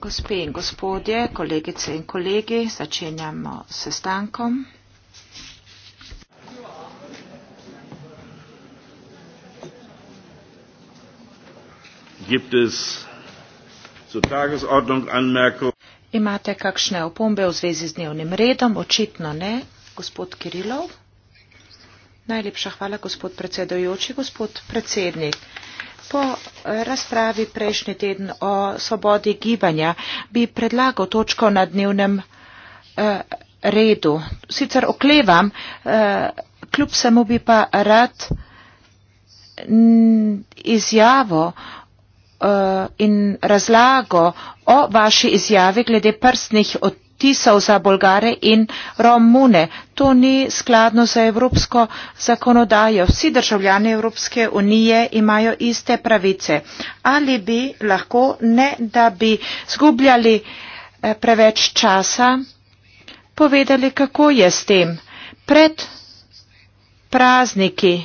Gospe in gospodje, kolegice in kolegi, začenjamo s stankom. Imate kakšne opombe v zvezi z dnevnim redom? Očitno ne, gospod Kirilov. Najlepša hvala, gospod predsedojoči, gospod predsednik. Po razpravi prejšnji teden o svobodi gibanja bi predlagal točko na dnevnem eh, redu. Sicer oklevam, eh, kljub samo bi pa rad mm, izjavo eh, in razlago o vaši izjavi glede prstnih odtisov vtisov za Bolgare in Romune. To ni skladno za evropsko zakonodajo. Vsi državljani Evropske unije imajo iste pravice. Ali bi lahko, ne da bi zgubljali eh, preveč časa, povedali, kako je s tem. Pred prazniki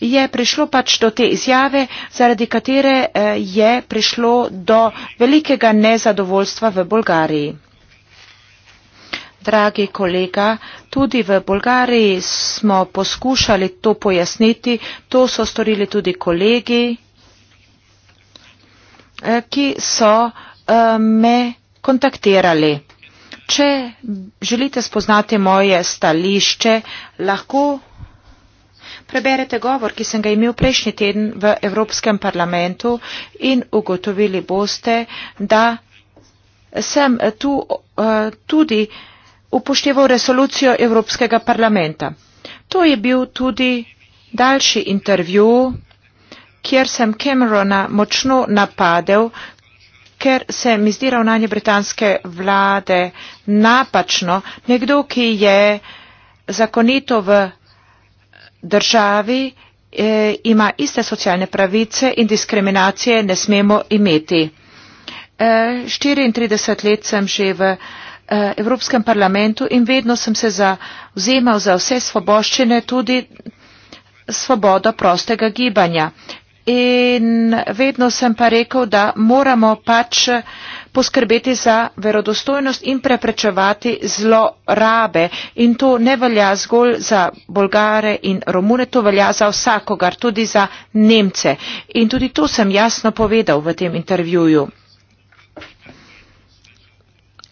je prišlo pač do te izjave, zaradi katere eh, je prišlo do velikega nezadovoljstva v Bolgariji dragi kolega, tudi v Bolgariji smo poskušali to pojasniti, to so storili tudi kolegi, eh, ki so eh, me kontaktirali. Če želite spoznati moje stališče, lahko preberete govor, ki sem ga imel prejšnji teden v Evropskem parlamentu in ugotovili boste, da sem tu eh, tudi, tudi upošteval resolucijo Evropskega parlamenta. To je bil tudi daljši intervju, kjer sem Camerona močno napadel, ker se mi zdi ravnanje britanske vlade napačno. Nekdo, ki je zakonito v državi, eh, ima iste socialne pravice in diskriminacije ne smemo imeti. 34 eh, let sem že v Eh, Evropskem parlamentu in vedno sem se zauzemal za vse svoboščine, tudi svobodo prostega gibanja. In vedno sem pa rekel, da moramo pač poskrbeti za verodostojnost in preprečevati zlorabe. In to ne velja zgolj za Bolgare in Romune, to velja za vsakogar, tudi za Nemce. In tudi to sem jasno povedal v tem intervjuju.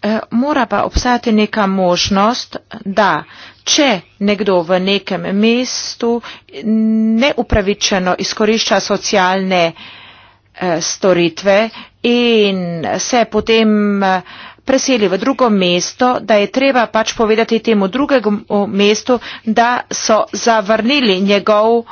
Eh, mora pa obstajati neka možnost, da če nekdo v nekem mestu neupravičeno izkorišča socialne eh, storitve in se potem eh, preseli v drugo mesto, da je treba pač povedati temu drugemu mestu, da so zavrnili njegov uh,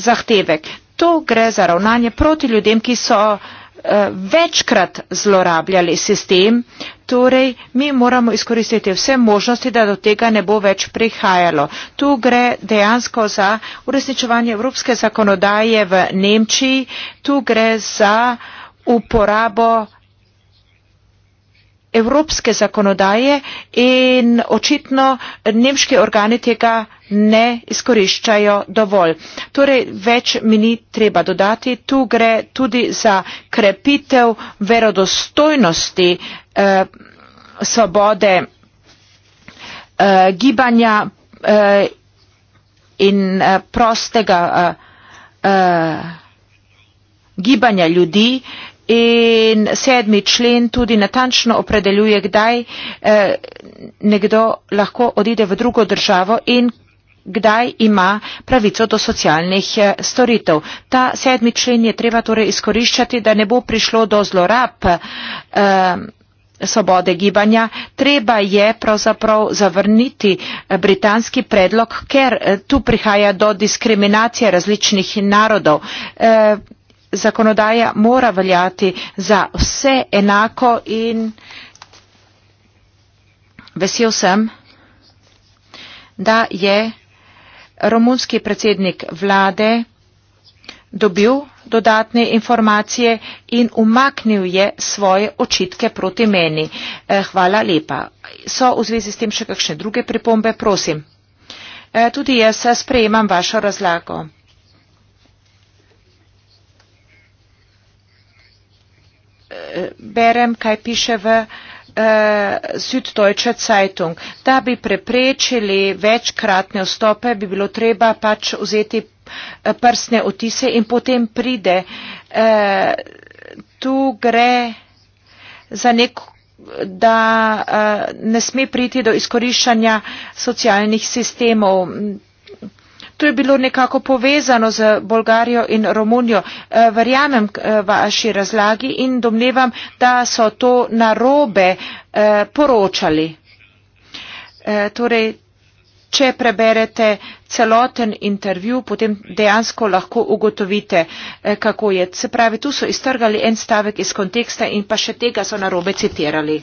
zahtevek. To gre za ravnanje proti ljudem, ki so uh, Eh, večkrat zlorabljali sistem, torej mi moramo izkoristiti vse možnosti, da do tega ne bo več prihajalo. Tu gre dejansko za uresničevanje evropske zakonodaje v Nemčiji, tu gre za uporabo evropske zakonodaje in očitno nemški organi tega ne izkoriščajo dovolj. Torej, več mi ni treba dodati, tu gre tudi za krepitev verodostojnosti eh, svobode eh, gibanja eh, in eh, prostega eh, eh, gibanja ljudi. Eh, in sedmi člen tudi natančno opredeljuje, kdaj eh, nekdo lahko odide v drugo državo in kdaj ima pravico do socialnih eh, storitev. Ta sedmi člen je treba torej izkoriščati, da ne bo prišlo do zlorab eh, svobode gibanja. Treba je pravzaprav zavrniti britanski predlog, ker tu prihaja do diskriminacije različnih narodov. E, zakonodaja mora veljati za vse enako in vesel sem, da je romunski predsednik vlade dobil dodatne informacije in umaknil je svoje očitke proti meni. Eh, hvala lepa. So v zvezi s tem še kakšne druge pripombe? Prosim. Eh, tudi jaz eh, sprejemam vašo razlago. berem, kaj piše v uh, Süddeutsche Zeitung. Da bi preprečili večkratne vstope, bi bilo treba pač vzeti eh, prstne otise in potem pride. Uh, tu gre za nek da uh, ne sme priti do izkoriščanja socialnih sistemov to je bilo nekako povezano z Bolgarijo in Romunijo. Eh, verjamem eh, vaši razlagi in domnevam, da so to narobe eh, poročali. Torej, če preberete celoten intervju, potem dejansko lahko ugotovite, kako je. Se pravi, tu so iztrgali en stavek iz konteksta in pa še tega so narobe citirali.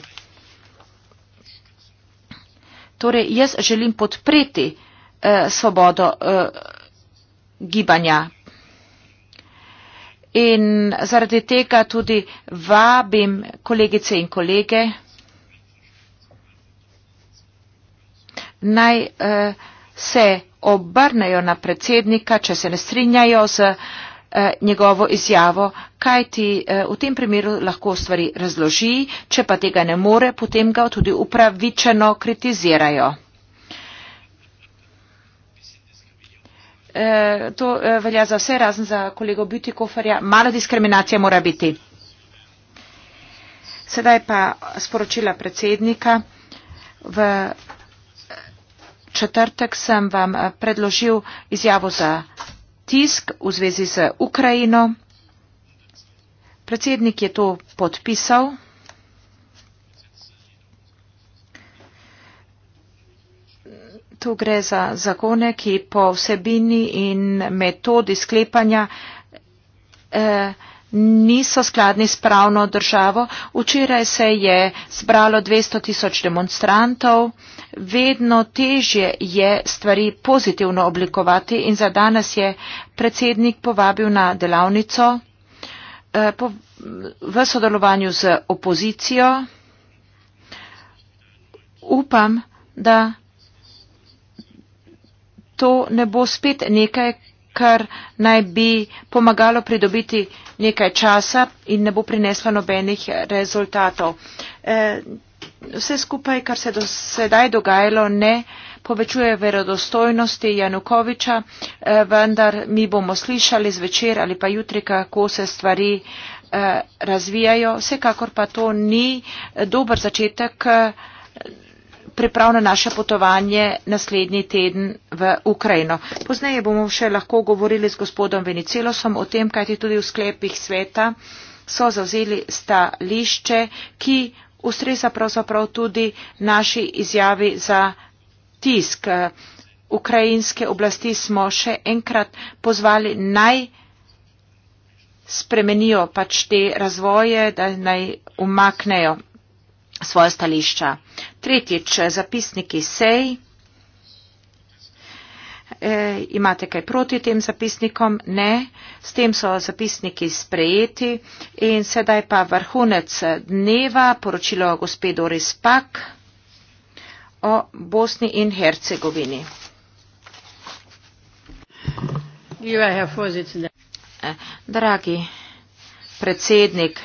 Torej, jaz želim podpreti Eh, svobodo eh, gibanja. In zaradi tega tudi vabim kolegice in kolege, naj eh, se obrnejo na predsednika, če se ne strinjajo z njegovo izjavo, kajti v tem primeru lahko stvari razloži, če pa tega ne more, potem ga tudi upravičeno kritizirajo. Eh, to eh, velja za vse, razen za kolego Bütikoferja. Mala diskriminacija mora biti. Sedaj pa sporočila predsednika. V četrtek sem vam eh, predložil izjavo za tisk v zvezi z Ukrajino. Predsednik je to podpisal. tu gre za zakone, ki po vsebini in metodi sklepanja eh, niso skladni s pravno državo. Včeraj se je zbralo 200 tisoč demonstrantov. Vedno težje je stvari pozitivno oblikovati in za danes je predsednik povabil na delavnico eh, po, v sodelovanju z opozicijo. Upam, da to ne bo spet nekaj, kar naj bi pomagalo pridobiti nekaj časa in ne bo prineslo nobenih rezultatov. E, vse skupaj, kar se do sedaj dogajalo, ne povečuje verodostojnosti Janukoviča, e, vendar mi bomo slišali zvečer ali pa jutri, kako se stvari e, razvijajo. Vsekakor pa to ni dober začetek priprav na naše potovanje naslednji teden v Ukrajino. Pozneje bomo še lahko govorili z gospodom Venicelosom o tem, kajti tudi v sklepih sveta so zavzeli stališče, ki ustreza pravzaprav tudi naši izjavi za tisk. Ukrajinske oblasti smo še enkrat pozvali naj spremenijo pač te razvoje, da naj umaknejo svoje stališča. Tretjič, zapisniki sej. E, imate kaj proti tem zapisnikom? Ne. S tem so zapisniki sprejeti. In sedaj pa vrhunec dneva, poročilo gospe Doris Pak o Bosni in Hercegovini. E, dragi predsednik,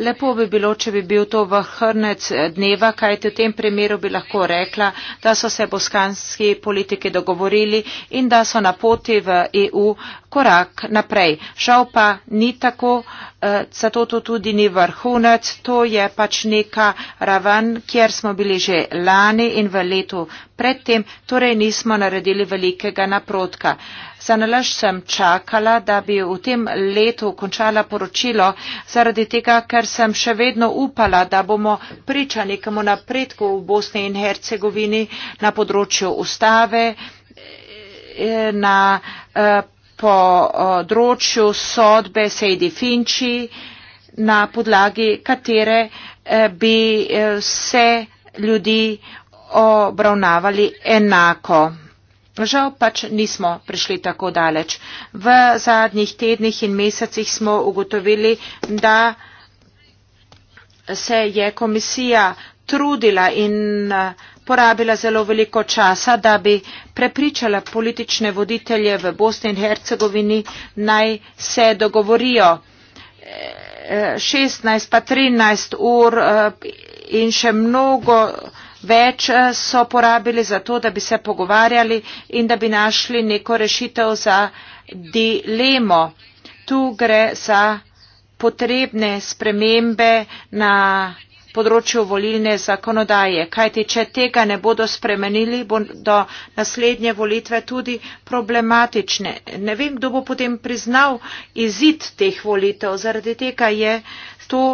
Lepo bi bilo, če bi bil to vrhunec dneva, kajti v tem primeru bi lahko rekla, da so se boskanski politiki dogovorili in da so na poti v EU korak naprej. Žal pa ni tako, eh, zato to tudi ni vrhunec, to je pač neka raven, kjer smo bili že lani in v letu predtem, torej nismo naredili velikega naprotka. Zanalaž sem čakala, da bi v tem letu končala poročilo, zaradi tega, ker sem še vedno upala, da bomo priča nekemu napredku v Bosni in Hercegovini na področju ustave, eh, na eh, področju sodbe Sejdi Finči, na podlagi katere e, bi e, vse ljudi obravnavali enako. Žal pač nismo prišli tako daleč. V zadnjih tednih in mesecih smo ugotovili, da se je komisija trudila in uh, porabila zelo veliko časa, da bi prepričala politične voditelje v Bosni in Hercegovini, naj se dogovorijo. 16 pa 13 ur eh, in še mnogo več eh, so porabili za to, da bi se pogovarjali in da bi našli neko rešitev za dilemo. Tu gre za potrebne spremembe na področju volilne zakonodaje. Kajti, če tega ne bodo spremenili, bodo naslednje volitve tudi problematične. Ne vem, kdo bo potem priznal izid teh volitev. Zaradi tega je to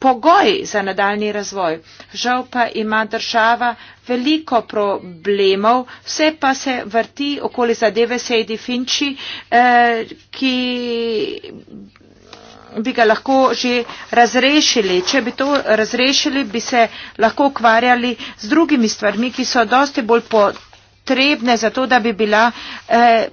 pogoj za nadaljni razvoj. Žal pa ima država veliko problemov, vse pa se vrti okoli zadeve Sejdi Finči, eh, ki bi ga lahko že razrešili. Če bi to razrešili, bi se lahko ukvarjali z drugimi stvarmi, ki so dosti bolj potrebni potrebne za to, da bi bila eh,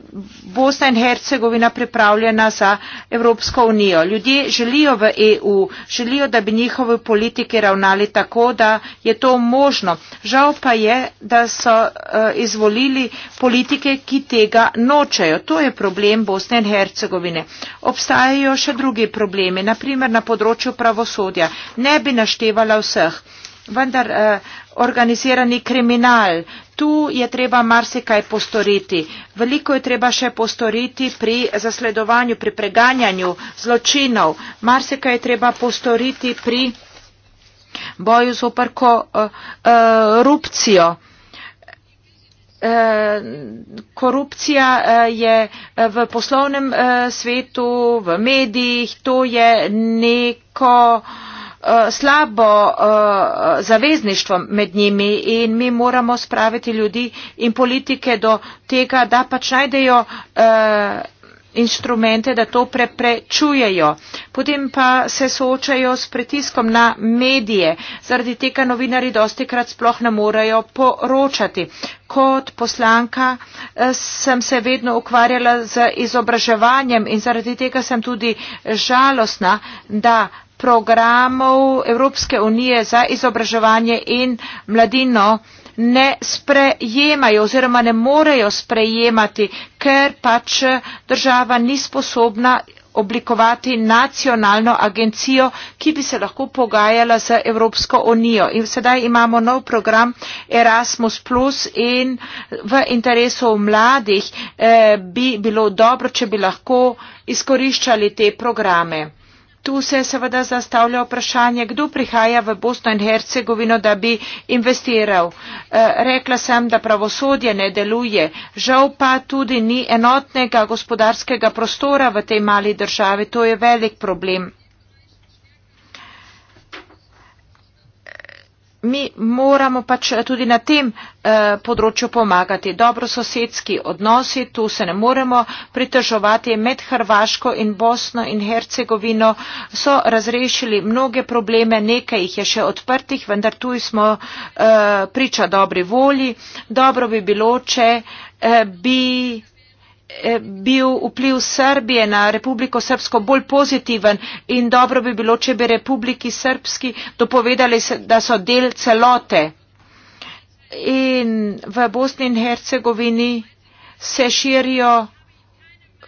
Bosna in Hercegovina pripravljena za Evropsko unijo. Ljudje želijo v EU, želijo, da bi njihove politike ravnali tako, da je to možno. Žal pa je, da so eh, izvolili politike, ki tega nočejo. To je problem Bosne in Hercegovine. Obstajajo še drugi problemi, naprimer na področju pravosodja. Ne bi naštevala vseh. Vendar eh, organizirani kriminal, tu je treba marsikaj postoriti. Veliko je treba še postoriti pri zasledovanju, pri preganjanju zločinov. Marsikaj je treba postoriti pri boju z oprko eh, eh, korupcijo. Eh, korupcija je v poslovnem svetu, v medijih, to je neko uh, Eh, slabo eh, zavezništvo med njimi in mi moramo spraviti ljudi in politike do tega, da pač najdejo eh, inštrumente, da to preprečujejo. Potem pa se soočajo s pritiskom na medije, zaradi tega novinari dosti krat sploh ne morejo poročati. Kot poslanka sem se vedno ukvarjala z izobraževanjem in zaradi tega sem tudi žalostna, da programov Evropske unije za izobraževanje in mladino ne sprejemajo oziroma ne morejo sprejemati, ker pač država ni sposobna oblikovati nacionalno agencijo, ki bi se lahko pogajala z Evropsko unijo. In sedaj imamo nov program Erasmus, in v interesu mladih eh, bi bilo dobro, če bi lahko izkoriščali te programe tu se seveda zastavlja vprašanje, kdo prihaja v Bosno in Hercegovino, da bi investiral. Eh, rekla sem, da pravosodje ne deluje. Žal pa tudi ni enotnega gospodarskega prostora v tej mali državi. To je velik problem. mi moramo pač tudi na tem eh, področju pomagati. Dobro sosedski odnosi, tu se ne moremo pritežovati. Med Hrvaško in Bosno in Hercegovino so razrešili mnoge probleme, nekaj jih je še odprtih, vendar tu smo eh, priča dobri volji. Dobro bi bilo, če eh, bi. Eh, bil vpliv Srbije na Republiko Srpsko bolj pozitiven in dobro bi bilo, če bi Republiki Srpski dopovedali, da so del celote. In v Bosni in Hercegovini se širijo eh,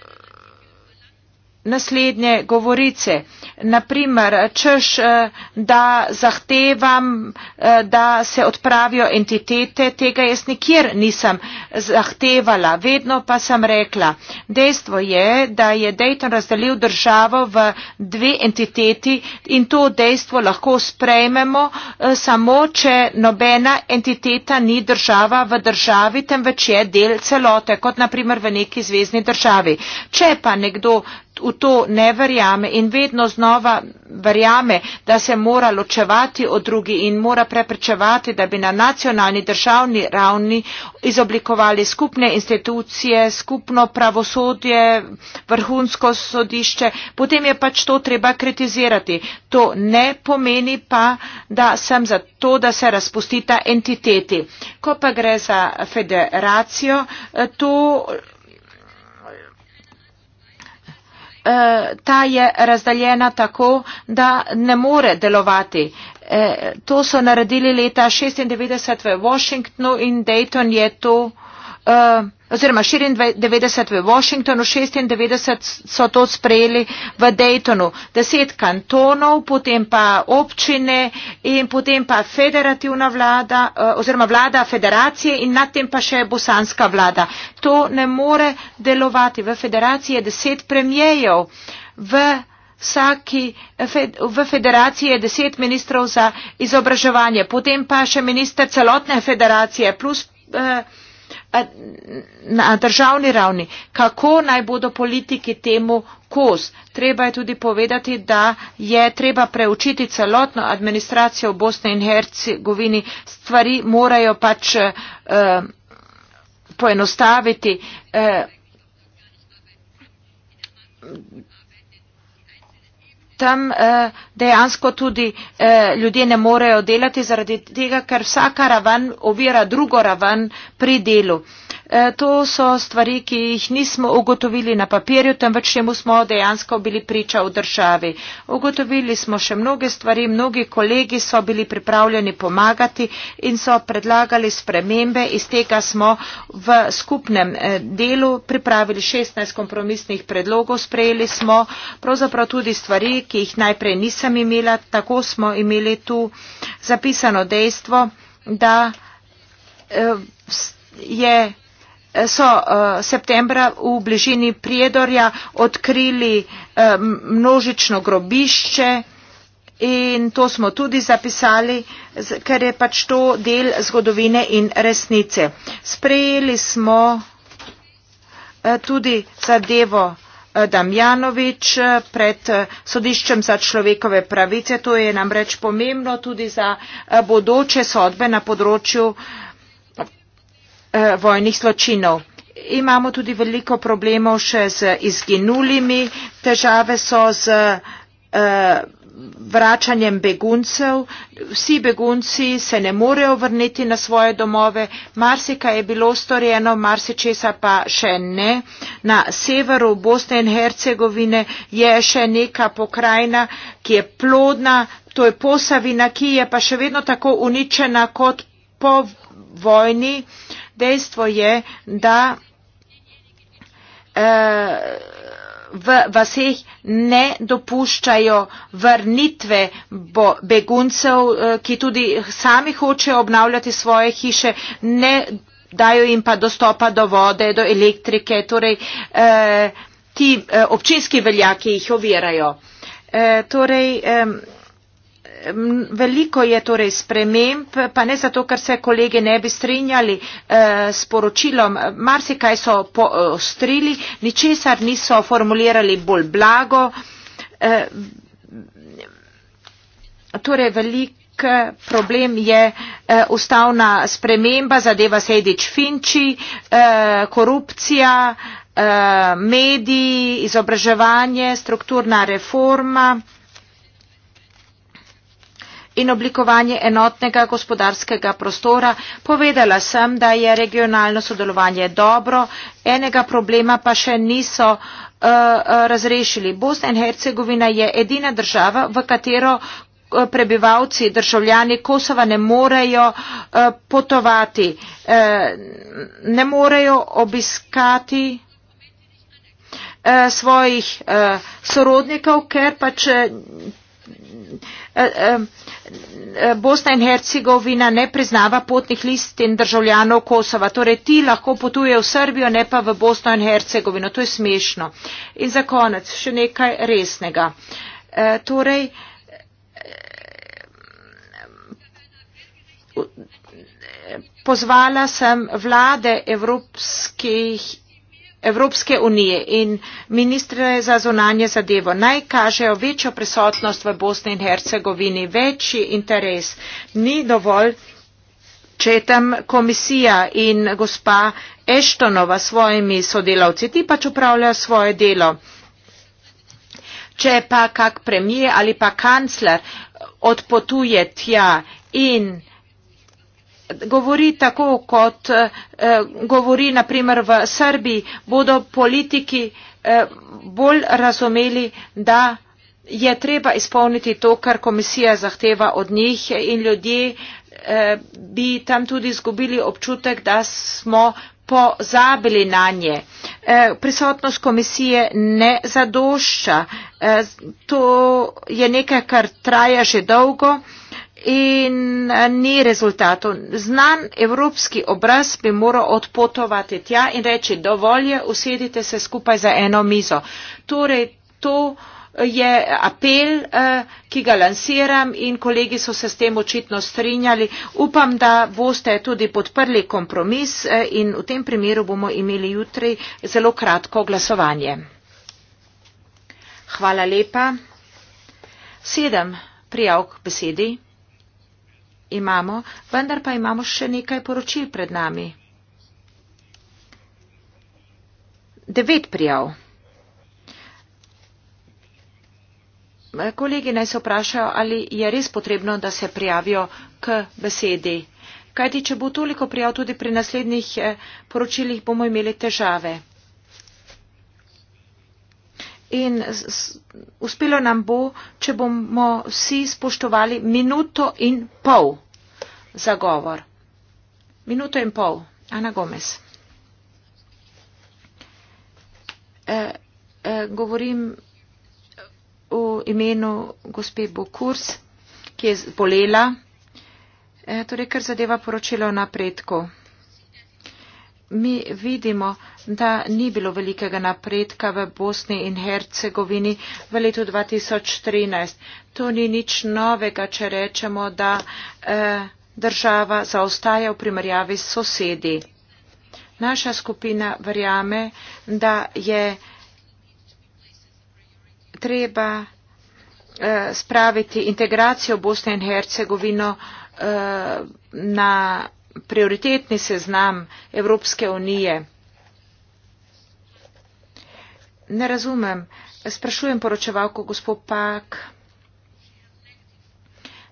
naslednje govorice naprimer, češ, eh, da zahtevam, eh, da se odpravijo entitete, tega jaz nikjer nisem zahtevala, vedno pa sem rekla. Dejstvo je, da je Dayton razdelil državo v dve entiteti in to dejstvo lahko sprejmemo eh, samo, če nobena entiteta ni država v državi, temveč je del celote, kot naprimer v neki zvezdni državi. Če pa nekdo v to ne verjame in vedno znova, znova verjame, da se mora ločevati od drugih in mora preprečevati, da bi na nacionalni državni ravni izoblikovali skupne institucije, skupno pravosodje, vrhunsko sodišče, potem je pač to treba kritizirati. To ne pomeni pa, da sem za to, da se razpustita entiteti. Ko pa gre za federacijo, to Eh, ta je razdaljena tako, da ne more delovati. Eh, to so naredili leta 1996 v Washingtonu in Dayton je to. Eh, oziroma 94 v Washingtonu, 96 so to sprejeli v Daytonu, 10 kantonov, potem pa občine in potem pa federativna vlada eh, oziroma vlada federacije in nad tem pa še bosanska vlada. To ne more delovati. V federaciji je 10 premijejev, v, v federaciji je 10 ministrov za izobraževanje, potem pa še minister celotne federacije plus. Eh, na državni ravni, kako naj bodo politiki temu kos. Treba je tudi povedati, da je treba preučiti celotno administracijo v Bosni in Hercegovini. Stvari morajo pač eh, poenostaviti. Eh, tam eh, dejansko tudi eh, ljudje ne morejo delati zaradi tega, ker vsaka raven ovira drugo raven pri delu. Eh, to so stvari, ki jih nismo ugotovili na papirju, temveč čemu smo dejansko bili priča v državi. Ugotovili smo še mnoge stvari, mnogi kolegi so bili pripravljeni pomagati in so predlagali spremembe. Iz tega smo v skupnem eh, delu pripravili 16 kompromisnih predlogov, sprejeli smo pravzaprav tudi stvari, ki jih najprej nisem imela. Tako smo imeli tu zapisano dejstvo, da eh, je so eh, septembra v bližini Prijedorja odkrili eh, množično grobišče in to smo tudi zapisali, ker je pač to del zgodovine in resnice. Sprejeli smo eh, tudi zadevo Damjanovič pred sodiščem za človekove pravice. To je namreč pomembno tudi za bodoče sodbe na področju Eh, vojnih zločinov. Imamo tudi veliko problemov še z izginulimi, težave so z uh, vračanjem beguncev. Vsi begunci se ne morejo vrniti na svoje domove, marsika je bilo storjeno, marsičesa pa še ne. Na severu Bosne in Hercegovine je še neka pokrajina, ki je plodna, to je posavina, ki je pa še vedno tako uničena kot po vojni. Uh, dejstvo je, da eh, v vaseh ne dopuščajo vrnitve beguncev, eh, ki tudi sami hočejo obnavljati svoje hiše, ne dajo jim pa dostopa do vode, do elektrike, torej eh, ti občinski veljaki jih ovirajo. Torej, veliko je torej sprememb, pa ne zato, ker se kolege ne bi strinjali eh, s poročilom. Marsikaj so poostrili, ničesar niso formulirali bolj blago. Eh, torej, velik eh, problem je ustavna sprememba, zadeva Sedič Finči, korupcija, mediji, izobraževanje, strukturna reforma in oblikovanje enotnega gospodarskega prostora. Povedala sem, da je regionalno sodelovanje dobro, enega problema pa še niso uh, uh razrešili. Bosna in Hercegovina je edina država, v katero uh, prebivalci, državljani Kosova ne morejo uh, potovati, uh, ne morejo obiskati uh, svojih uh, sorodnikov, ker pač uh, Eh, eh, Bosna in Hercegovina ne priznava potnih listin državljanov Kosova. Torej, ti lahko potujejo v Srbijo, ne pa v Bosno in Hercegovino. To je smešno. In za konec, še nekaj resnega. Eh, torej, pozvala sem vlade evropskih Evropske unije in ministre za zonanje zadevo naj kažejo večjo prisotnost v Bosni in Hercegovini, večji interes. Ni dovolj, če je tam komisija in gospa Eštonova s svojimi sodelavci, ti pač upravljajo svoje delo. Če pa kak premije ali pa kancler odpotuje tja in govori tako, kot eh, govori naprimer v Srbiji, bodo politiki eh, bolj razumeli, da je treba izpolniti to, kar komisija zahteva od njih in ljudje eh, bi tam tudi izgubili občutek, da smo pozabili na nje. Prisotnost komisije ne zadošča. To je nekaj, kar traja že dolgo in eh, ni rezultatov. Znan evropski obraz bi moral odpotovati tja in reči, dovolj je, usedite se skupaj za eno mizo. Torej, to eh, je apel, eh, ki ga lansiram in kolegi so se s tem očitno strinjali. Upam, da boste tudi podprli kompromis in v tem primeru bomo imeli jutri zelo kratko glasovanje. Hvala lepa. Sedem prijav k besedi imamo, vendar pa imamo še nekaj poročil pred nami. Devet prijav. Kolegi naj se vprašajo, ali je res potrebno, da se prijavijo k besedi. Kajti, če bo toliko prijav tudi pri naslednjih eh, poročilih, bomo imeli težave in s, uspelo nam bo, če bomo vsi spoštovali minuto in pol za govor. Minuto in pol. Ana Gomez. E, e, govorim v imenu gospe Bokurs, ki je bolela, e, torej kar zadeva poročilo napredku mi vidimo, da ni bilo velikega napredka v Bosni in Hercegovini v letu 2013. To ni nič novega, če rečemo, da eh, država zaostaja v primerjavi s sosedi. Naša skupina verjame, da je treba eh, spraviti integracijo Bosne in Hercegovino eh, na prioritetni seznam Evropske unije. Ne razumem. Sprašujem poročevalko gospod Pak.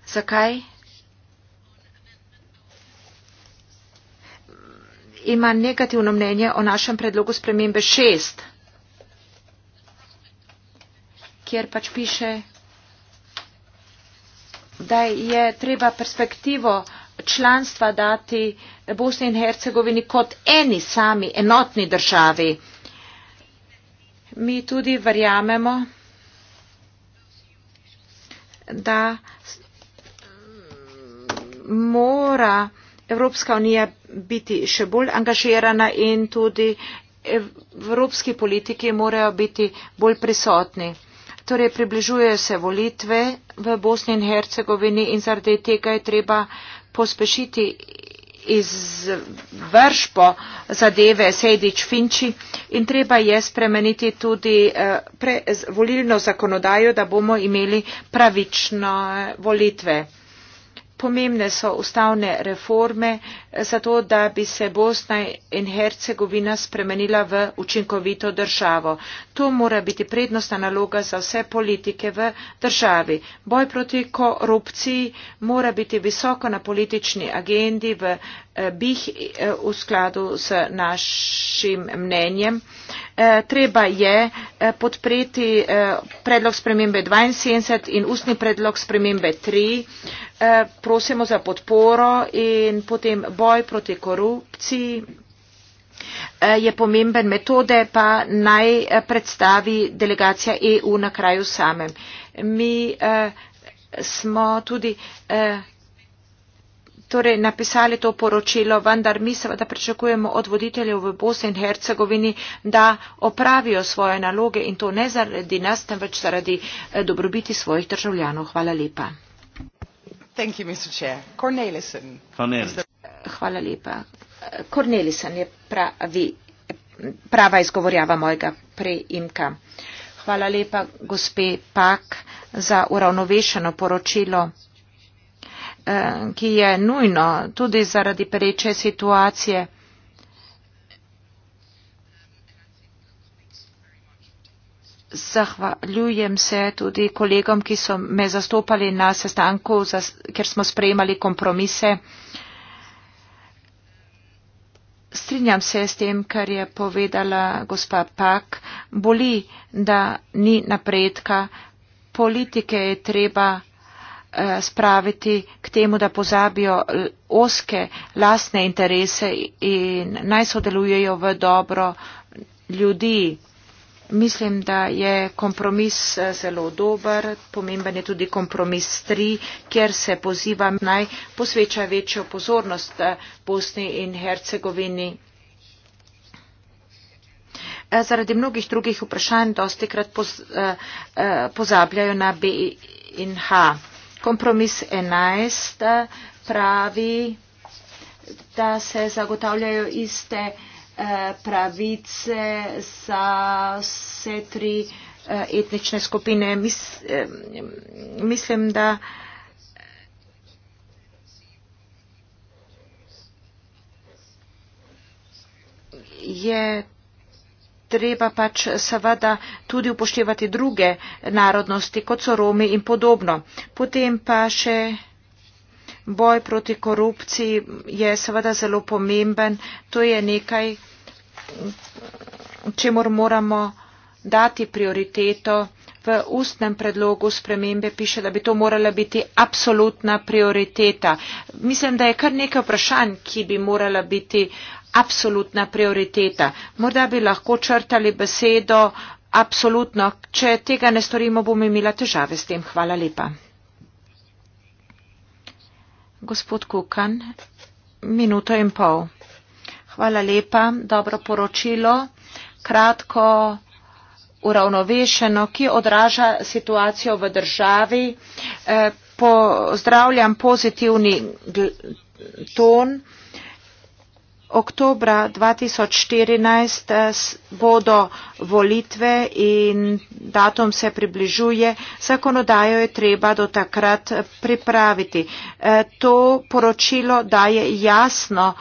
Zakaj? Ima negativno mnenje o našem predlogu spremembe 6, kjer pač piše, da je treba perspektivo uh, članstva dati Bosni in Hercegovini kot eni sami enotni državi. Mi tudi verjamemo, da mora Evropska unija biti še bolj angažirana in tudi evropski politiki morajo biti bolj prisotni. Torej, približujejo se volitve v Bosni in Hercegovini in zaradi tega je treba uh, pospešiti izvršbo zadeve Sejdič Finči in treba je spremeniti tudi eh, pre, volilno zakonodajo, da bomo imeli pravične volitve pomembne so ustavne reforme, eh, zato da bi se Bosna in Hercegovina spremenila v učinkovito državo. To mora biti prednostna naloga za vse politike v državi. Boj proti korupciji mora biti visoko na politični agendi v eh, bih eh, v skladu s našim mnenjem. Treba je podpreti predlog spremembe 72 in ustni predlog spremembe 3. Eh, prosimo za podporo in potem boj proti korupciji eh, je pomemben metode, pa naj eh, predstavi delegacija EU na kraju samem. Mi smo tudi torej napisali to poročilo, vendar mi seveda pričakujemo od voditeljev v Bosni in Hercegovini, da opravijo svoje naloge in to ne zaradi nas, temveč zaradi dobrobiti svojih državljanov. Hvala lepa. Hvala lepa. Cornelissen je pravi, prava izgovorjava mojega preimka. Hvala lepa, gospe Pak, za uravnovešeno poročilo, eh, ki je nujno tudi zaradi pereče situacije. Zahvaljujem se tudi kolegom, ki so me zastopali na sestanku, ker smo sprejemali kompromise. Strinjam se s tem, kar je povedala gospa Pak. Boli, da ni napredka. Politike je treba eh, spraviti k temu, da pozabijo eh, oske lastne interese in naj sodelujejo v dobro ljudi. Mislim, da je kompromis eh, zelo dober, pomemben je tudi kompromis 3, kjer se poziva naj posveča večjo pozornost eh, Bosni in Hercegovini. Eh, zaradi mnogih drugih vprašanj dosti krat poz, pozabljajo na B in H. Kompromis 11 pravi, da se zagotavljajo iste pravice za vse tri eh, etnične skupine. Eh, mislim, da je treba pač seveda tudi upoštevati druge narodnosti, kot so Romi in podobno. Potem pa še Boj proti korupciji je seveda zelo pomemben. To je nekaj, če moramo dati prioriteto. V ustnem predlogu spremembe piše, da bi to morala biti absolutna prioriteta. Mislim, da je kar nekaj vprašanj, ki bi morala biti absolutna prioriteta. Morda bi lahko črtali besedo absolutno. Če tega ne storimo, bomo imela težave s tem. Hvala lepa. Gospod Kukan, minuto in pol. Hvala lepa, dobro poročilo, kratko uravnovešeno, ki odraža situacijo v državi. Eh, pozdravljam pozitivni ton oktobra 2014 eh, bodo volitve in datum se približuje. Zakonodajo je treba do takrat eh, pripraviti. Eh, to poročilo daje jasno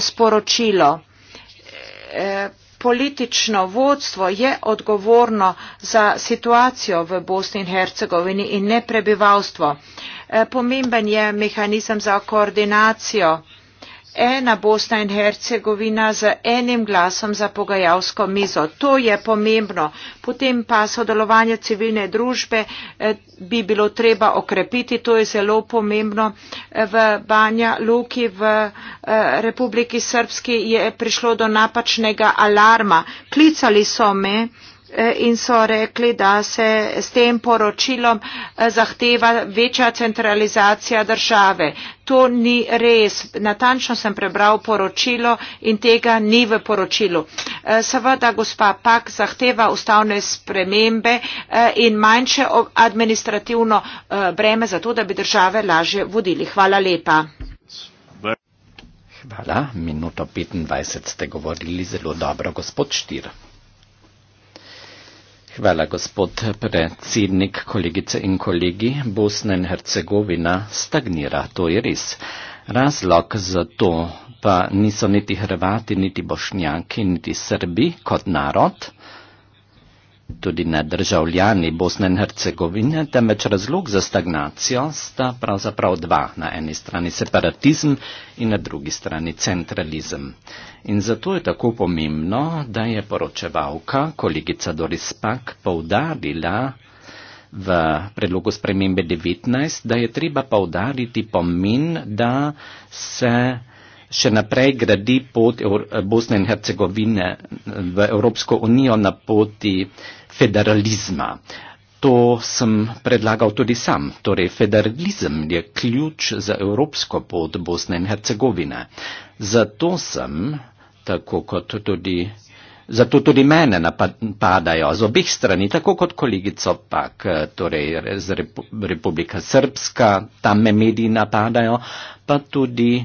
sporočilo. Politično vodstvo je odgovorno za situacijo v Bosni in Hercegovini in ne prebivalstvo. Pomemben je mehanizem za koordinacijo ena Bosna in Hercegovina z enim glasom za pogajalsko mizo. To je pomembno. Potem pa sodelovanje civilne družbe eh, bi bilo treba okrepiti. To je zelo pomembno. V Banja Luki v eh, Republiki Srpski je prišlo do napačnega alarma. Klicali so me in so rekli, da se s tem poročilom eh, zahteva večja centralizacija države. To ni res. Natančno sem prebral poročilo in tega ni v poročilu. Eh, seveda gospa Pak zahteva ustavne spremembe eh, in manjše administrativno breme za to, da bi države laže vodili. Hvala lepa. Hvala. Minuto 25 ste govorili zelo dobro, gospod Štir. Hvala, gospod predsednik, kolegice in kolegi. Bosna in Hercegovina stagnira, to je res. Razlog za to pa niso niti Hrvati, niti Bošnjaki, niti Srbi kot narod tudi ne državljani Bosne in Hercegovine, temveč razlog za stagnacijo sta pravzaprav dva. Na eni strani separatizem in na drugi strani centralizem. In zato je tako pomembno, da je poročevalka kolegica Doris Pak poudarila v predlogu spremembe 19, da je treba poudariti pomen, da se še naprej gradi pot Bosne in Hercegovine v Evropsko unijo na poti federalizma. To sem predlagal tudi sam. Torej, federalizem je ključ za evropsko pot Bosne in Hercegovine. Zato sem, tako kot tudi. Zato tudi mene napadajo z obih strani, tako kot kolegico pak, torej Republika Srpska, tam me mediji napadajo, pa tudi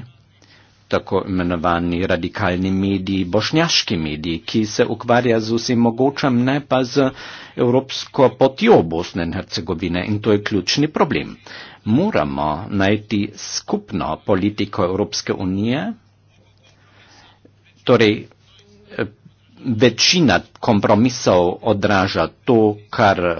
tako imenovani radikalni mediji, bošnjaški mediji, ki se ukvarja z vsem mogočem, ne pa z evropsko potjo Bosne in Hercegovine. In to je ključni problem. Moramo najti skupno politiko Evropske unije, torej eh, večina kompromisov odraža to, kar eh,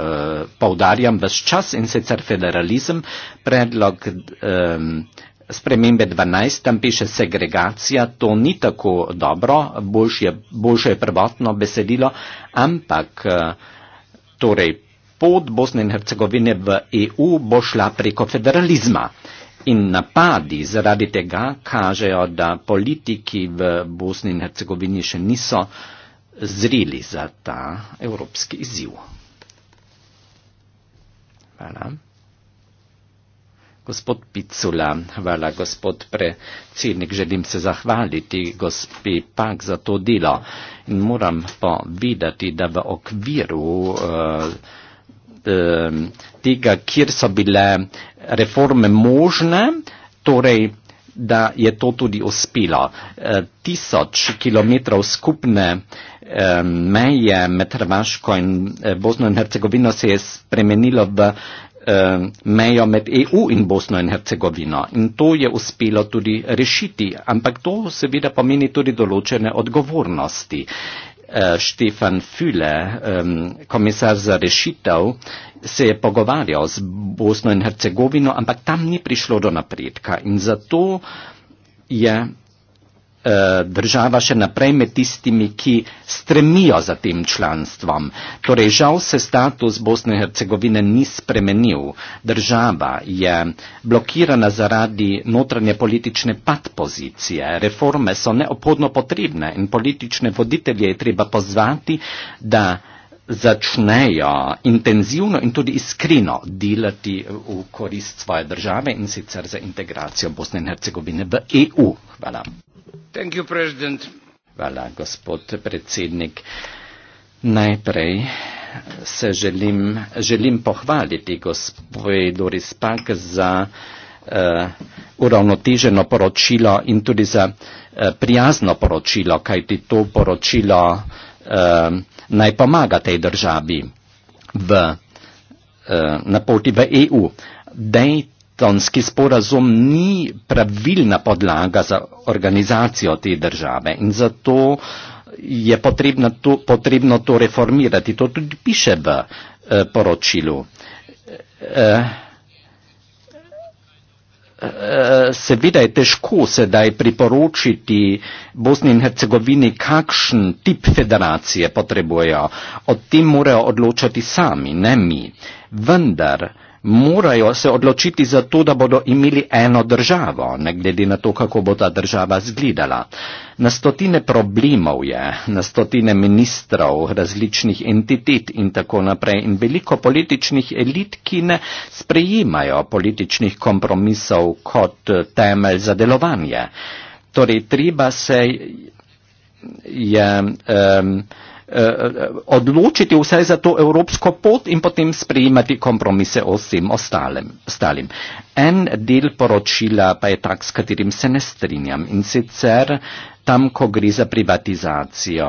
povdarjam vse čas in sicer federalizem, predlog eh, spremembe 12, tam piše segregacija, to ni tako dobro, boljše, boljše je prvotno besedilo, ampak eh, torej pot Bosne in Hercegovine v EU bo šla preko federalizma. In napadi zaradi tega kažejo, da politiki v Bosni in Hercegovini še niso zreli za ta evropski izziv. Hvala. Voilà gospod Picula. Hvala, gospod predsednik. Želim se zahvaliti gospi Pak za to delo. In moram pa videti, da v okviru eh, eh, tega, kjer so bile reforme možne, torej da je to tudi uspelo. Eh, tisoč kilometrov skupne eh, meje med Hrvaško in eh, Bosno in Hercegovino se je spremenilo v Ehm, mejo med EU in Bosno in Hercegovino. In to je uspelo tudi rešiti, ampak to seveda pomeni tudi določene odgovornosti. Eh, Štefan Füle, ehm, komisar za rešitev, se je pogovarjal z Bosno in Hercegovino, ampak tam ni prišlo do napredka in zato je Eh, država še naprej med tistimi, ki stremijo za tem članstvom. Torej, žal se status Bosne in Hercegovine ni spremenil. Država je blokirana zaradi notranje politične pad pozicije. Reforme so neophodno potrebne in politične voditelje je treba pozvati, da začnejo intenzivno in tudi iskreno delati v korist svoje države in sicer za integracijo Bosne in Hercegovine v EU. Hvala. Hvala, gospod predsednik. Najprej se želim, želim pohvaliti gospod Doris Pak za uh, uravnoteženo poročilo in tudi za uh, prijazno poročilo, kajti to poročilo uh, naj pomaga tej državi v, uh, na poti v EU. Dejte Daytonski sporazum ni pravilna podlaga za organizacijo te države in zato je potrebno to, potrebno to reformirati. To tudi piše v eh, poročilu. Eh, eh, seveda je težko sedaj priporočiti Bosni in Hercegovini, kakšen tip federacije potrebujejo. O tem morajo odločati sami, ne mi. Vendar morajo se odločiti za to, da bodo imeli eno državo, ne glede na to, kako bo ta država zgledala. Na stotine problemov je, na stotine ministrov različnih entitet in tako naprej in veliko političnih elit, ki ne sprejemajo političnih kompromisov kot temelj za delovanje. Torej, treba se je. Um, Eh, odločiti vsaj za to evropsko pot in potem sprejemati kompromise o vsem ostalem, ostalim. En del poročila pa je tak, s katerim se ne strinjam in sicer tam, ko gre za privatizacijo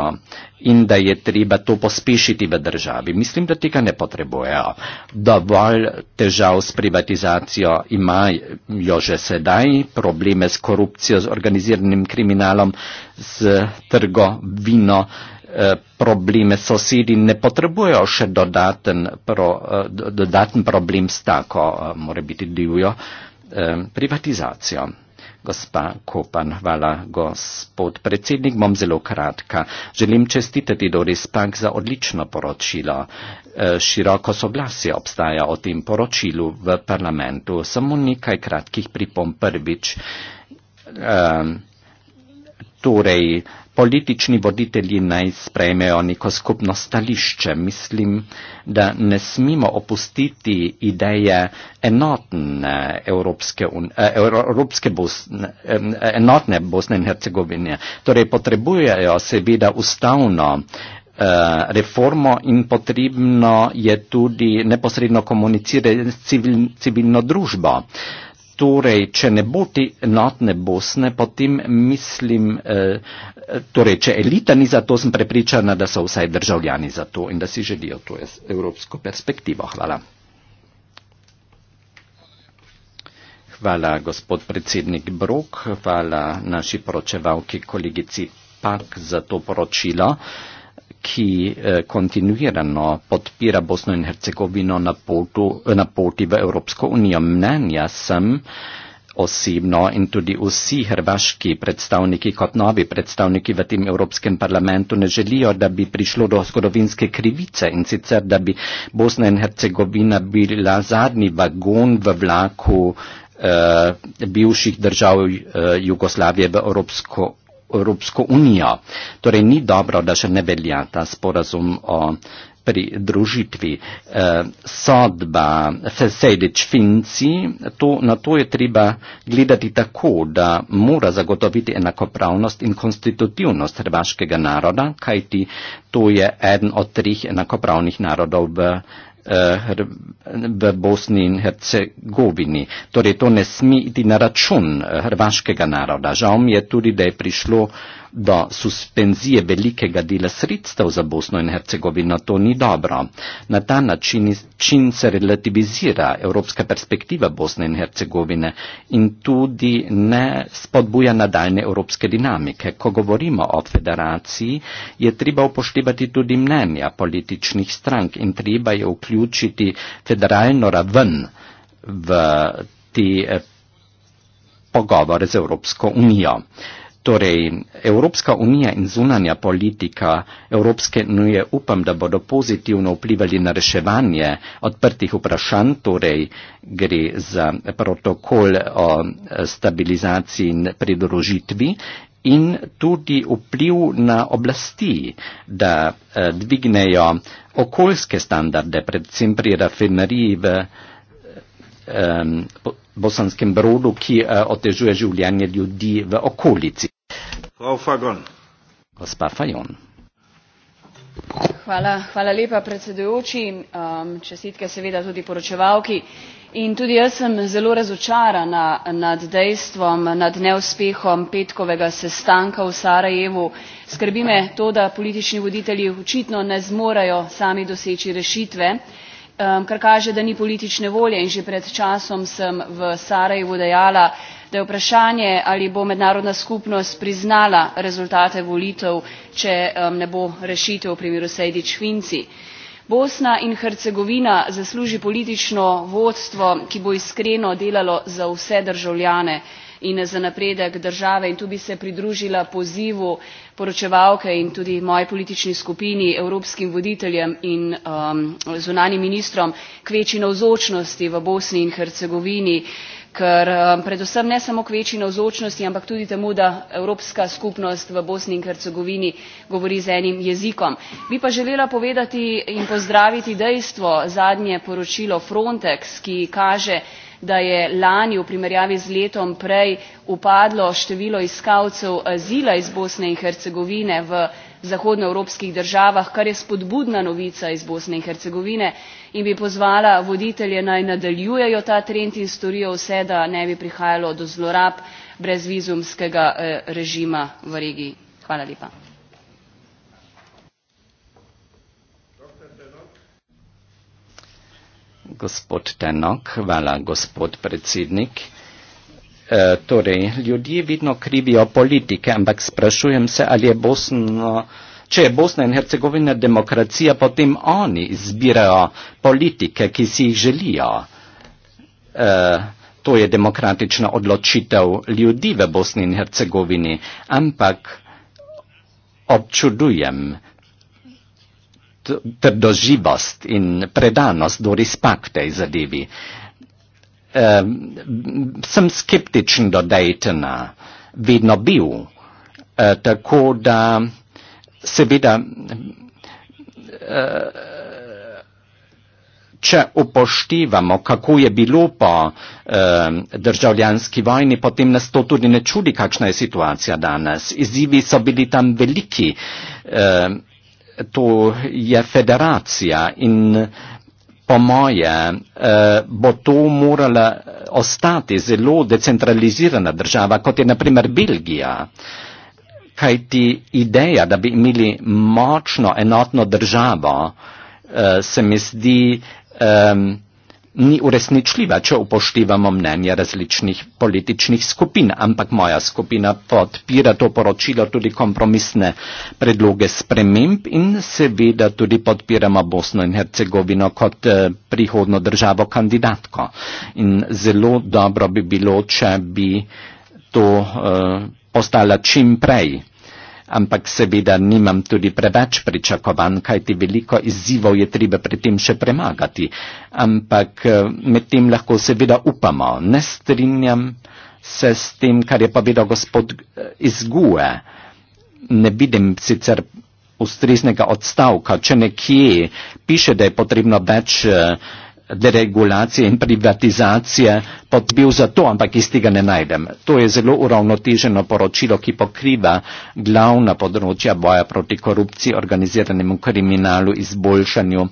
in da je treba to pospešiti v državi. Mislim, da tega ne potrebujejo. Dovolj težav s privatizacijo imajo že sedaj, probleme s korupcijo, z organiziranim kriminalom, z trgovino, Eh, problem sosedi ne potrebujejo še dodaten, pro, eh, dodaten problem s tako, eh, mora biti divjo, privatizacijo. Gospa Kopan, hvala, gospod predsednik, bom zelo kratka. Želim čestitati Doris Pank za odlično poročilo. E, široko soglasje obstaja o tem poročilu v parlamentu. Samo nekaj kratkih pripom prvič. E, torej, politični voditelji naj sprejmejo neko skupno stališče. Mislim, da ne smemo opustiti ideje enotne Evropske, un, eh, Evropske Bosne, eh, enotne Bosne in Hercegovine. Torej potrebujejo seveda ustavno eh, reformo in potrebno je tudi neposredno komunicirati civil, civilno družbo. Torej, če ne bo te enotne Bosne, potem mislim, eh, torej, če elita ni za to, sem prepričana, da so vsaj državljani za to in da si želijo to evropsko perspektivo. Hvala. Hvala, gospod predsednik Brok, hvala naši poročevalki kolegici Pak za to poročilo. Eh, ki eh, kontinuirano podpira Bosno in Hercegovino na, potu, eh, na poti v Evropsko unijo. Mnenja sem osebno in tudi vsi hrvaški predstavniki kot novi predstavniki v tem Evropskem parlamentu ne želijo, da bi prišlo do zgodovinske krivice in sicer, da bi Bosna in Hercegovina bila zadnji vagon v vlaku eh, bivših držav Jugoslavije v Evropsko Evropsko unijo. Torej ni dobro, da še ne velja ta sporazum o pridružitvi. Eh, sodba Fesedič Finci, to, na to je treba gledati tako, da mora zagotoviti enakopravnost in konstitutivnost hrvaškega naroda, kajti to je eden od trih enakopravnih narodov v Evropi. Eh, v Bosni in Hercegovini. Torej, to ne smi iti na račun eh, hrvaškega naroda. Žal mi je tudi, da je prišlo do suspenzije velikega dela sredstev za Bosno in Hercegovino. To ni dobro. Na ta način čin se relativizira evropska perspektiva Bosne in Hercegovine in tudi ne spodbuja nadaljne evropske dinamike. Ko govorimo o federaciji, je treba upoštevati tudi mnenja političnih strank in treba je vključiti vključiti federalno raven v te eh, pogovore z Evropsko unijo. Torej, Evropska unija in zunanja politika Evropske unije upam, da bodo pozitivno vplivali na reševanje odprtih vprašanj, torej gre za protokol o eh, stabilizaciji in pridružitvi in tudi vpliv na oblasti, da eh, dvignejo okoljske standarde, predvsem pri rafineriji v. Um, Bosanskem brodu, ki uh, otežuje življenje ljudi v okolici. Frau Fagon. Gospa Fajon. Hvala, hvala lepa predsedujoči, um, čestitke seveda tudi poročevalki. In tudi jaz sem zelo razočarana nad dejstvom, nad neuspehom petkovega sestanka v Sarajevu. Skrbi me to, da politični voditelji očitno ne zmorajo sami doseči rešitve, um, kar kaže, da ni politične volje. In že pred časom sem v Sarajevu dejala, da je vprašanje ali bo mednarodna skupnost priznala rezultate volitev če um, ne bo rešitev v primeru sejdić finci. bosna in hercegovina zasluži politično vodstvo ki bo iskreno delalo za vse državljane in za napredek države in tu bi se pridružila pozivu poročevalke in tudi moji politični skupini evropskim voditeljem in um, zunanjim ministrom k večji navzočnosti v bosni in hercegovini ker um, predvsem ne samo k večji navzočnosti ampak tudi temu da evropska skupnost v bosni in hercegovini govori z enim jezikom. bi pa želela povedati in pozdraviti dejstvo zadnje poročilo frontex ki kaže da je lani v primerjavi z letom prej upadlo število iskalcev azila iz bosne in hercegovine v zahodnoevropskih državah kar je spodbudna novica iz bosne in hercegovine in bi pozvala voditelje naj nadaljujejo ta trend in storijo vse da ne bi prihajalo do zlorab brezvizumskega eh, režima v regiji. Eh, torej, ljudje vedno krivijo politike, ampak sprašujem se, ali je Bosna. Če je Bosna in Hercegovina demokracija, potem oni izbirajo politike, ki si jih želijo. E, to je demokratična odločitev ljudi v Bosni in Hercegovini, ampak občudujem trdoživost in predanost do respekte zadevi. E, um, sem skeptičen do Daytona, vedno bil. Uh, tako da seveda, uh, če upoštevamo, kako je bilo po uh, državljanski vojni, potem nas to tudi ne čudi, kakšna je situacija danes. Izzivi so bili tam veliki. Uh, to je federacija in po moje, eh, bo to morala eh, ostati zelo decentralizirana država, kot je naprimer Belgija. Kaj ti ideja, da bi imeli močno enotno državo, eh, se mi zdi. Um, ni uresničljiva, če upoštevamo mnenje različnih političnih skupin, ampak moja skupina podpira to poročilo tudi kompromisne predloge sprememb in seveda tudi podpiramo Bosno in Hercegovino kot eh, prihodno državo kandidatko. In zelo dobro bi bilo, če bi to uh, postala čim prej ampak seveda nimam tudi preveč pričakovanj, kajti veliko izzivov je treba pri tem še premagati. Ampak eh, med tem lahko seveda upamo. Ne strinjam se s tem, kar je povedal gospod eh, Izgue. Ne vidim sicer ustreznega odstavka, če nekje piše, da je potrebno več. Uh, deregulacije in privatizacije pod bil za to, ampak iz tega ne najdem. To je zelo uravnoteženo poročilo, ki pokriva glavna področja boja proti korupciji, organiziranemu kriminalu, izboljšanju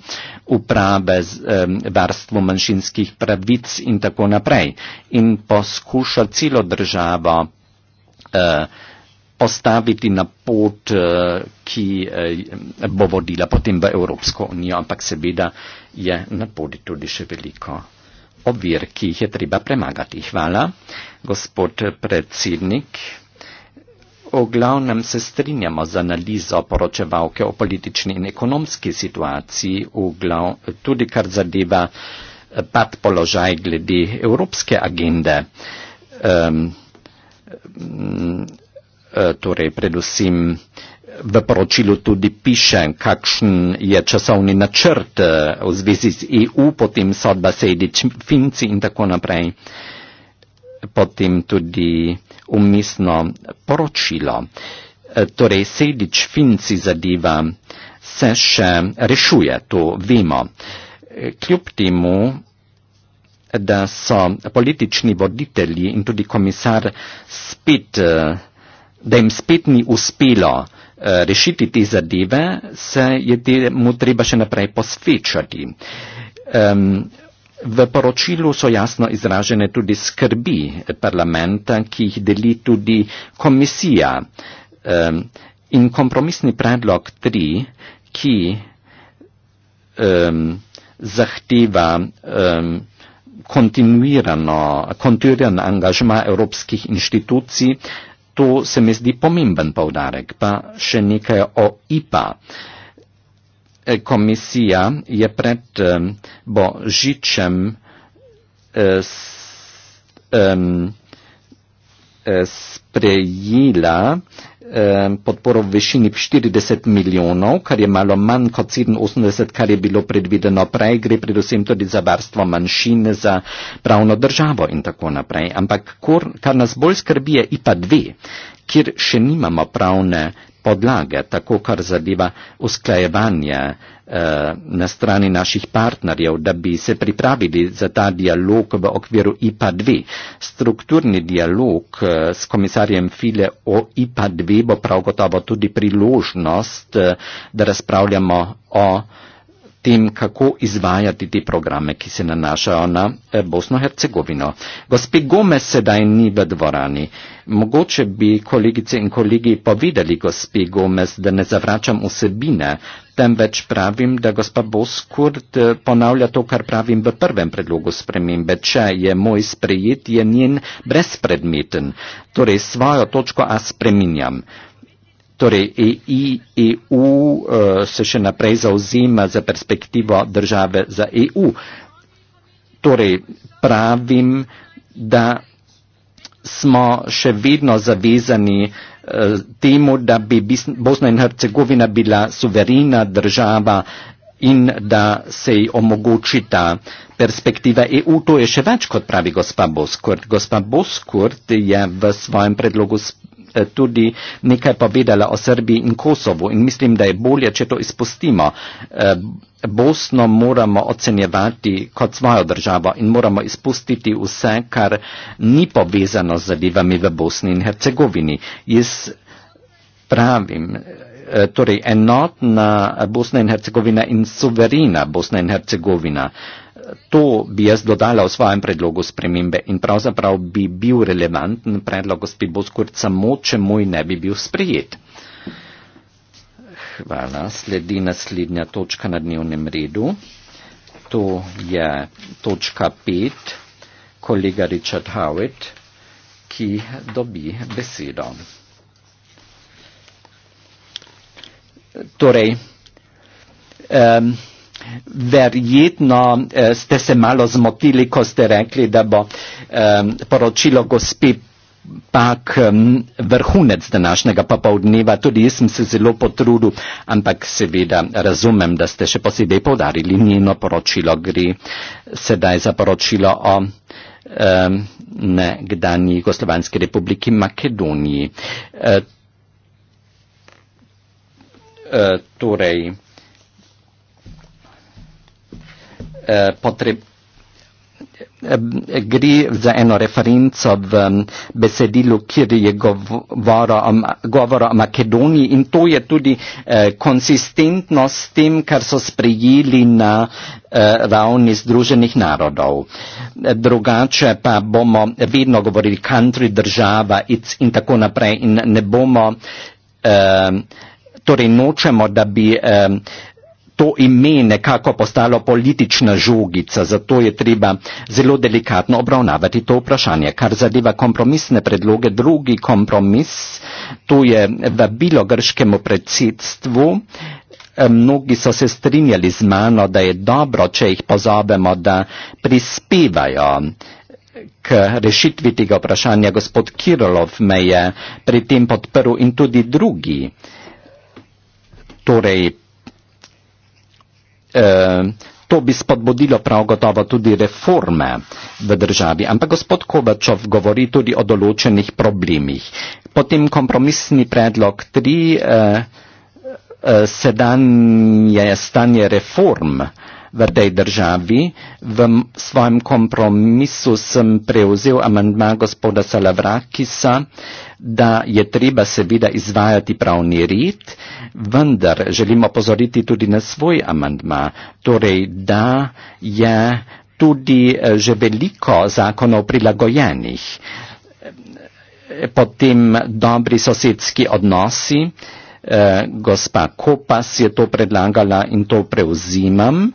uprave, z, um, varstvu manjšinskih pravic in tako naprej. In poskuša celo državo uh, postaviti na pot, uh, ki uh, bo vodila potem v Evropsko unijo, ampak seveda je na podi tudi še veliko ovir, ki jih je treba premagati. Hvala, gospod predsednik. O glavnem se strinjamo z analizo poročevalke o politični in ekonomski situaciji, glav, tudi kar zadeva eh, pad položaj glede evropske agende, um, um, torej predvsem uh, v poročilu tudi piše, kakšen je časovni načrt eh, v zvezi z EU, potem sodba sedič Finci in tako naprej. Potem tudi umestno poročilo. Eh, torej sedič Finci zadeva se še rešuje, to vemo. Eh, kljub temu, da so politični voditelji in tudi komisar spet, da jim spet ni uspelo, Eh, rešiti te zadeve, se je temu treba še naprej posvečati. Um, v poročilu so jasno izražene tudi skrbi parlamenta, ki jih deli tudi komisija. Um, in kompromisni predlog 3, ki um, zahteva um, kontinuirano, kontinuiran angažma evropskih inštitucij, Tu se mi zdi pomemben povdarek, pa še nekaj o IPA. E, komisija je pred Božičem e, e, sprejela podporo v višini 40 milijonov, kar je malo manj kot 87, kar je bilo predvideno prej, gre predvsem tudi za varstvo manjšin, za pravno državo in tako naprej. Ampak kar nas bolj skrbi je IPA 2, kjer še nimamo pravne podlage, tako kar zadeva usklajevanje eh, na strani naših partnerjev, da bi se pripravili za ta dialog v okviru IPA-2. Strukturni dialog eh, s komisarjem File o IPA-2 bo prav gotovo tudi priložnost, eh, da razpravljamo o tem, kako izvajati te programe, ki se nanašajo na eh, Bosno-Hercegovino. Gospe Gome sedaj ni v dvorani. Mogoče bi kolegice in kolegi povedali, gospe Gome, da ne zavračam vsebine, temveč pravim, da gospa Boskurt eh, ponavlja to, kar pravim v prvem predlogu spremembe, če je moj sprejet, je njen brezpredmeten. Torej svojo točko A spreminjam. Torej, EI, EU eh, se še naprej zauzima za perspektivo države za EU. Torej, pravim, da smo še vedno zavezani eh, temu, da bi Bosna in Hercegovina bila suverena država in da se ji omogočita perspektiva EU. To je še več, kot pravi gospa Boskurt. Gospa Boskurt je v svojem predlogu spremljala Eh, tudi nekaj povedala o Srbiji in Kosovu in mislim, da je bolje, če to izpustimo. Eh, Bosno moramo ocenjevati kot svojo državo in moramo izpustiti vse, kar ni povezano z zadevami v Bosni in Hercegovini. Jaz pravim, eh, torej enotna Bosna in Hercegovina in suverena Bosna in Hercegovina to bi jaz dodala v svojem predlogu spremembe in pravzaprav bi bil relevanten predlog gospod Boskurt samo, če moj ne bi bil sprejet. Hvala. Sledi naslednja točka na dnevnem redu. To je točka 5, kolega Richard Howitt, ki dobi besedo. Torej, um, verjetno eh, ste se malo zmotili, ko ste rekli, da bo eh, poročilo gospe pak vrhunec današnjega popoldneva, tudi jaz sem se zelo potrudil, ampak seveda razumem, da ste še posebej povdarili njeno poročilo, gre sedaj za poročilo o eh, nekdanji Jugoslovanski republiki Makedoniji. Eh, eh, torej, Eh, potreb, eh, gre za eno referenco v mm, besedilu, kjer je govora o Makedoniji in to je tudi eh, konsistentno s tem, kar so sprejeli na ravni Združenih narodov. Drugače pa bomo vedno govorili country, država it's, in tako naprej in ne bomo, torej nočemo, da bi to ime nekako postalo politična žogica, zato je treba zelo delikatno obravnavati to vprašanje. Kar zadeva kompromisne predloge, drugi kompromis, to je vabilo grškemu predsedstvu. Eh, mnogi so se strinjali z mano, da je dobro, če jih pozovemo, da prispevajo k rešitvi tega vprašanja. Gospod Kirolov me je pri tem podprl in tudi drugi. Torej, Eh, to bi spodbudilo prav gotovo tudi reforme v državi. Ampak gospod Kovačov govori tudi o določenih problemih. Potem kompromisni predlog 3, eh, eh, sedanje stanje reform eh, v tej državi. V svojem kompromisu sem prevzel amandma gospoda Salavrakisa, da je treba seveda izvajati pravni rit, vendar želimo pozoriti tudi na svoj amandma, torej da je tudi eh, že veliko zakonov prilagojenih. Potem dobri sosedski odnosi, eh, gospa Kopas je to predlagala in to prevzimam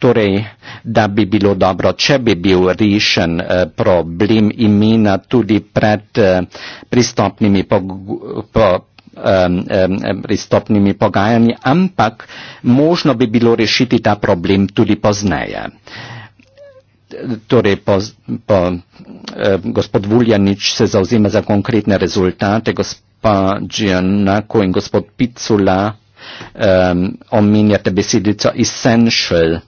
torej, da bi bilo dobro, če bi bil rešen eh, problem imena tudi pred eh, pristopnimi, po, po, pristopnimi pogajanji, ampak možno bi bilo rešiti ta problem tudi pozneje. Torej, po, po, eh, gospod Vuljanič se zauzima za konkretne rezultate, gospa Džianako in gospod Picula eh, um, ehm, omenjate besedico essential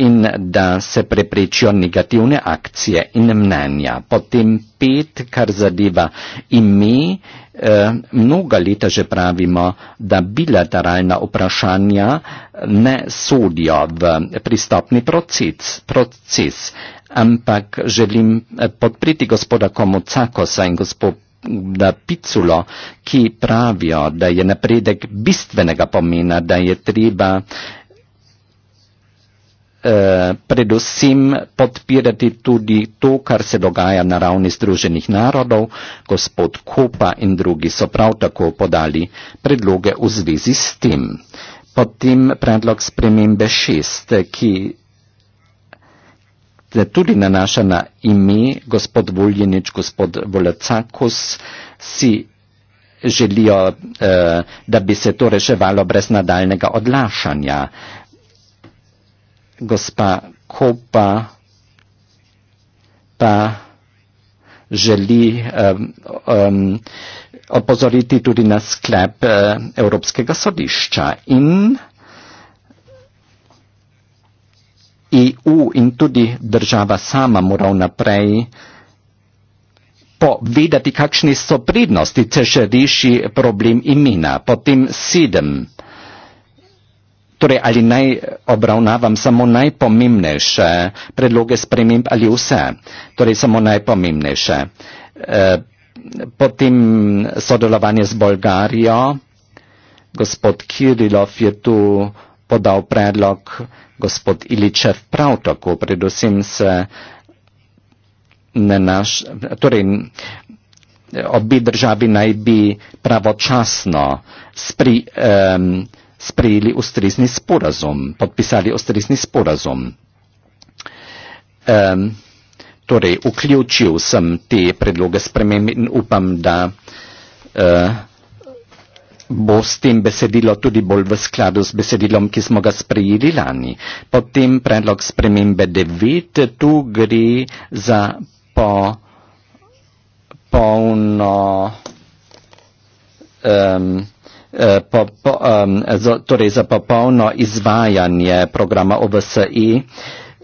in da se preprečijo negativne akcije in mnenja. Potem pet, kar zadeva ime, ehm, mnoga leta že pravimo, da bilateralna vprašanja ne sodijo v pristopni proces, proces ampak želim eh, podpreti gospoda Komocakosa in gospod da piculo, ki pravijo, da je napredek bistvenega pomena, da je treba eh, predvsem podpirati tudi to, kar se dogaja na ravni Združenih narodov, gospod Kopa in drugi so prav tako podali predloge v zvezi s tem. Potem predlog spremembe šest, ki se tudi nanaša na ime, gospod Vuljenič, gospod Volecakus, si želijo, eh, da bi se to reševalo brez nadaljnega odlašanja. Gospa Kopa pa želi um, opozoriti tudi na sklep eh, Evropskega sodišča in EU in tudi država sama mora naprej povedati, kakšne so prednosti, če še reši problem imena. Potem sedem. Torej, ali naj obravnavam samo najpomembnejše predloge sprememb ali vse. Torej, samo najpomembnejše. E, potem sodelovanje z Bolgarijo. Gospod Kirilov je tu podal predlog gospod Iličev prav tako, predvsem se ne naš, torej obi državi naj bi pravočasno spri, um, sprejeli ustrezni sporazum, podpisali ustrezni sporazum. Um, torej, vključil sem te predloge spremembe in upam, da uh, bo s tem besedilo tudi bolj v skladu s besedilom, ki smo ga sprejeli lani. Potem predlog spremembe 9, tu gre za po, polno. Um, Po, po, um, z, torej za popolno izvajanje programa OVSI, e.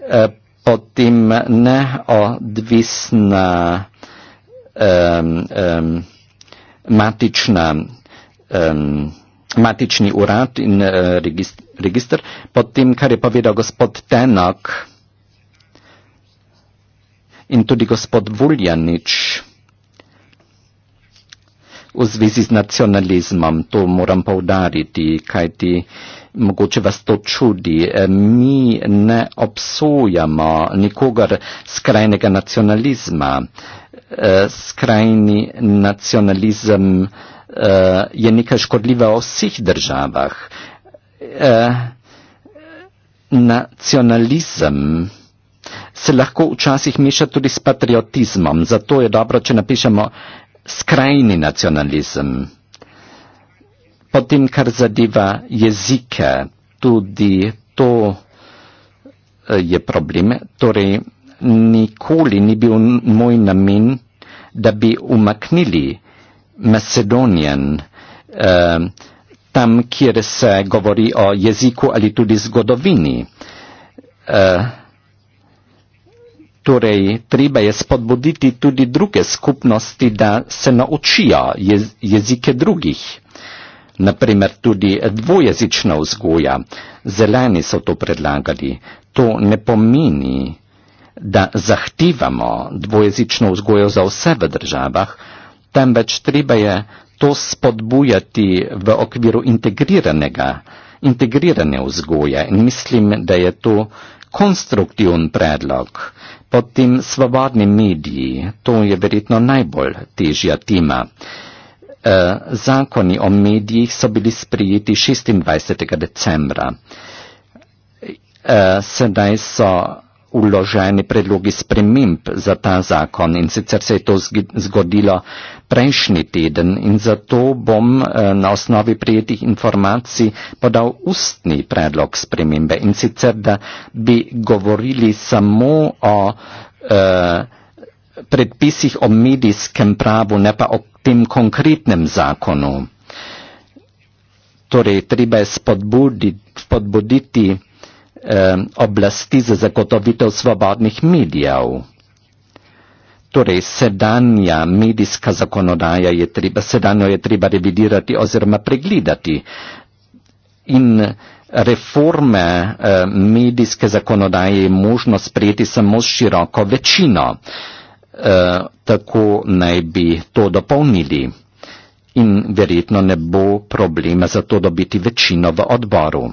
e, potem neodvisna um, um, matična um, matični urad in uh, eh, registr, registr, pod tem, kar je povedal gospod Tenok in tudi gospod Vuljanič v zvezi z nacionalizmom, to moram povdariti, kaj ti mogoče vas to čudi. Eh, mi ne obsojamo nikogar skrajnega nacionalizma. Eh, skrajni nacionalizem Eh, je nekaj škodljiva v vseh državah. Eh, nacionalizem se lahko včasih meša tudi s patriotizmom, zato je dobro, če napišemo skrajni nacionalizem. Potem, kar zadeva jezike, tudi to eh, je problem. Torej, nikoli ni bil moj namen, da bi umaknili Macedonijan, eh, tam, kjer se govori o jeziku ali tudi zgodovini. Eh, torej, treba je spodbuditi tudi druge skupnosti, da se naučijo jezike drugih. Naprimer, tudi dvojezična vzgoja. Zeleni so to predlagali. To ne pomeni, da zahtevamo dvojezično vzgojo za vse v državah, temveč treba je to spodbujati v okviru integriranega, integrirane vzgoje in mislim, da je to konstruktivn predlog. Potem svobodni mediji, to je verjetno najbolj težja tema. Eh, zakoni o medijih so bili sprijeti 26. decembra. Eh, sedaj so uloženi predlogi sprememb za ta zakon in sicer se je to zgodilo prejšnji teden in zato bom eh, na osnovi prijetih informacij podal ustni predlog spremembe in sicer, da bi govorili samo o eh, predpisih o medijskem pravu, ne pa o tem konkretnem zakonu. Torej, treba je spodbuditi, spodbuditi eh, oblasti za zagotovitev svobodnih medijev. Torej, sedanja medijska zakonodaja je treba, sedanjo je treba revidirati oziroma pregledati. In reforme eh, medijske zakonodaje je možno sprejeti samo s široko večino. Eh, tako naj bi to dopolnili. In verjetno ne bo problema za to dobiti večino v odboru.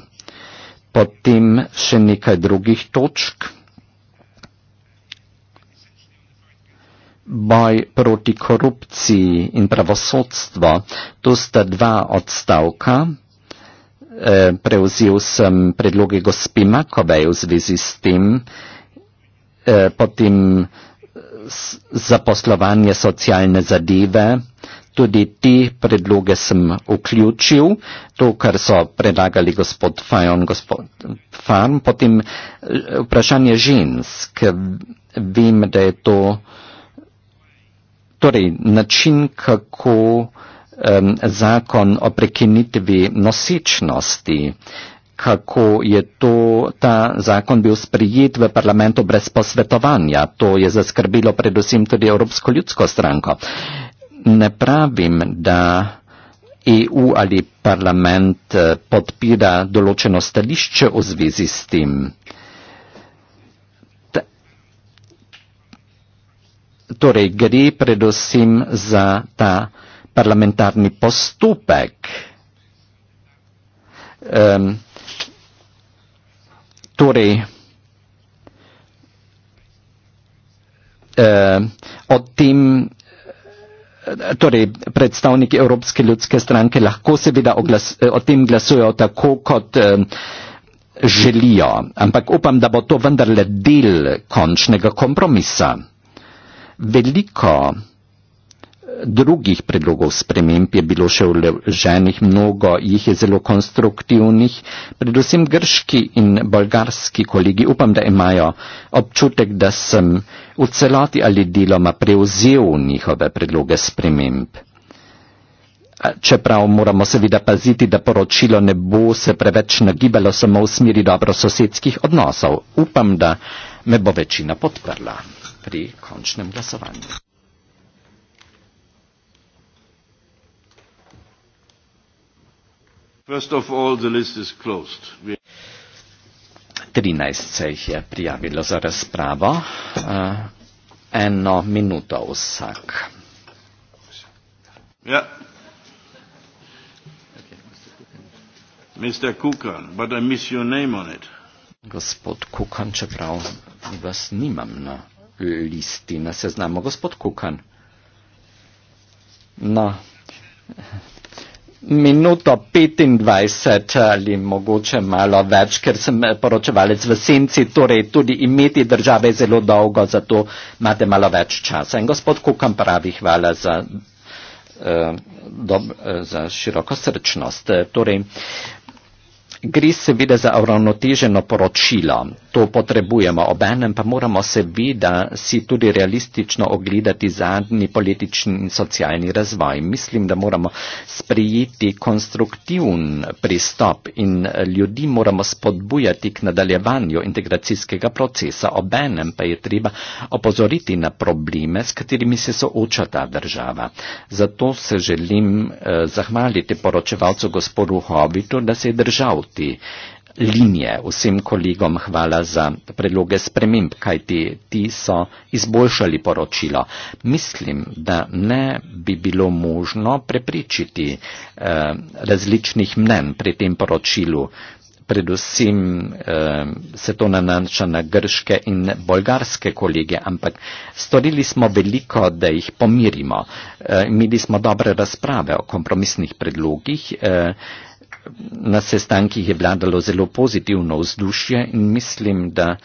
Potem še nekaj drugih točk. boj proti korupciji in pravosodstvo. To sta dva odstavka. E, preuzil sem predloge gospi Makovej v zvezi s tem, e, potem zaposlovanje socialne zadeve. Tudi te predloge sem vključil, to, kar so predlagali gospod Fajon, gospod Farm. Potem e, vprašanje žensk. Vem, da je to. Torej, način, kako um, zakon o prekinitvi nosečnosti, kako je to, ta zakon bil sprijet v parlamentu brez posvetovanja, to je zaskrbilo predvsem tudi Evropsko ljudsko stranko. Ne pravim, da EU ali parlament eh, podpira določeno stališče v zvezi s tem. torej gre predvsem za ta parlamentarni postopek. Um, torej, um, od tem, torej, predstavniki Evropske ljudske stranke lahko seveda oglas, eh, o tem glasujejo tako, kot um, želijo, ampak upam, da bo to vendarle del končnega kompromisa. Veliko eh, drugih predlogov sprememb je bilo še vloženih, mnogo jih je zelo konstruktivnih, predvsem grški in bolgarski kolegi. Upam, da imajo občutek, da sem v celoti ali deloma prevzel njihove predloge sprememb. Čeprav moramo seveda paziti, da poročilo ne bo se preveč nagibalo samo v smeri dobrososedskih odnosov, upam, da me bo večina podprla pri končnem glasovanju. Trinajst se jih je prijavilo za razpravo, uh, eno minuto vsak. Ja. Mr. Kukan, but I miss your name on it. Gospod Kukan, čeprav vas nimam na. No listi na seznamu gospod Kukan. No, minuto 25 ali mogoče malo več, ker sem eh, poročevalec v senci, torej tudi imeti države zelo dolgo, zato imate malo več časa. In gospod Kukan pravi hvala za. Eh, dob, eh, za široko srčnost. Torej, gre seveda za uravnoteženo poročilo to potrebujemo. Obenem pa moramo seveda si tudi realistično ogledati zadnji politični in socialni razvoj. Mislim, da moramo sprijeti konstruktivn pristop in ljudi moramo spodbujati k nadaljevanju integracijskega procesa. Obenem pa je treba opozoriti na probleme, s katerimi se sooča ta država. Zato se želim eh, zahvaliti poročevalcu gospodu Hobitu, da se je držal ti. Eh, linije. Vsem kolegom hvala za predloge sprememb, kajti ti so izboljšali poročilo. Mislim, da ne bi bilo možno prepričiti eh, različnih mnen pri tem poročilu. Predvsem eh, se to nanaša na grške in bolgarske kolege, ampak storili smo veliko, da jih pomirimo. Eh, imeli smo dobre razprave o kompromisnih predlogih. Eh, na sestankih je vladalo zelo pozitivno vzdušje in mislim, da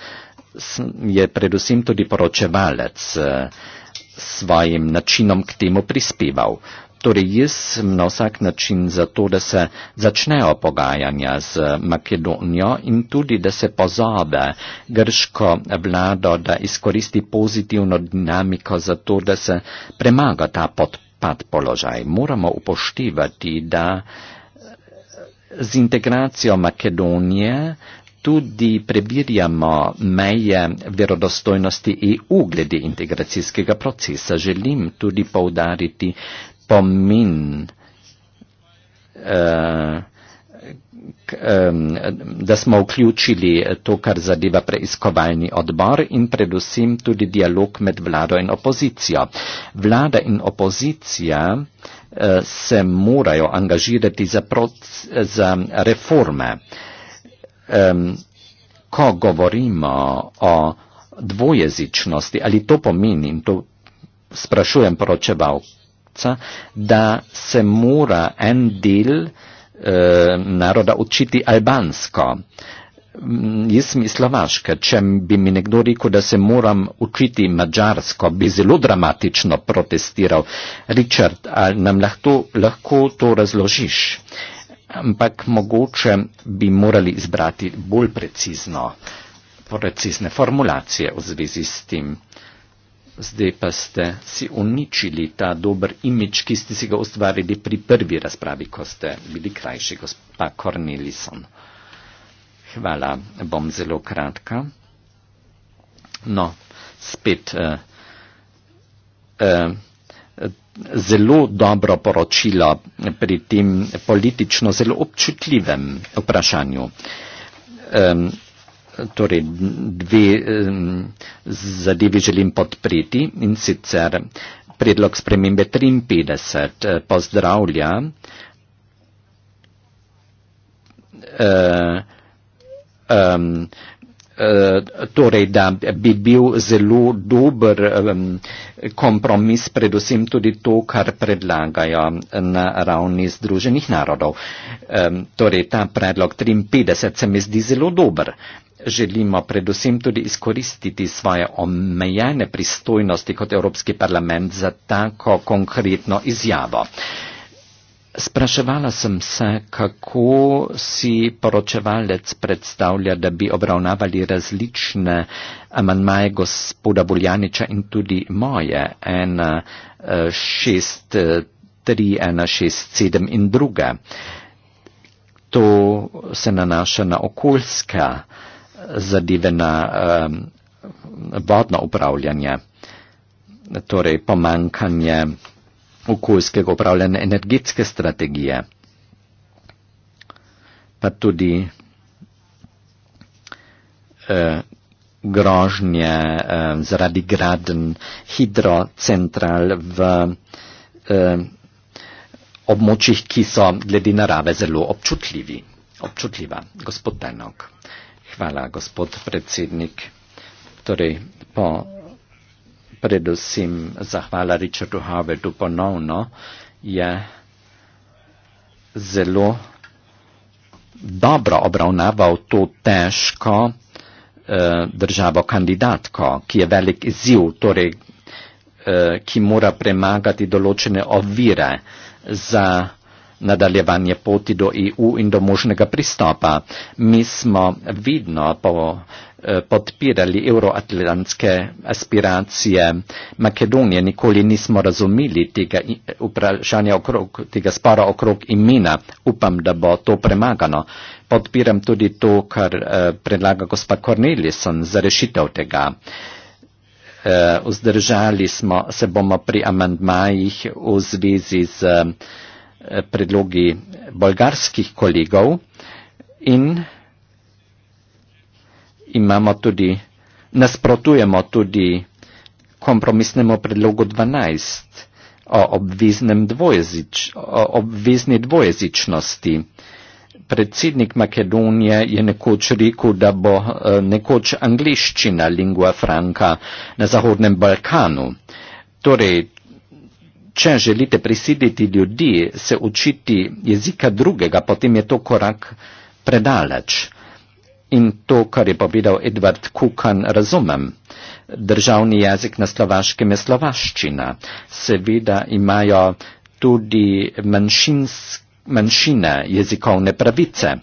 je predvsem tudi poročevalec eh, svojim načinom k temu prispeval. Torej jaz na vsak način za to, da se začnejo pogajanja z eh, Makedonijo in tudi, da se pozove grško vlado, da izkoristi pozitivno dinamiko za to, da se premaga ta podpad položaj. Moramo upoštevati, da z integracijo Makedonije tudi prebirjamo meje verodostojnosti EU glede integracijskega procesa. Želim tudi poudariti pomen eh, da smo vključili to, kar zadeva preiskovalni odbor in predvsem tudi dialog med vlado in opozicijo. Vlada in opozicija Eh, se morajo angažirati za, za reforme. Ko govorimo o dvojezičnosti, ali to pomeni, in to sprašujem poročevalca, da se mora en del eh, naroda učiti albansko. Mm, jaz sem iz Slovaške, če bi mi nekdo rekel, da se moram učiti mačarsko, bi zelo dramatično protestiral. Richard, ali nam lahko, lahko to razložiš? Ampak mogoče bi morali izbrati bolj precizno, precizne formulacije v zvezi s tem. Zdaj pa ste si uničili ta dober imič, ki ste si ga ustvarili pri prvi razpravi, ko ste bili krajši, gospa Cornelison. Hvala, bom zelo kratka. No, spet. Uh, uh, Zelo dobro poročilo pri tem politično zelo občutljivem vprašanju. Um, torej, dve um, zadevi želim podpreti in sicer predlog spremembe 53 eh, pozdravlja uh, um, torej da bi bil zelo dober um, kompromis, predvsem tudi to, kar predlagajo na ravni Združenih narodov. Um, torej ta predlog 53 se mi zdi zelo dober. Želimo predvsem tudi izkoristiti svoje omejene pristojnosti kot Evropski parlament za tako konkretno izjavo. Uh, Spraševala sem se, kako si poročevalec predstavlja, da bi obravnavali različne amanmaje gospoda Buljaniča in tudi moje, 1, 6, 3, 1, 6, 7 in druge. To se nanaša na okoljska eh, zadeve, na um, vodno upravljanje, torej pomankanje okoljskega upravljanja energetske strategije, pa tudi eh, grožnje eh, zaradi graden hidrocentral v eh, območjih, ki so glede narave zelo občutljivi. Občutljiva, gospod Tenok. Hvala, gospod predsednik. Torej, po predvsem zahvala Richardu Harvardu ponovno, je zelo dobro obravnaval to težko eh, državo kandidatko, ki je velik izziv, torej, eh, ki mora premagati določene ovire za nadaljevanje poti do EU in do možnega pristopa. Mi smo vidno po, eh, podpirali euroatlantske aspiracije Makedonije. Nikoli nismo razumeli tega, eh, okrog, tega spora okrog imena. Upam, da bo to premagano. Podpiram tudi to, kar eh, predlaga gospa Cornelison za rešitev tega. Vzdržali smo, se bomo pri amandmajih v zvezi z uh, predlogi bolgarskih kolegov in imamo tudi, nasprotujemo tudi kompromisnemu predlogu 12 o, dvojezič, o obvezni dvojezičnosti. Predsednik Makedonije je nekoč rekel, da bo eh, nekoč angliščina lingua franca na Zahodnem Balkanu. Torej, če želite prisiditi ljudi se učiti jezika drugega, potem je to korak predaleč. In to, kar je povedal Edward Kukan, razumem. Državni jezik na slovaškem je slovaščina. Seveda imajo tudi manjšine jezikovne pravice,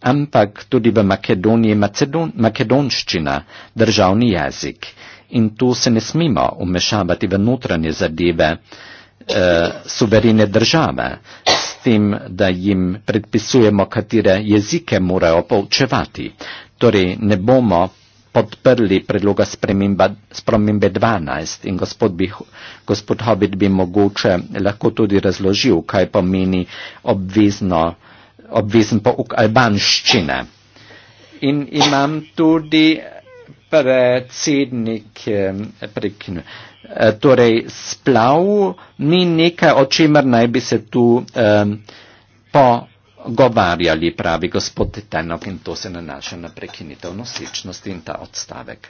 ampak tudi v Makedoniji Macedon, makedonščina državni jezik. In tu se ne smemo umešavati v notranje zadeve uh, suverene države, s tem, da jim predpisujemo, katere jezike morajo poučevati. Torej, ne bomo podprli predloga spremembe 12 in gospod, bi, gospod Hobbit bi mogoče lahko tudi razložil, kaj pomeni obvezno, obvezen pouk albanščine. In imam tudi predsednik eh, prekinuje. Eh, torej splav ni nekaj, o čemer naj bi se tu pogovarjali, pravi gospod Tenok in to se nanaša na prekinitev nosečnosti in ta odstavek.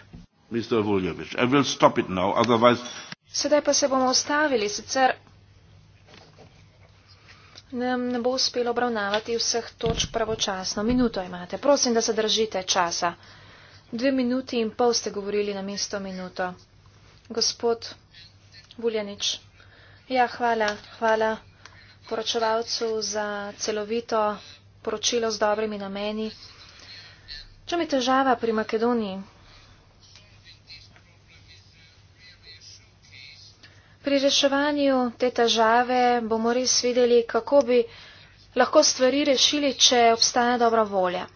Sedaj pa se bomo ustavili, sicer nam ne bo uspelo obravnavati vseh točk pravočasno. Minuto imate. Prosim, da se držite časa. Dve minuti in pol ste govorili na mesto minuto gospod Buljanič. Ja, hvala, hvala poročevalcu za celovito poročilo z dobrimi nameni. Čem je težava pri Makedoniji? Pri reševanju te težave bomo res videli, kako bi lahko stvari rešili, če obstaja dobra volja.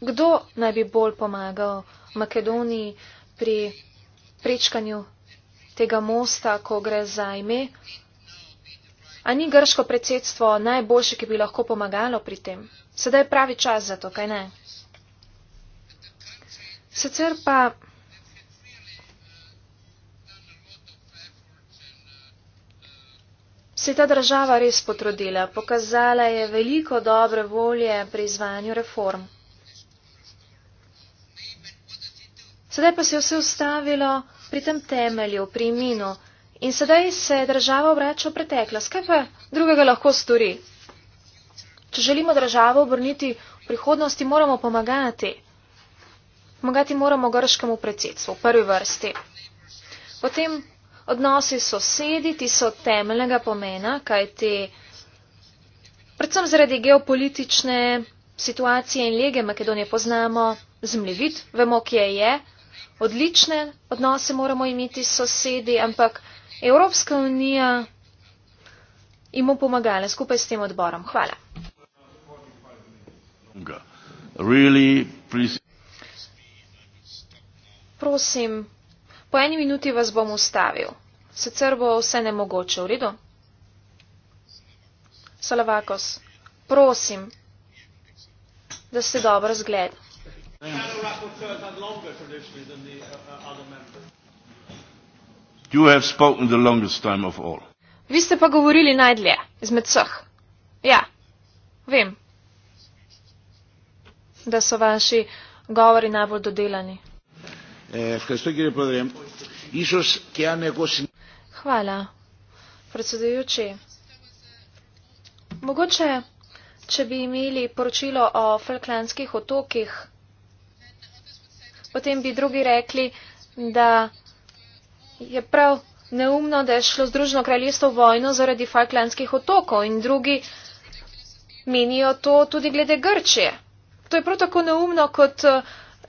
Kdo naj bi bolj pomagal Makedoniji pri prečkanju tega mosta, ko gre za ime. A ni grško predsedstvo najboljše, ki bi lahko pomagalo pri tem? Sedaj je pravi čas za to, kaj ne? Sicer pa. Se je ta država res potrudila, pokazala je veliko dobre volje pri izvajanju reform. Sedaj pa se je vse ustavilo pri tem temelju, pri minu. In sedaj se država obrača v preteklost. Kaj pa drugega lahko stori? Če želimo državo obrniti v prihodnosti, moramo pomagati. Pomagati moramo grškemu predsedstvu v prvi vrsti. Potem odnosi sosedi, ti so temeljnega pomena, kaj ti predvsem zaradi geopolitične situacije in lege Makedonije poznamo, zmljevit, vemo, kje je. je odlične odnose moramo imeti s sosedi, ampak Evropska unija jim bo pomagala skupaj s tem odborom. Hvala. Really, Prosim, po eni minuti vas bom ustavil, sicer bo vse nemogoče, v redu? Salavakos, prosim, da ste dobro zgledali. Uh, uh, Vi ste pa govorili najdlje, izmed vseh. Ja, vem, da so vaši govori najbolj dodelani. Hvala, predsedujoči. Mogoče, če bi imeli poročilo o Falklandskih otokih, potem bi drugi rekli, da je prav neumno, da je šlo Združeno kraljestvo vojno zaradi Falklandskih otokov in drugi menijo to tudi glede Grčije. To je prav tako neumno, kot eh,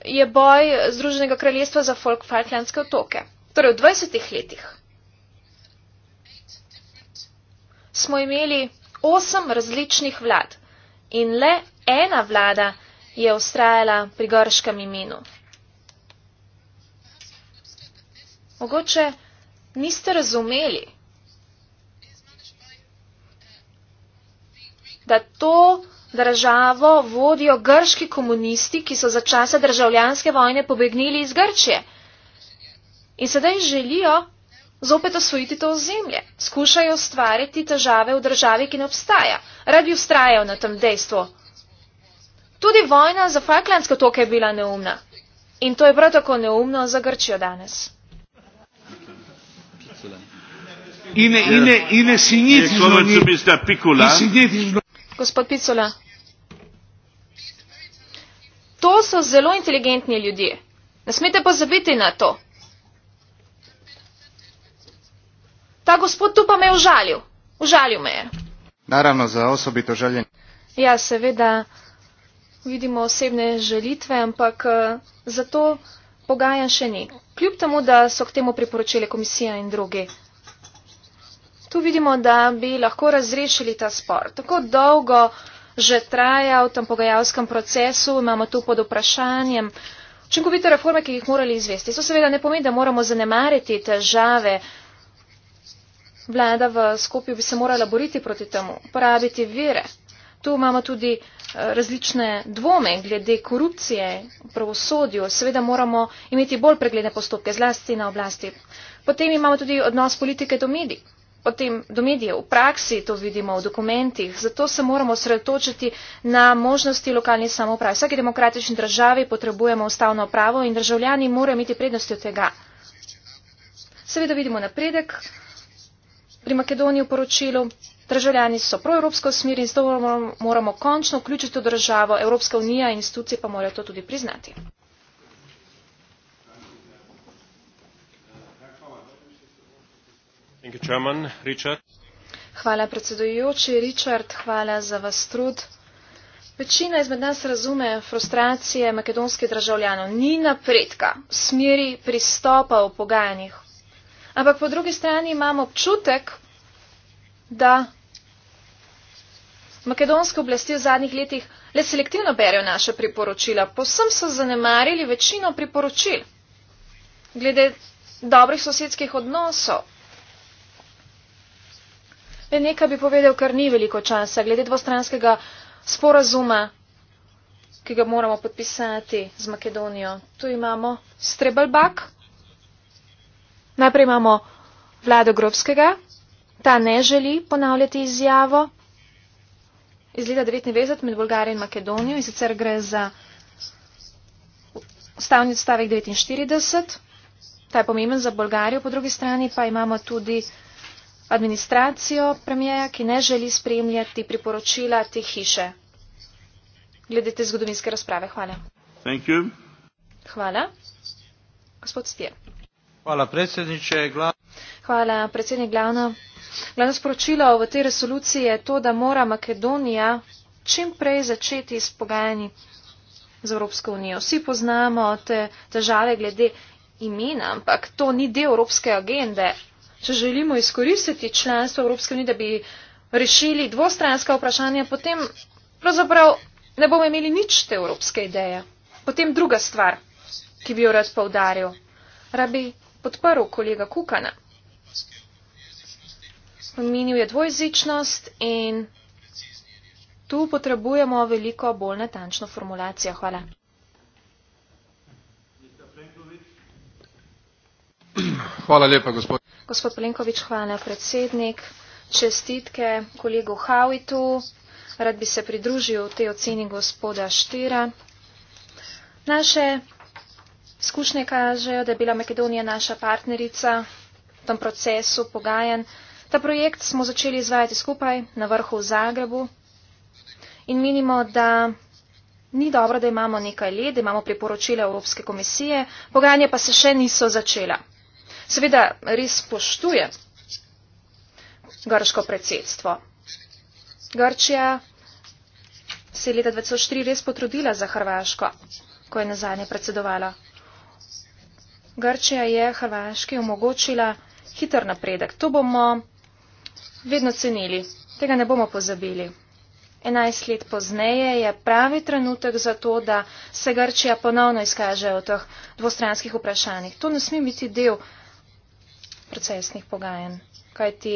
je boj Združenega kraljestva za Falklandske otoke. Torej, v 20 letih smo imeli osem različnih vlad in le ena vlada je ustrajala pri grškem imenu. Mogoče niste razumeli, da to državo vodijo grški komunisti, ki so za časa državljanske vojne pobegnili iz Grčije in sedaj želijo zopet osvojiti to ozemlje. Skušajo ustvariti težave v državi, ki ne obstaja. Radi ustrajajo na tem dejstvu. Tudi vojna za Falklandske otoke je bila neumna. In to je prav tako neumno za Grčijo danes. είναι, είναι, είναι συνήθις νομή. Господ Пицоля, то са зело интелигентни люди. Не смете позабити на то. Та Господ тупа ме ожалил. Ожалил ме. Наравно, за особито жаление. Ja, seveda vidimo osebne žalitve, ampak eh, zato pogajam še ni. Kljub temu, da so k temu priporočili komisija in drugi. Tu vidimo, da bi lahko razrešili ta spor. Tako dolgo že traja v tem pogajalskem procesu, imamo tu pod vprašanjem. Učinkovite reforme, ki jih morali izvesti. To seveda ne pomeni, da moramo zanemariti težave. Vlada v skupju bi se morala boriti proti temu, uporabiti vire. Tu imamo tudi eh, različne dvome glede korupcije v pravosodju. Seveda moramo imeti bolj pregledne postopke, zlasti na oblasti. Potem imamo tudi odnos politike do medijev potem do medijev. V praksi to vidimo v dokumentih, zato se moramo sredotočiti na možnosti lokalnih samoprav. Vsake demokratične države potrebujemo ustavno pravo in državljani morajo imeti prednosti od tega. Seveda vidimo napredek pri Makedoniji v poročilu. Državljani so proevropsko smer in zato moramo končno vključiti v državo. Evropska unija in institucije pa morajo to tudi priznati. Hvala predsedujoči, Richard, hvala za vas trud. Večina izmed nas razume frustracije makedonskih državljanov. Ni napredka v smeri pristopa v pogajanjih. Ampak po drugi strani imamo občutek, da makedonske oblasti v zadnjih letih le selektivno berijo naše priporočila. Posem so zanemarili večino priporočil glede dobrih sosedskih odnosov, Le nekaj bi povedal, kar ni veliko časa, glede dvostranskega sporazuma, ki ga moramo podpisati z Makedonijo. Tu imamo Strebelbak. Najprej imamo vlado Grobskega. Ta ne želi ponavljati izjavo iz leta 99 med Bolgarijo in Makedonijo in sicer gre za ustavni odstavek 49. Ta je pomemben za Bolgarijo, po drugi strani pa imamo tudi administracijo premijeja, ki ne želi spremljati priporočila te hiše. Glede te zgodovinske razprave. Hvala. Hvala. Gospod Stier. Hvala, predsedniče. Hvala, predsednik glavno. Glavno sporočilo v tej resoluciji je to, da mora Makedonija čim prej začeti s pogajanji z Evropsko unijo. Vsi poznamo te težave glede imena, ampak to ni del Evropske agende če želimo izkoristiti članstvo Evropske unije, da bi rešili dvostranska vprašanja, potem pravzaprav ne bomo imeli nič te evropske ideje. Potem druga stvar, ki bi jo rad povdaril. Rabi podprl kolega Kukana. Omenil je dvojezičnost in tu potrebujemo veliko bolj natančno formulacijo. Hvala. Hvala lepa, gospod. Gospod Plenkovič, hvala, predsednik. Čestitke kolegu Hawitu. Rad bi se pridružil te oceni gospoda Štira. Naše skušnje kažejo, da je bila Makedonija naša partnerica v tem procesu pogajanj. Ta projekt smo začeli izvajati skupaj na vrhu v Zagrebu in menimo, da ni dobro, da imamo nekaj let, da imamo priporočila Evropske komisije, pogajanja pa se še niso začela. Seveda res poštujem grško predsedstvo. Grčija se je leta 2004 res potrudila za Hrvaško, ko je nazadnje predsedovala. Grčija je Hrvaški omogočila hiter napredek. To bomo vedno cenili. Tega ne bomo pozabili. 11 let pozneje je pravi trenutek za to, da se Grčija ponovno izkaže v teh dvostranskih vprašanjih. To ne sme biti del procesnih pogajanj. Kaj ti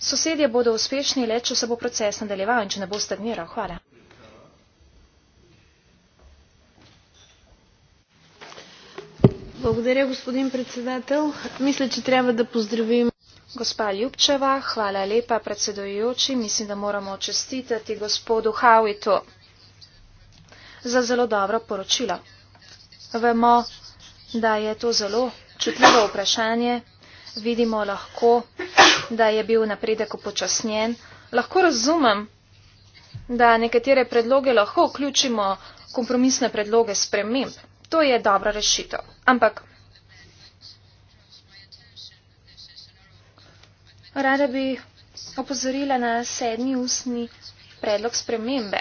sosedje bodo uspešni le, če se bo proces nadaljeval in če ne bo stagniral. Hvala. Благодаря, господин председател. Мисля, че трябва да поздравим. Госпа Любчева, хвала лепа, председојочи. Мислим да морамо очеститати господу Хауито за зело добро порочило. Вемо да је то зело чутливо упрашање vidimo lahko, da je bil napredek upočasnjen. Lahko razumem, da nekatere predloge lahko vključimo kompromisne predloge sprememb. To je dobra rešitev. Ampak rada bi opozorila na sedmi ustni predlog spremembe.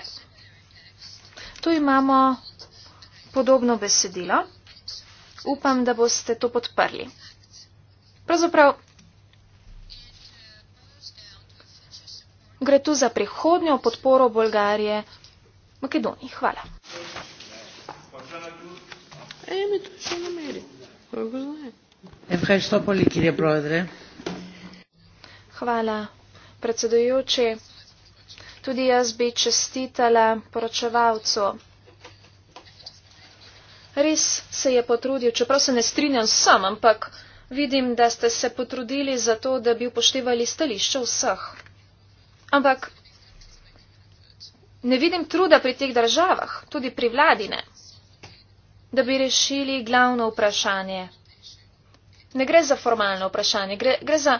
Tu imamo podobno besedilo. Upam, da boste to podprli. Pravzaprav gre tu za prihodnjo podporo Bolgarije Makedoniji. Hvala. Hvala, predsedujoči. Tudi jaz bi čestitala poročevalcu. Res se je potrudil, čeprav se ne strinjam sam, ampak. Vidim, da ste se potrudili za to, da bi upoštevali stališče vseh. Ampak ne vidim truda pri teh državah, tudi pri vladine, da bi rešili glavno vprašanje. Ne gre za formalno vprašanje, gre, gre za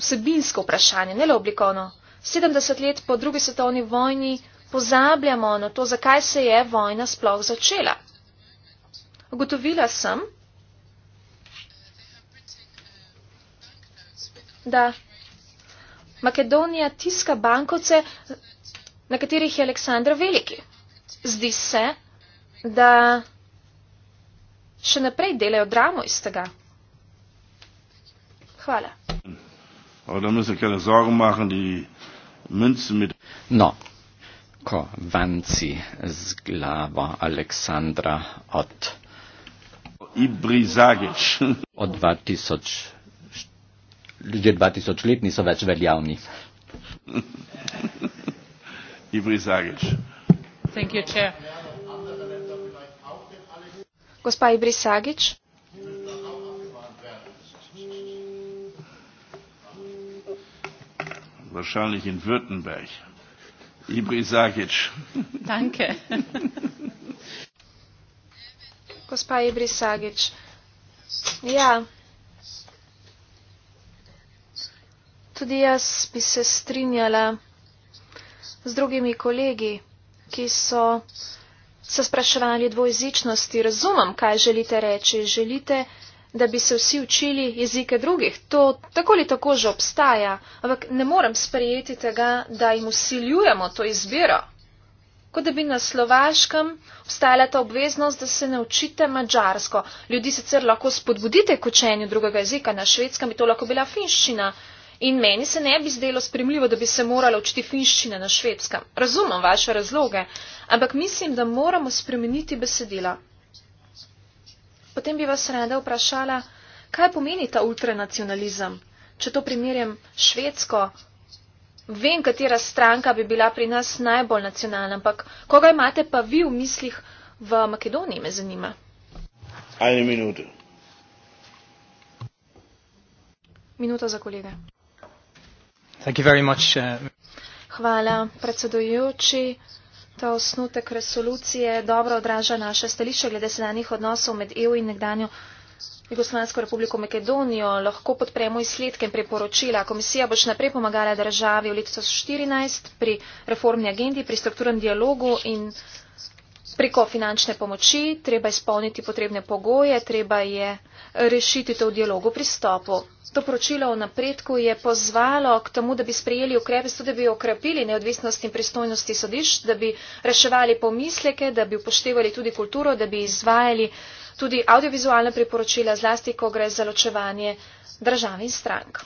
vsebinsko vprašanje, ne le oblikovno. 70 let po drugi svetovni vojni pozabljamo na to, zakaj se je vojna sploh začela. Ugotovila sem, da Makedonija tiska bankovce, na katerih je Aleksandr Veliki. Zdi se, da še naprej delajo dramo iz tega. Hvala. No, ko vanci z glavo Aleksandra od, od 2000 ljudje 2000 let niso več veljavni. Ibrisagič. Thank you, chair. Gospa Ibrisagič. Wahrscheinlich in Württemberg. Ibrisagič. Danke. Gospa Ibrisagič. Ja. Yeah. tudi jaz bi se strinjala z drugimi kolegi, ki so se spraševali dvojezičnosti. Razumem, kaj želite reči. Želite, da bi se vsi učili jezike drugih. To tako ali tako že obstaja, ampak ne morem sprejeti tega, da jim usiljujemo to izbiro. Kot da bi na slovaškem obstajala ta obveznost, da se naučite mačarsko. Ljudi sicer lahko spodbudite k učenju drugega jezika, na švedskem bi to lahko bila finščina, in meni se ne bi zdelo sprejemljivo, da bi se morala učiti finščine na švedskem. Razumem vaše razloge, ampak mislim, da moramo spremeniti besedila. Potem bi vas rada vprašala, kaj pomeni ta ultranacionalizem, če to primerjam švedsko. Vem, katera stranka bi bila pri nas najbolj nacionalna, ampak koga imate pa vi v mislih v Makedoniji, me zanima. Eno minuto. Minuta za kolega. Uh, Hvala, predsedujoči. Ta osnutek resolucije dobro odraža naše stališče glede sedanjih odnosov med EU in nekdanjo Jugoslavijsko republiko Makedonijo. Lahko podpremo izsledke in priporočila. Komisija boš naprej pomagala državi v letu 2014 pri reformni agendi, pri strukturnem dialogu in preko finančne pomoči, treba izpolniti potrebne pogoje, treba je rešiti to v dialogu pristopu. To poročilo o napredku je pozvalo k temu, da bi sprejeli ukrepe, zato da bi okrepili neodvisnost in pristojnosti sodišč, da bi reševali pomisleke, da bi upoštevali tudi kulturo, da bi izvajali tudi audiovizualne priporočila, zlasti, ko gre za ločevanje držav in strank.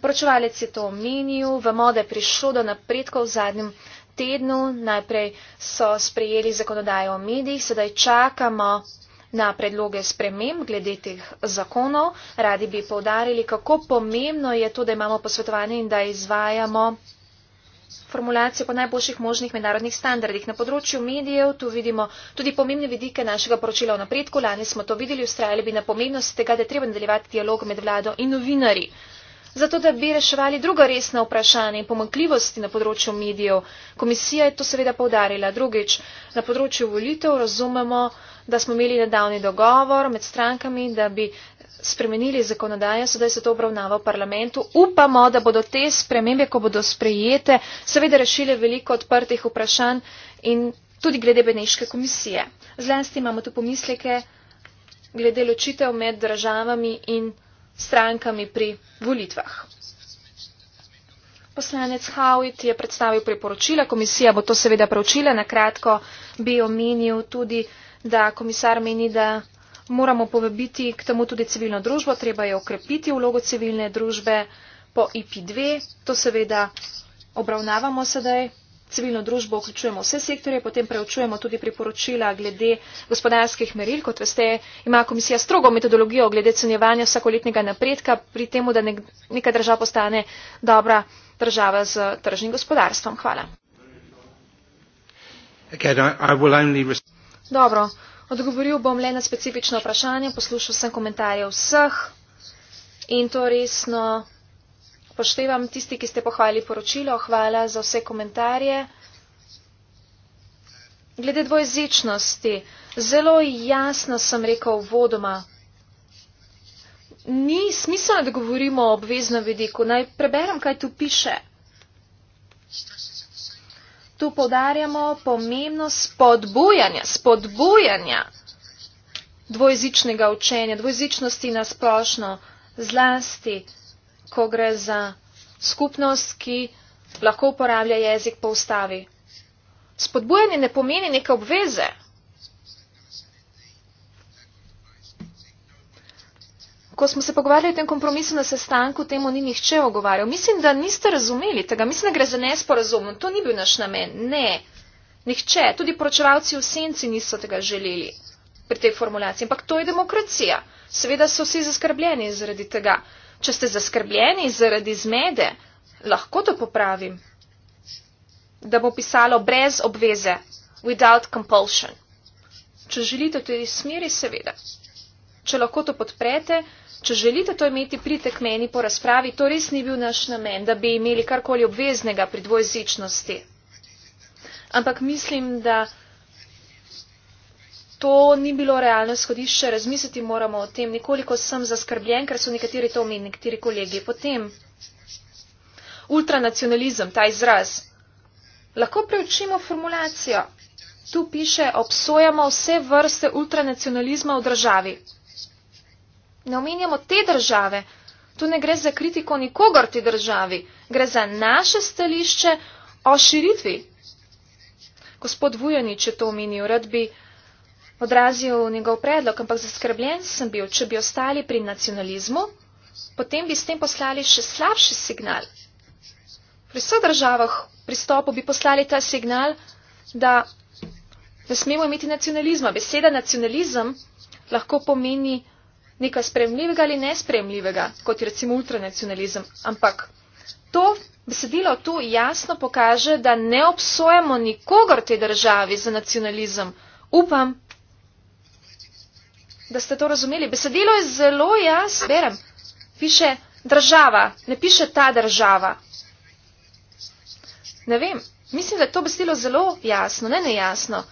Poročevalec je to omenil, vemo, da je prišlo do napredkov v zadnjem času tednu. Najprej so sprejeli zakonodajo o medijih, sedaj čakamo na predloge sprememb glede teh zakonov. Radi bi povdarili, kako pomembno je to, da imamo posvetovanje in da izvajamo formulacijo po najboljših možnih mednarodnih standardih. Na področju medijev tu vidimo tudi pomembne vidike našega poročila o napredku. Lani smo to videli, ustrajali bi na pomembnost tega, da je treba nadaljevati dialog med vlado in novinari zato da bi reševali druga resna vprašanja in pomankljivosti na področju medijev. Komisija je to seveda povdarila. Drugič, na področju volitev razumemo, da smo imeli nedavni dogovor med strankami, da bi spremenili zakonodajo, sedaj se to obravnava v parlamentu. Upamo, da bodo te spremembe, ko bodo sprejete, seveda rešile veliko odprtih vprašanj in tudi glede Beneške komisije. Zlasti imamo tu pomisleke glede ločitev med državami in strankami pri volitvah. Poslanec Hawit je predstavil priporočila, komisija bo to seveda preučila. Na kratko bi omenil tudi, da komisar meni, da moramo povabiti k temu tudi civilno družbo, treba je okrepiti vlogo civilne družbe po IP2. To seveda obravnavamo sedaj civilno družbo vključujemo vse sektorje, potem preučujemo tudi priporočila glede gospodarskih meril. Kot veste, ima komisija strogo metodologijo glede ocenjevanja vsakoletnega napredka pri tem, da neka država postane dobra država z tržnim gospodarstvom. Hvala. Dobro, odgovoril bom le na specifično vprašanje, poslušal sem komentarje vseh in to resno. No, poštevam tisti, ki ste pohvali poročilo. Hvala za vse komentarje. Glede dvojezičnosti, zelo jasno sem rekel vodoma. Ni smiselno, da govorimo o obveznem vidiku. Naj preberem, kaj tu piše. Tu podarjamo pomembnost spodbujanja, spodbujanja dvojezičnega učenja, dvojezičnosti na splošno, zlasti ko gre za skupnost, ki lahko uporablja jezik po ustavi. Spodbujanje ne pomeni neke obveze. Ko smo se pogovarjali o tem kompromisu na sestanku, temu ni nihče ogovarjal. Mislim, da niste razumeli tega. Mislim, da gre za nesporazum. No, to ni bil naš namen. Ne. Nihče. Tudi poročevalci v senci niso tega želeli pri tej formulaciji. Ampak to je demokracija. Seveda so vsi zaskrbljeni zaradi tega. Če ste zaskrbljeni zaradi zmede, lahko to popravim, da bo pisalo brez obveze, without compulsion. Če želite v tej smeri, seveda. Če lahko to podprete, če želite to imeti, pridite k meni po razpravi, to res ni bil naš namen, da bi imeli karkoli obveznega pri dvojezičnosti. Ampak mislim, da to ni bilo realno skodišče, razmisliti moramo o tem. Nekoliko sem zaskrbljen, ker so nekateri to omenili, nekateri kolegi. Potem, ultranacionalizem, ta izraz. Lahko preučimo formulacijo. Tu piše, obsojamo vse vrste ultranacionalizma v državi. Ne omenjamo te države. Tu ne gre za kritiko nikogar te državi. Gre za naše stališče o širitvi. Gospod Vujanič je to omenil, rad bi odrazil njegov predlog, ampak zaskrbljen sem bil, če bi ostali pri nacionalizmu, potem bi s tem poslali še slabši signal. Pri vseh državah pristopu bi poslali ta signal, da ne smemo imeti nacionalizma. Beseda nacionalizem lahko pomeni nekaj spremljivega ali nespremljivega, kot je recimo ultranacionalizem. Ampak to besedilo tu jasno pokaže, da ne obsojamo nikogar te državi za nacionalizem. Upam, da ste to razumeli. Besedilo je zelo jaz, berem. Piše država, ne piše ta država. Ne vem, mislim, da je to besedilo zelo jasno, ne nejasno.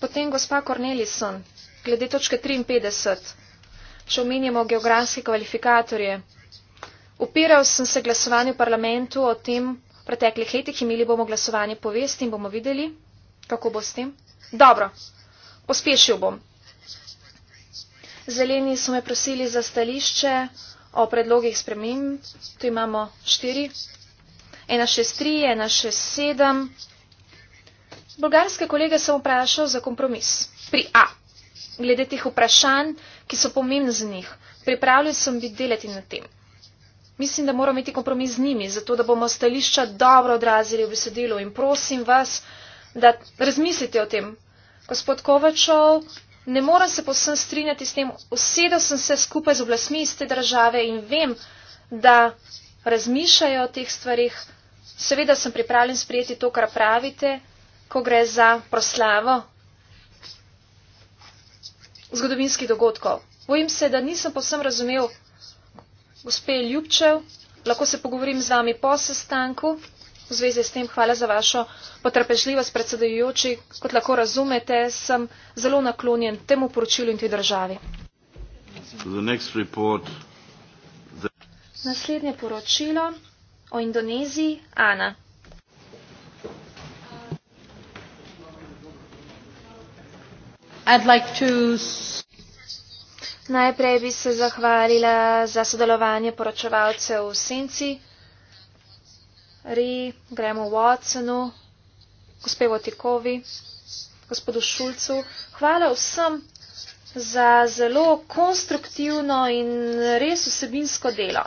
Potem gospa Cornelison, glede točke 53, če omenjamo geografske kvalifikatorje. Upiral sem se glasovanju v parlamentu o tem v preteklih letih, imeli bomo glasovanje povesti in bomo videli, kako bo s tem. Dobro, pospešil bom. Zeleni so me prosili za stališče o predlogih spremenj. Tu imamo štiri. 163, 167. Bolgarske kolege sem vprašal za kompromis. Pri A. Glede tih vprašanj, ki so pomembni za njih. Pripravljen sem biti delati na tem. Mislim, da moramo imeti kompromis z njimi, zato da bomo stališča dobro odrazili v besedilu. In prosim vas, da razmislite o tem. Gospod Kovačov, ne morem se posem strinjati s tem. Osedel sem se skupaj z oblastmi iz te države in vem, da razmišljajo o teh stvarih. Seveda sem pripravljen sprijeti to, kar pravite, ko gre za proslavo zgodovinskih dogodkov. Bojim se, da nisem posem razumel, gospe Ljubčev, lahko se pogovorim z vami po sestanku v zvezi s tem hvala za vašo potrpežljivost, predsedujoči. Kot lahko razumete, sem zelo naklonjen temu poročilu in tej državi. Naslednje poročilo o Indoneziji, Ana. Najprej bi se zahvalila za sodelovanje poročevalcev v Senci. Ri, Gremu Watsonu, gospevo Tikovi, gospodu Šulcu. Hvala vsem za zelo konstruktivno in res vsebinsko delo.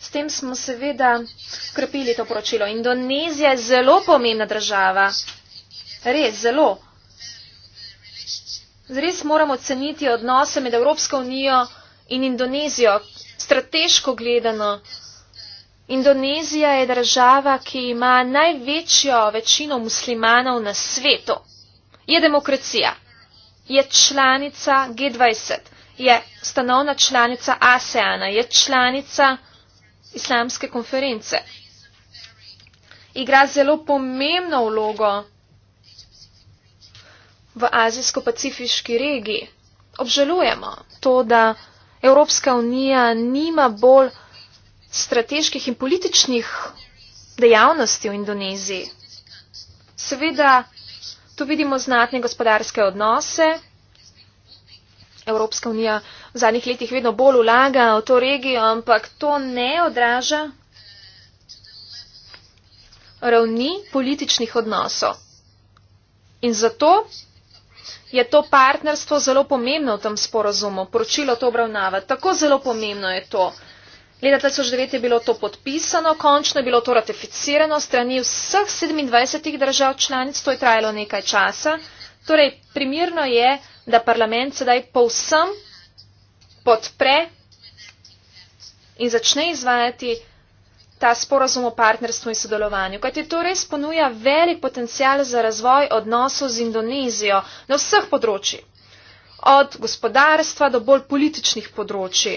S tem smo seveda krepili to poročilo. Indonezija je zelo pomembna država. Res, zelo. Res moramo ceniti odnose med Evropsko unijo in Indonezijo, strateško gledano. Indonezija je država, ki ima največjo večino muslimanov na svetu. Je demokracija, je članica G20, je stanovna članica ASEANA, je članica islamske konference. Igra zelo pomembno vlogo v azijsko-pacifiški regiji. Obžalujemo to, da Evropska unija nima bolj strateških in političnih dejavnosti v Indoneziji. Seveda, tu vidimo znatne gospodarske odnose. Evropska unija v zadnjih letih vedno bolj vlaga v to regijo, ampak to ne odraža ravni političnih odnosov. In zato je to partnerstvo zelo pomembno v tem sporozumu. Poročilo to obravnava. Tako zelo pomembno je to leta dva tisoč devet je bilo to podpisano končno je bilo to ratificirano strani vseh sedemindvajset držav članic to je trajalo nekaj časa torej primirno je da parlament sedaj povsem podpre in začne izvajati ta sporazum o partnerstvu in sodelovanju. Kajti to res ponuja velik potencial za razvoj odnosov z Indonezijo na vseh področji. Od gospodarstva do bolj političnih področji,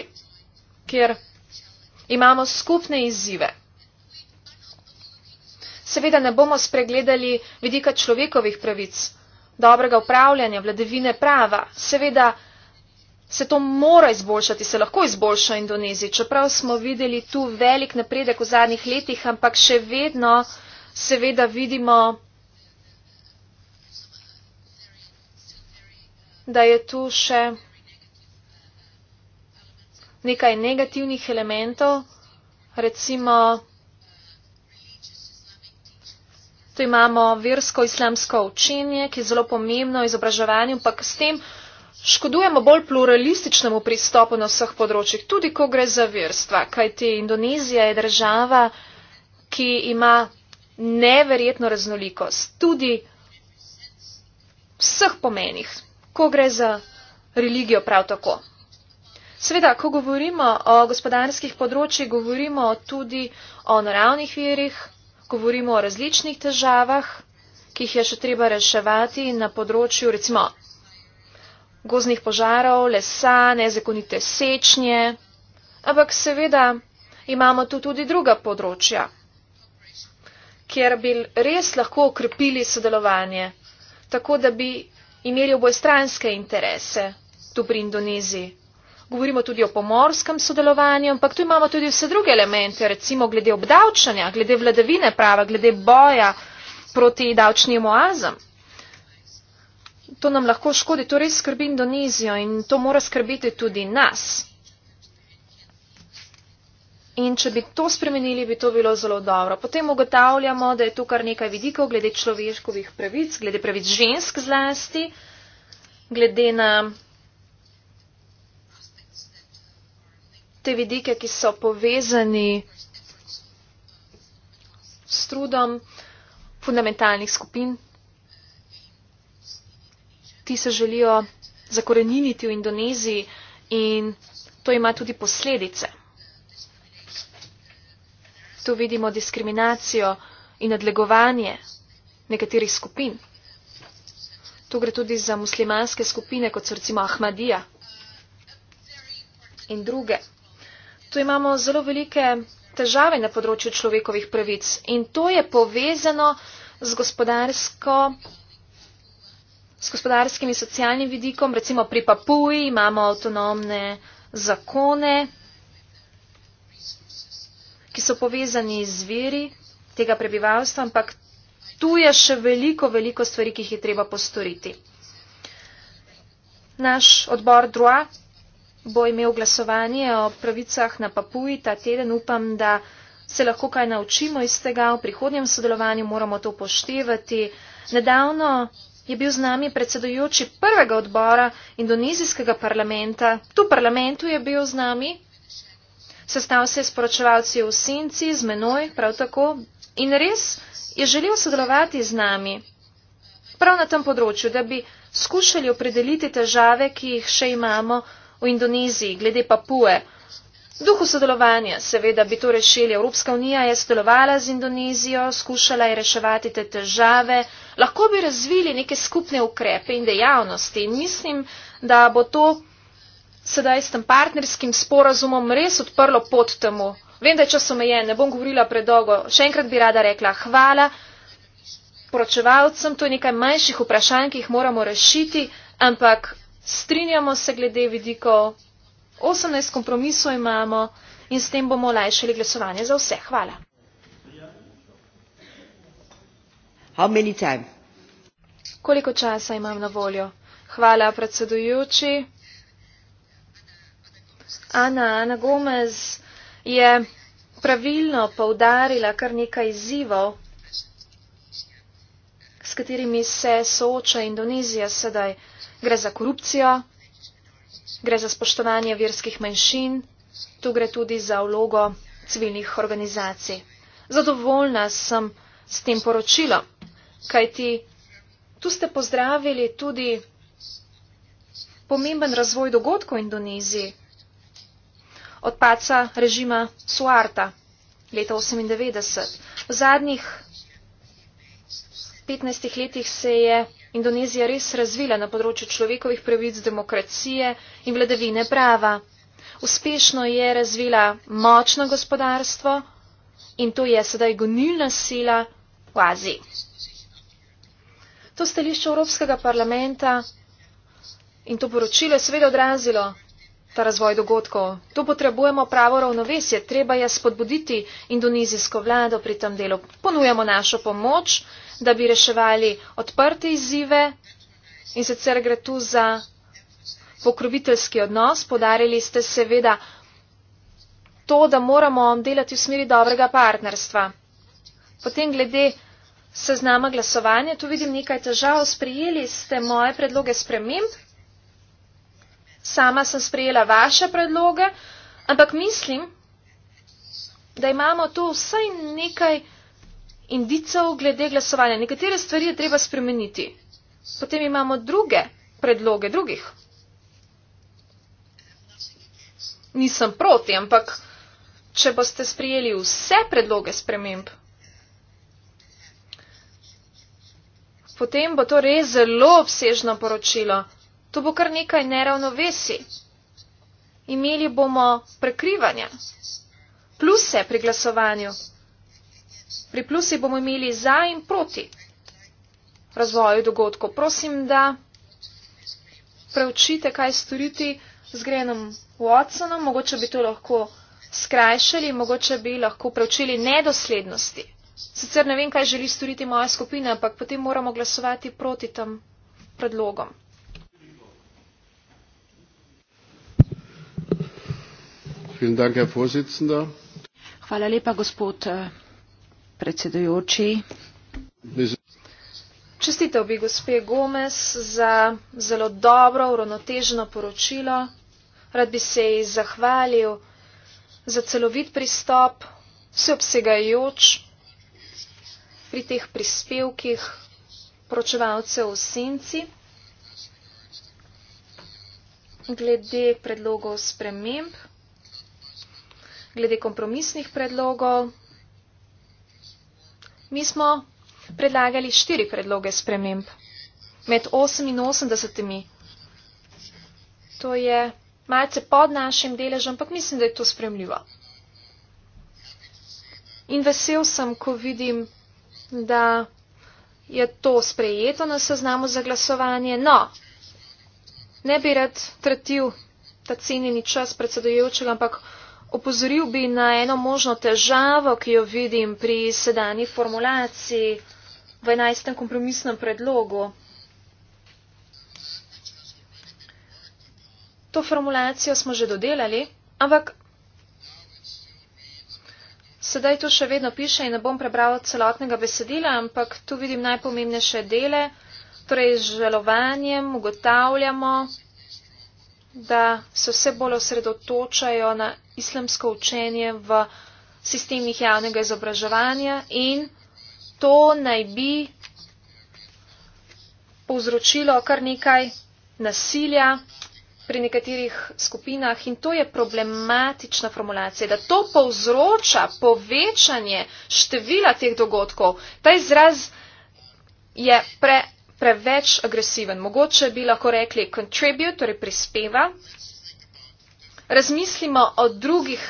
kjer imamo skupne izzive. Seveda ne bomo spregledali vidika človekovih pravic, dobrega upravljanja, vladevine prava. Seveda se to mora izboljšati, se lahko izboljša Indoneziji. Čeprav smo videli tu velik napredek v zadnjih letih, ampak še vedno seveda vidimo, da je tu še nekaj negativnih elementov, recimo, tu imamo versko-islamsko učenje, ki je zelo pomembno izobraževanje, ampak s tem škodujemo bolj pluralističnemu pristopu na vseh področjih, tudi ko gre za verstva, kajti Indonezija je država, ki ima neverjetno raznolikost, tudi vseh pomenih, ko gre za religijo prav tako. Seveda, ko govorimo o gospodarskih področjih, govorimo tudi o naravnih virih, govorimo o različnih težavah, ki jih je še treba reševati na področju recimo goznih požarov, lesa, nezakonite sečnje, ampak seveda imamo tu tudi druga področja, kjer bi res lahko okrepili sodelovanje, tako da bi imeli obojstranske interese tu pri Indoneziji govorimo tudi o pomorskem sodelovanju, ampak tu imamo tudi vse druge elemente, recimo glede obdavčanja, glede vladavine prava, glede boja proti davčnim oazam. To nam lahko škodi, to res skrbi Indonezijo in to mora skrbiti tudi nas. In če bi to spremenili, bi to bilo zelo dobro. Potem ugotavljamo, da je tu kar nekaj vidikov glede človeškovih pravic, glede pravic žensk zlasti, glede na te vidike, ki so povezani s trudom fundamentalnih skupin. Ti se želijo zakoreniniti v Indoneziji in to ima tudi posledice. Tu vidimo diskriminacijo in nadlegovanje nekaterih skupin. Tu gre tudi za muslimanske skupine, kot so recimo Ahmadija in druge tu imamo zelo velike težave na področju človekovih pravic in to je povezano z, gospodarsko, z gospodarskim in socialnim vidikom. Recimo pri Papuji imamo avtonomne zakone, ki so povezani z veri tega prebivalstva, ampak tu je še veliko, veliko stvari, ki jih je treba postoriti. Naš odbor DROA bo imel glasovanje o pravicah na Papuji ta teden. Upam, da se lahko kaj naučimo iz tega. V prihodnjem sodelovanju moramo to poštevati. Nedavno je bil z nami predsedujoči prvega odbora indonizijskega parlamenta. Tu parlamentu je bil z nami. Sestal se je s poročevalci v Sinci, z menoj, prav tako. In res je želel sodelovati z nami. Prav na tem področju, da bi skušali opredeliti težave, ki jih še imamo v Indoneziji, glede Papue. V duhu sodelovanja, seveda, bi to rešili. Evropska unija je sodelovala z Indonezijo, skušala je reševati te težave, lahko bi razvili neke skupne ukrepe in dejavnosti. In mislim, da bo to sedaj s tem partnerskim sporazumom res odprlo pot temu. Vem, da je čas omejen, ne bom govorila predolgo. Še enkrat bi rada rekla hvala poročevalcem, to je nekaj manjših vprašanj, ki jih moramo rešiti, ampak strinjamo se glede vidikov, 18 kompromisov imamo in s tem bomo olajšali glasovanje za vse. Hvala. Koliko časa imam na voljo? Hvala, predsedujoči. Ana, Ana Gomez je pravilno poudarila kar nekaj izzivov, s katerimi se sooča Indonezija sedaj gre za korupcijo, gre za spoštovanje verskih manjšin, tu gre tudi za vlogo civilnih organizacij. Zadovoljna sem s tem poročilom, kajti tu ste pozdravili tudi pomemben razvoj dogodkov v Indoneziji od paca režima Suarta leta 1998. V zadnjih 15 letih se je Indonezija res razvila na področju človekovih pravic, demokracije in vladavine prava. Uspešno je razvila močno gospodarstvo in to je sedaj gonilna sila v Aziji. To stališče Evropskega parlamenta in to poročilo je seveda odrazilo ta razvoj dogodkov. Tu potrebujemo pravo ravnovesje, treba je spodbuditi indonezijsko vlado pri tem delu. Ponujamo našo pomoč da bi reševali odprte izzive in sicer gre tu za pokroviteljski odnos. Podarili ste seveda to, da moramo delati v smeri dobrega partnerstva. Potem glede seznama glasovanja, tu vidim nekaj težav, sprijeli ste moje predloge sprememb. Sama sem sprejela vaše predloge, ampak mislim, da imamo tu vsaj nekaj indicov glede glasovanja. Nekatere stvari je treba spremeniti. Potem imamo druge predloge drugih. Nisem proti, ampak če boste sprijeli vse predloge sprememb, potem bo to res zelo obsežno poročilo. To bo kar nekaj neravnovesi. Imeli bomo prekrivanja, pluse pri glasovanju, Pri plusih bomo imeli za in proti razvoju dogodkov. Prosim, da preučite, kaj storiti z Grenom Watsonom. Mogoče bi to lahko skrajšali, mogoče bi lahko preučili nedoslednosti. Sicer ne vem, kaj želi storiti moja skupina, ampak potem moramo glasovati proti tam predlogom. Hvala lepa, gospod eh, predsedujoči. Čestitev bi gospe Gomez za zelo dobro uravnoteženo poročilo. Rad bi se ji zahvalil za celovit pristop, vseobsegajoč pri teh prispevkih poročevalcev v senci. Glede predlogov sprememb, glede kompromisnih predlogov, Mi smo predlagali štiri predloge sprememb med 88. To je malce pod našim deležem, ampak mislim, da je to spremljivo. In vesel sem, ko vidim, da je to sprejeto na seznamu za glasovanje. No, ne bi rad tretil ta cenjeni čas predsedojočega, ampak Opozoril bi na eno možno težavo, ki jo vidim pri sedanji formulaciji v enajstem kompromisnem predlogu. To formulacijo smo že dodelali, ampak sedaj to še vedno piše in ne bom prebral celotnega besedila, ampak tu vidim najpomembnejše dele, torej z želovanjem ugotavljamo, da se vse bolj osredotočajo na islamsko učenje v sistemih javnega izobraževanja in to naj bi povzročilo kar nekaj nasilja pri nekaterih skupinah in to je problematična formulacija, da to povzroča povečanje števila teh dogodkov. Ta izraz je pre preveč agresiven. Mogoče bi lahko rekli contribute, torej prispeva. Razmislimo o drugih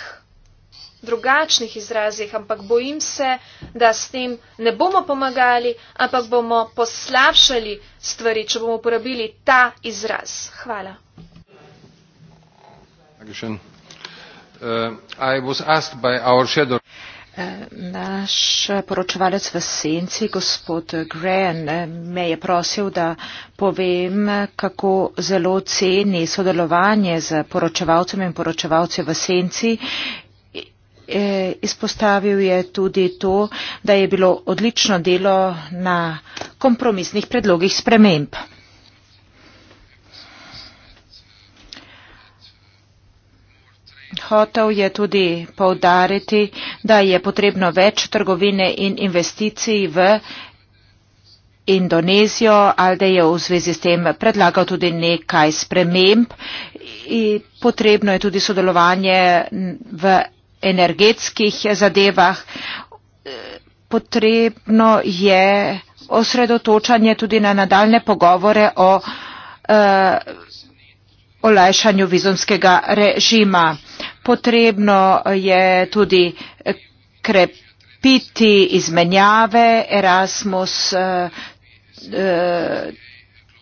drugačnih izrazih, ampak bojim se, da s tem ne bomo pomagali, ampak bomo poslavšali stvari, če bomo uporabili ta izraz. Hvala. Uh, Naš poročevalec v senci, gospod Gren, me je prosil, da povem, kako zelo ceni sodelovanje z poročevalcem in poročevalce v senci. E, izpostavil je tudi to, da je bilo odlično delo na kompromisnih predlogih sprememb. Hotel je tudi povdariti, da je potrebno več trgovine in investicij v Indonezijo, Alde je v zvezi s tem predlagal tudi nekaj sprememb. Potrebno je tudi sodelovanje v energetskih zadevah. Potrebno je osredotočanje tudi na nadaljne pogovore o eh, olajšanju vizumskega režima. Potrebno je tudi krepiti izmenjave Erasmus eh, eh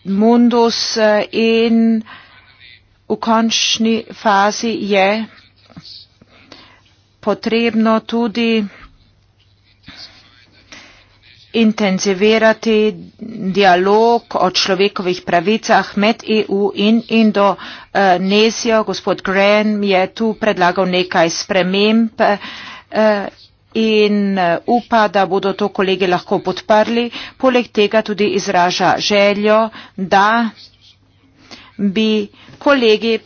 Mundus eh, in v končni fazi je potrebno tudi intenzivirati dialog o človekovih pravicah med EU in Indonezijo. Gospod Graham je tu predlagal nekaj sprememb eh, in eh, upa, da bodo to kolegi lahko podprli. Poleg tega tudi izraža željo, da bi kolegi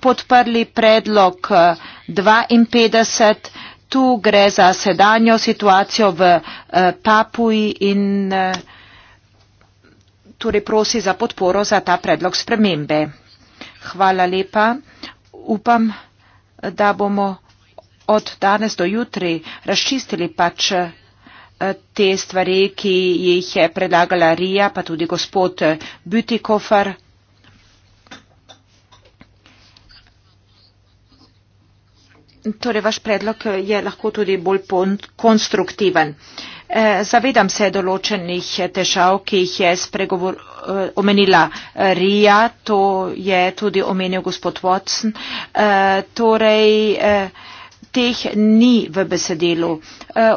podprli predlog 52 eh, tu gre za sedanjo situacijo v eh, Papuji in eh, torej prosi za podporo za ta predlog spremembe. Hvala lepa. Upam, da bomo od danes do jutri razčistili pač eh, te stvari, ki jih je predlagala Rija, pa tudi gospod Butikofer. Torej, vaš predlog je lahko tudi bolj konstruktiven. Eh, zavedam se določenih težav, ki jih je spregovor, eh, omenila eh, Rija, to je tudi omenil gospod Watson. Torej, teh ni v besedilu.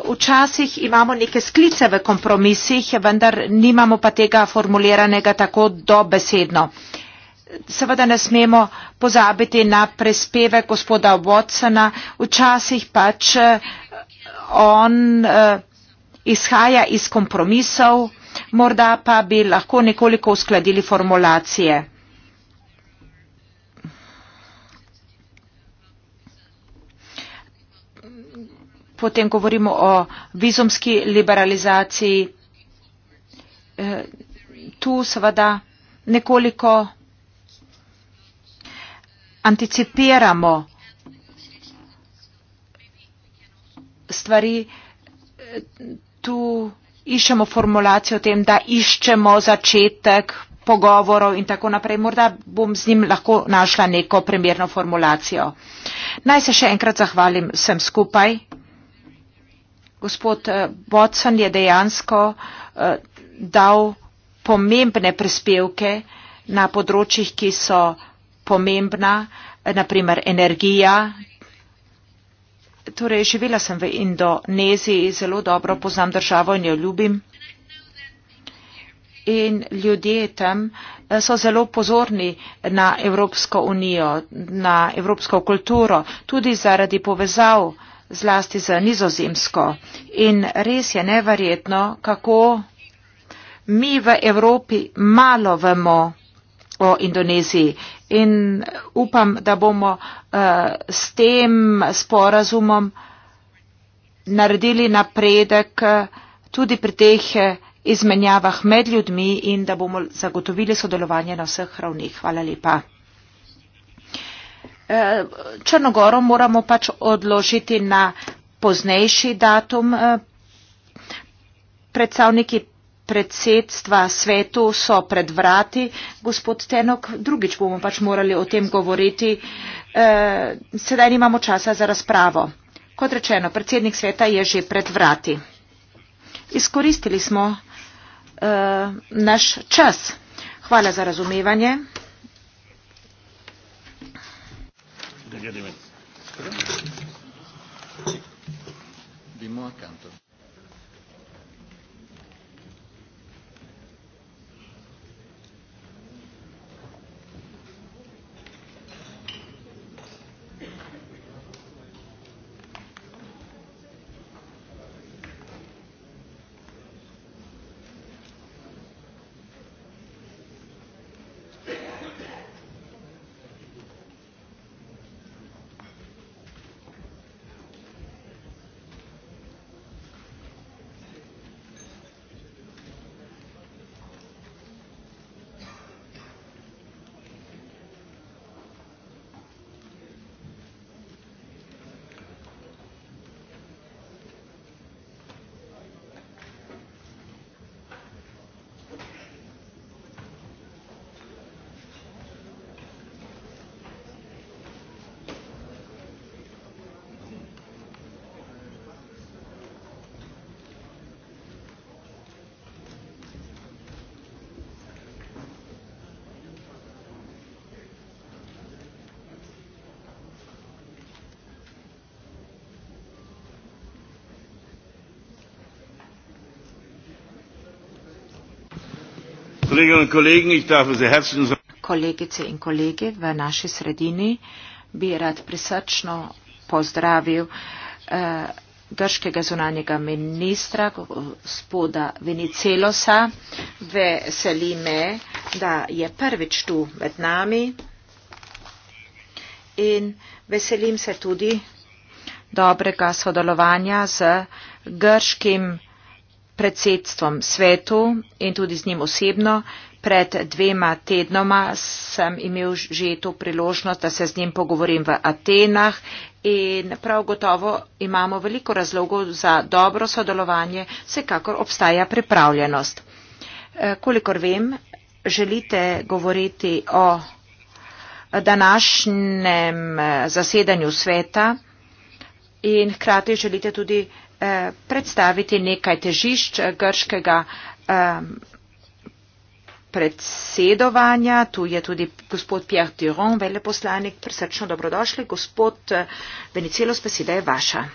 Včasih imamo neke sklice v kompromisih, vendar nimamo pa tega formuliranega tako dobesedno. besedno seveda ne smemo pozabiti na prespeve gospoda Watsona. Včasih pač eh, on eh, izhaja iz kompromisov, morda pa bi lahko nekoliko uskladili formulacije. Potem govorimo o vizumski liberalizaciji. Eh, tu seveda nekoliko anticipiramo stvari, tu iščemo formulacijo o tem, da iščemo začetek pogovorov in tako naprej. Morda bom z njim lahko našla neko primerno formulacijo. Naj se še enkrat zahvalim vsem skupaj. Gospod eh, Watson je dejansko eh, dal pomembne prispevke na področjih, ki so pomembna, naprimer energija. Torej, živela sem v Indoneziji, zelo dobro poznam državo in jo ljubim. In ljudje tam eh, so zelo pozorni na Evropsko unijo, na evropsko kulturo, tudi zaradi povezav zlasti za nizozemsko. In res je neverjetno, kako mi v Evropi malo vemo o Indoneziji. In upam, da bomo uh, s tem sporazumom naredili napredek eh, tudi pri teh eh, izmenjavah med ljudmi in da bomo zagotovili sodelovanje na vseh ravnih. Hvala lepa. Črnogoro moramo pač odložiti na poznejši datum. Predstavniki predsedstva svetu so pred vrati. Gospod Tenok, drugič bomo pač morali o tem govoriti. Eh, sedaj nimamo časa za razpravo. Kot rečeno, predsednik sveta je že pred vrati. Izkoristili smo eh, naš čas. Hvala za razumevanje. Dimo accanto. Kolleginnen und Kollegen, ich darf Sie herzlich Kolegice in kolege, v naši sredini bi rad prisrčno pozdravil eh, grškega zunanjega ministra, gospoda Venicelosa. Veseli me, da je prvič tu med nami in veselim se tudi dobrega sodelovanja z grškim ministrom predsedstvom svetu in tudi z njim osebno. Pred dvema tednoma sem imel že to priložnost, da se z njim pogovorim v Atenah in prav gotovo imamo veliko razlogov za dobro sodelovanje, vsekakor obstaja pripravljenost. Eh, kolikor vem, želite govoriti o današnjem eh, zasedanju sveta in hkrati želite tudi Eh, predstaviti nekaj težišč grškega predsedovanja. Tu je tudi gospod Pierre Duron, veleposlanik. Prisrčno dobrodošli. Gospod eh, Venicelos, beseda je vaša.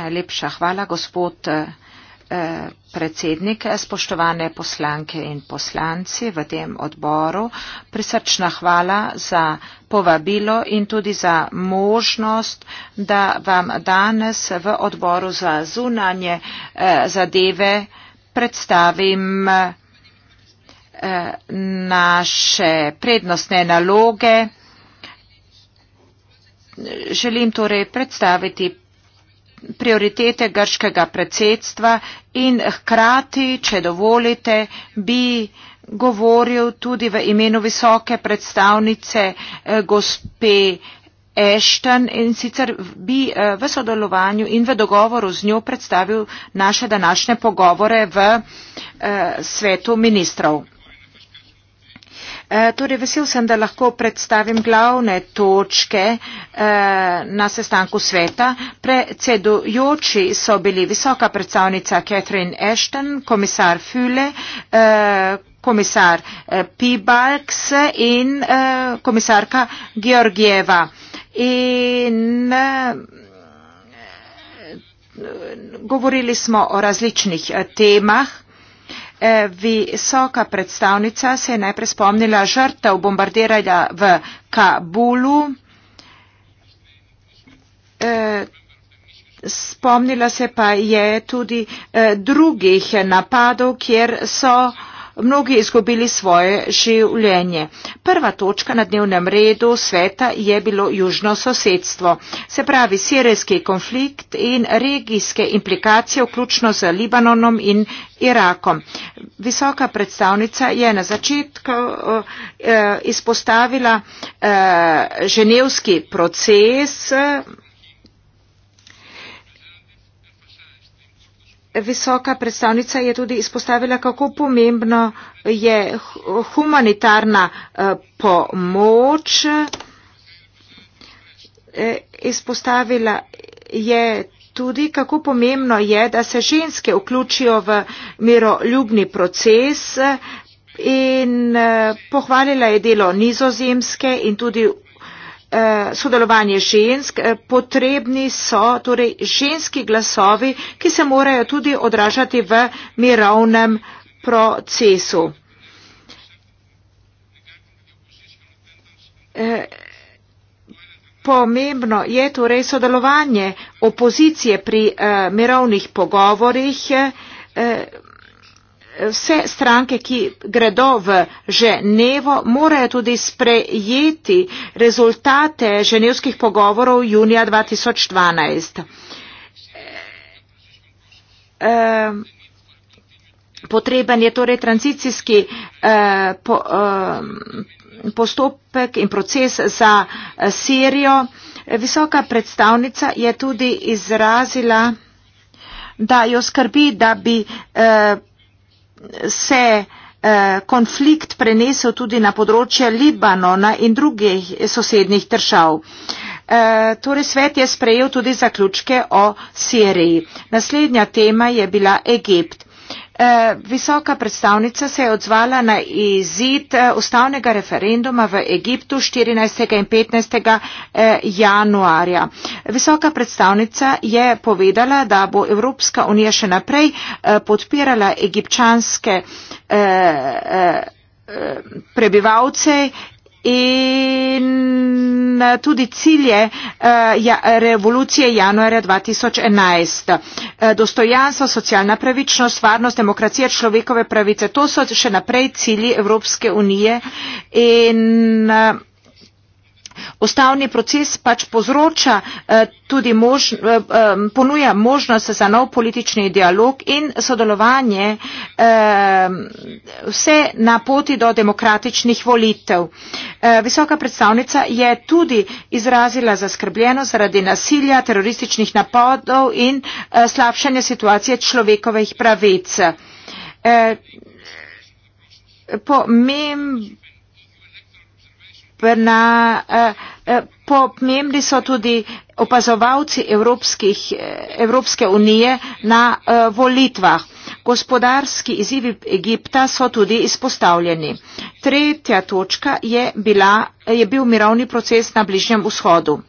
Najlepša hvala, gospod. Eh, Eh, predsednik, eh, spoštovane poslanke in poslanci v tem odboru. Prisrčna hvala za povabilo in tudi za možnost, da vam danes v odboru za zunanje eh, zadeve predstavim naše prednostne naloge. Želim torej predstaviti prioritete grškega predsedstva in hkrati, če dovolite, bi govoril tudi v imenu visoke predstavnice eh, gospe Ashton in sicer bi eh, v sodelovanju in v dogovoru z njo predstavil naše današnje pogovore v eh, svetu ministrov. Eh, torej, vesel sem, da lahko predstavim glavne točke eh, na sestanku sveta. Predsedujoči so bili visoka predstavnica Catherine Ashton, komisar Füle, eh, komisar Pibalks in komisarka Georgieva. In govorili smo o različnih temah. Eh, visoka predstavnica se je najprej spomnila žrtev bombardiranja v Kabulu. Eh, spomnila se pa je tudi eh, drugih napadov, kjer so mnogi izgubili svoje življenje. Prva točka na dnevnem redu sveta je bilo južno sosedstvo, se pravi sirijski konflikt in regijske implikacije, vključno z Libanonom in Irakom. Visoka predstavnica je na začetku eh, eh, izpostavila eh, ženevski proces visoka predstavnica je tudi izpostavila, kako pomembno je humanitarna eh, pomoč. Eh, izpostavila je tudi, kako pomembno je, da se ženske vključijo v miroljubni proces in eh, pohvalila je delo nizozemske in tudi Eh, sodelovanje žensk, eh, potrebni so torej ženski glasovi, ki se morajo tudi odražati v mirovnem procesu. Eh, pomembno je torej sodelovanje opozicije pri mirovnih pogovorih vse stranke, ki gredo v Ženevo, morajo tudi sprejeti rezultate ženevskih pogovorov junija 2012. Ehm, potreben je torej tranzicijski eh, ehm, postopek in proces za eh, Sirijo. Visoka predstavnica je tudi izrazila, da jo skrbi, da bi eh, se eh, konflikt prenesel tudi na področje Libanona in drugih sosednjih držav. Eh, torej svet je sprejel tudi zaključke o Siriji. Naslednja tema je bila Egipt. Eh, visoka predstavnica se je odzvala na izid eh, ustavnega referenduma v Egiptu 14. in 15. Eh, januarja. Visoka predstavnica je povedala, da bo Evropska unija še naprej podpirala egipčanske prebivalce in eh, tudi cilje eh, ja, revolucije januarja 2011. Eh, dostojanstvo, socialna pravičnost, varnost, demokracija, človekove pravice, to so še naprej cilji Evropske unije in Ustavni proces pač povzroča eh, tudi mož, eh, eh, ponuja možnost za nov politični dialog in sodelovanje vse na poti do demokratičnih volitev. Visoka predstavnica je tudi izrazila zaskrbljeno zaradi nasilja, terorističnih napadov in slabšanja situacije človekovih pravic. Pomembno na, eh, eh, po pomembni so tudi opazovalci Evropskih, eh, Evropske unije na volitvah. Gospodarski izzivi Egipta so tudi izpostavljeni. Tretja točka je, bila, je bil mirovni proces na Bližnjem vzhodu.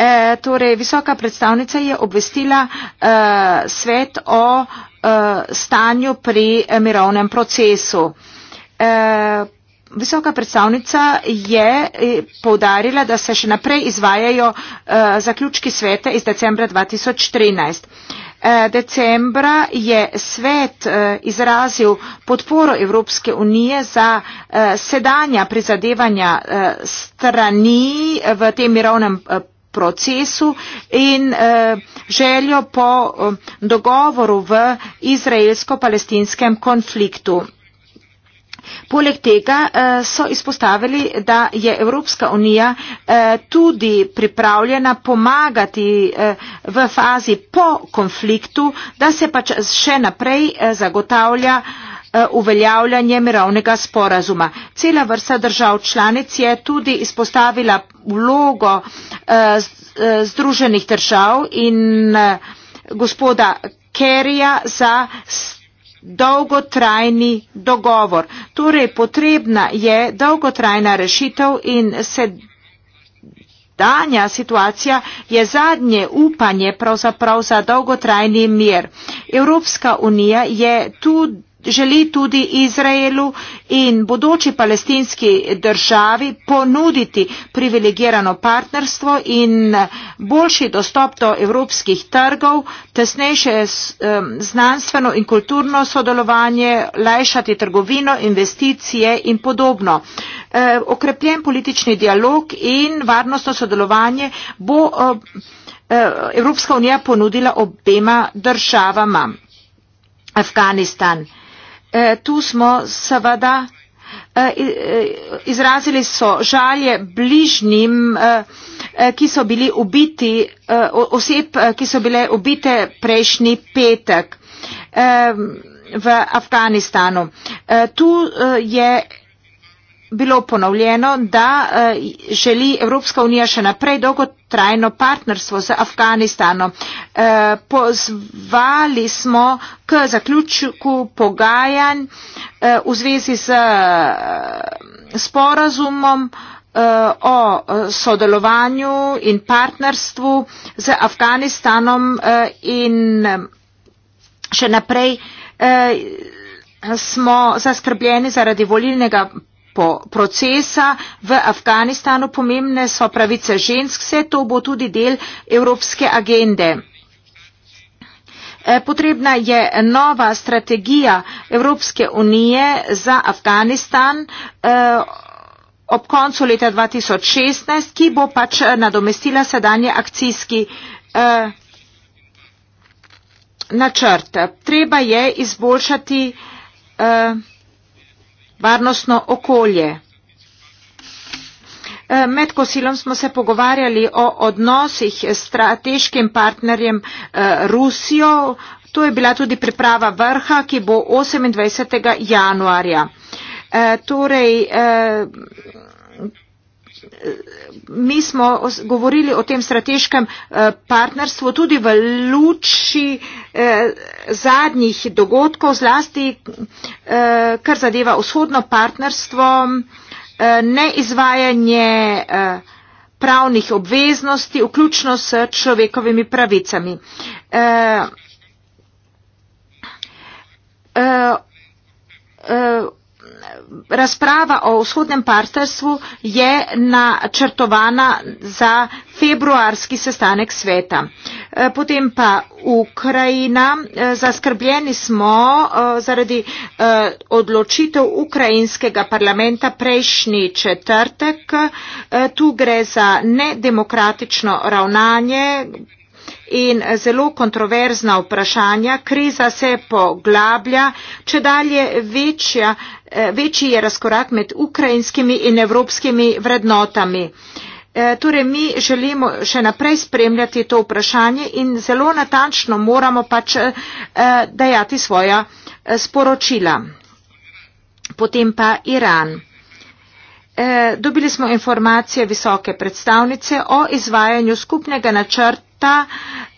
E, torej, visoka predstavnica je obvestila e, svet o e, stanju pri mirovnem procesu. E, Visoka predstavnica je eh, povdarila, da se še naprej izvajajo eh, zaključki sveta iz decembra 2013. Eh, decembra je svet izrazil podporo Evropske unije za sedanja prizadevanja strani v tem mirovnem procesu in željo po dogovoru v izraelsko-palestinskem konfliktu. Poleg tega eh, so izpostavili, da je Evropska unija eh, tudi pripravljena pomagati eh, v fazi po konfliktu, da se pač še naprej zagotavlja uveljavljanje mirovnega sporazuma. Cela vrsta držav članic je tudi izpostavila vlogo Združenih držav in gospoda Kerija za stvaritev dolgotrajni dogovor. Torej, potrebna je dolgotrajna rešitev in se. Danja situacija je zadnje upanje pravzaprav za dolgotrajni mir. Evropska unija je tudi želi tudi Izraelu in bodoči palestinski državi ponuditi privilegirano partnerstvo in boljši dostop do evropskih trgov, tesnejše znanstveno in kulturno sodelovanje, lajšati trgovino, investicije in podobno. E, okrepljen politični dialog in varnostno sodelovanje bo e, Evropska unija ponudila obema državama. Afganistan. Eh, tu smo seveda eh, eh, izrazili so žalje bližnjim, ki so bili ubiti, oseb, ki so bile ubite prejšnji petek v Afganistanu. Tu je bilo ponovljeno, da eh, želi Evropska unija še naprej dolgotrajno partnerstvo z Afganistanom. Eh, pozvali smo k zaključku pogajanj eh, v zvezi z sporazumom o sodelovanju in partnerstvu z Afganistanom in še naprej smo zaskrbljeni zaradi volilnega po procesa v Afganistanu pomembne so pravice žensk, vse to bo tudi del evropske agende. Eh, potrebna je nova strategija Evropske unije za Afganistan eh, ob koncu leta 2016, ki bo pač eh, nadomestila sedanje akcijski načrt. Treba je izboljšati varnostno okolje. E, med kosilom smo se pogovarjali o odnosih s strateškim partnerjem e, Rusijo. To je bila tudi priprava vrha, ki bo 28. januarja. E, torej, mi smo govorili o tem strateškem eh, partnerstvu tudi v luči eh, zadnjih dogodkov, zlasti eh, kar zadeva vzhodno partnerstvo, neizvajanje pravnih obveznosti, vključno s človekovimi pravicami. Uh, uh, razprava o vzhodnem partnerstvu je načrtovana za februarski sestanek sveta. E, potem pa Ukrajina. E, zaskrbljeni smo e, zaradi odločitev ukrajinskega parlamenta prejšnji četrtek. Tu gre za nedemokratično ravnanje in zelo kontroverzna vprašanja. Kriza se poglablja, če dalje večja, eh, večji je razkorak med ukrajinskimi in evropskimi vrednotami. Eh, torej, mi želimo še naprej spremljati to vprašanje in zelo natančno moramo pač eh, dajati svoja sporočila. Potem pa Iran. Dobili smo informacije visoke predstavnice o izvajanju skupnega načrta ta,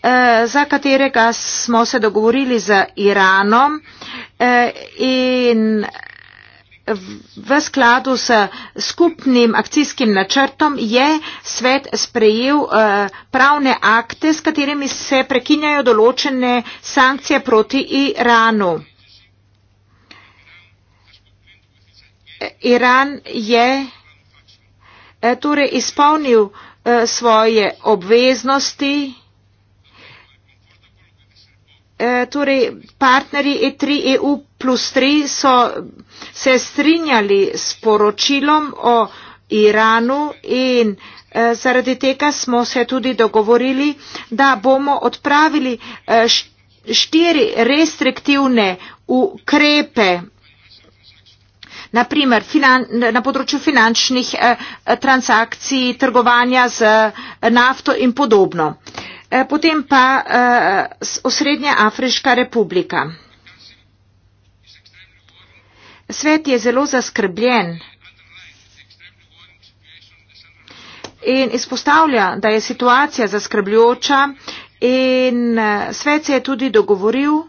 eh, za katerega smo se dogovorili z Iranom eh, in v skladu s skupnim akcijskim načrtom je svet sprejel eh, pravne akte, s katerimi se prekinjajo določene sankcije proti Iranu. Iran je torej izpolnil Eh, svoje obveznosti. Eh, torej, partneri E3, EU plus 3 so se strinjali s poročilom o Iranu in eh, zaradi tega smo se tudi dogovorili, da bomo odpravili štiri restriktivne ukrepe naprimer finan, na področju finančnih eh, eh transakcij, trgovanja z eh, nafto in podobno. Eh, potem pa eh, Osrednja Afriška republika. Svet je zelo zaskrbljen in izpostavlja, da je situacija zaskrbljujoča in eh, svet se je tudi dogovoril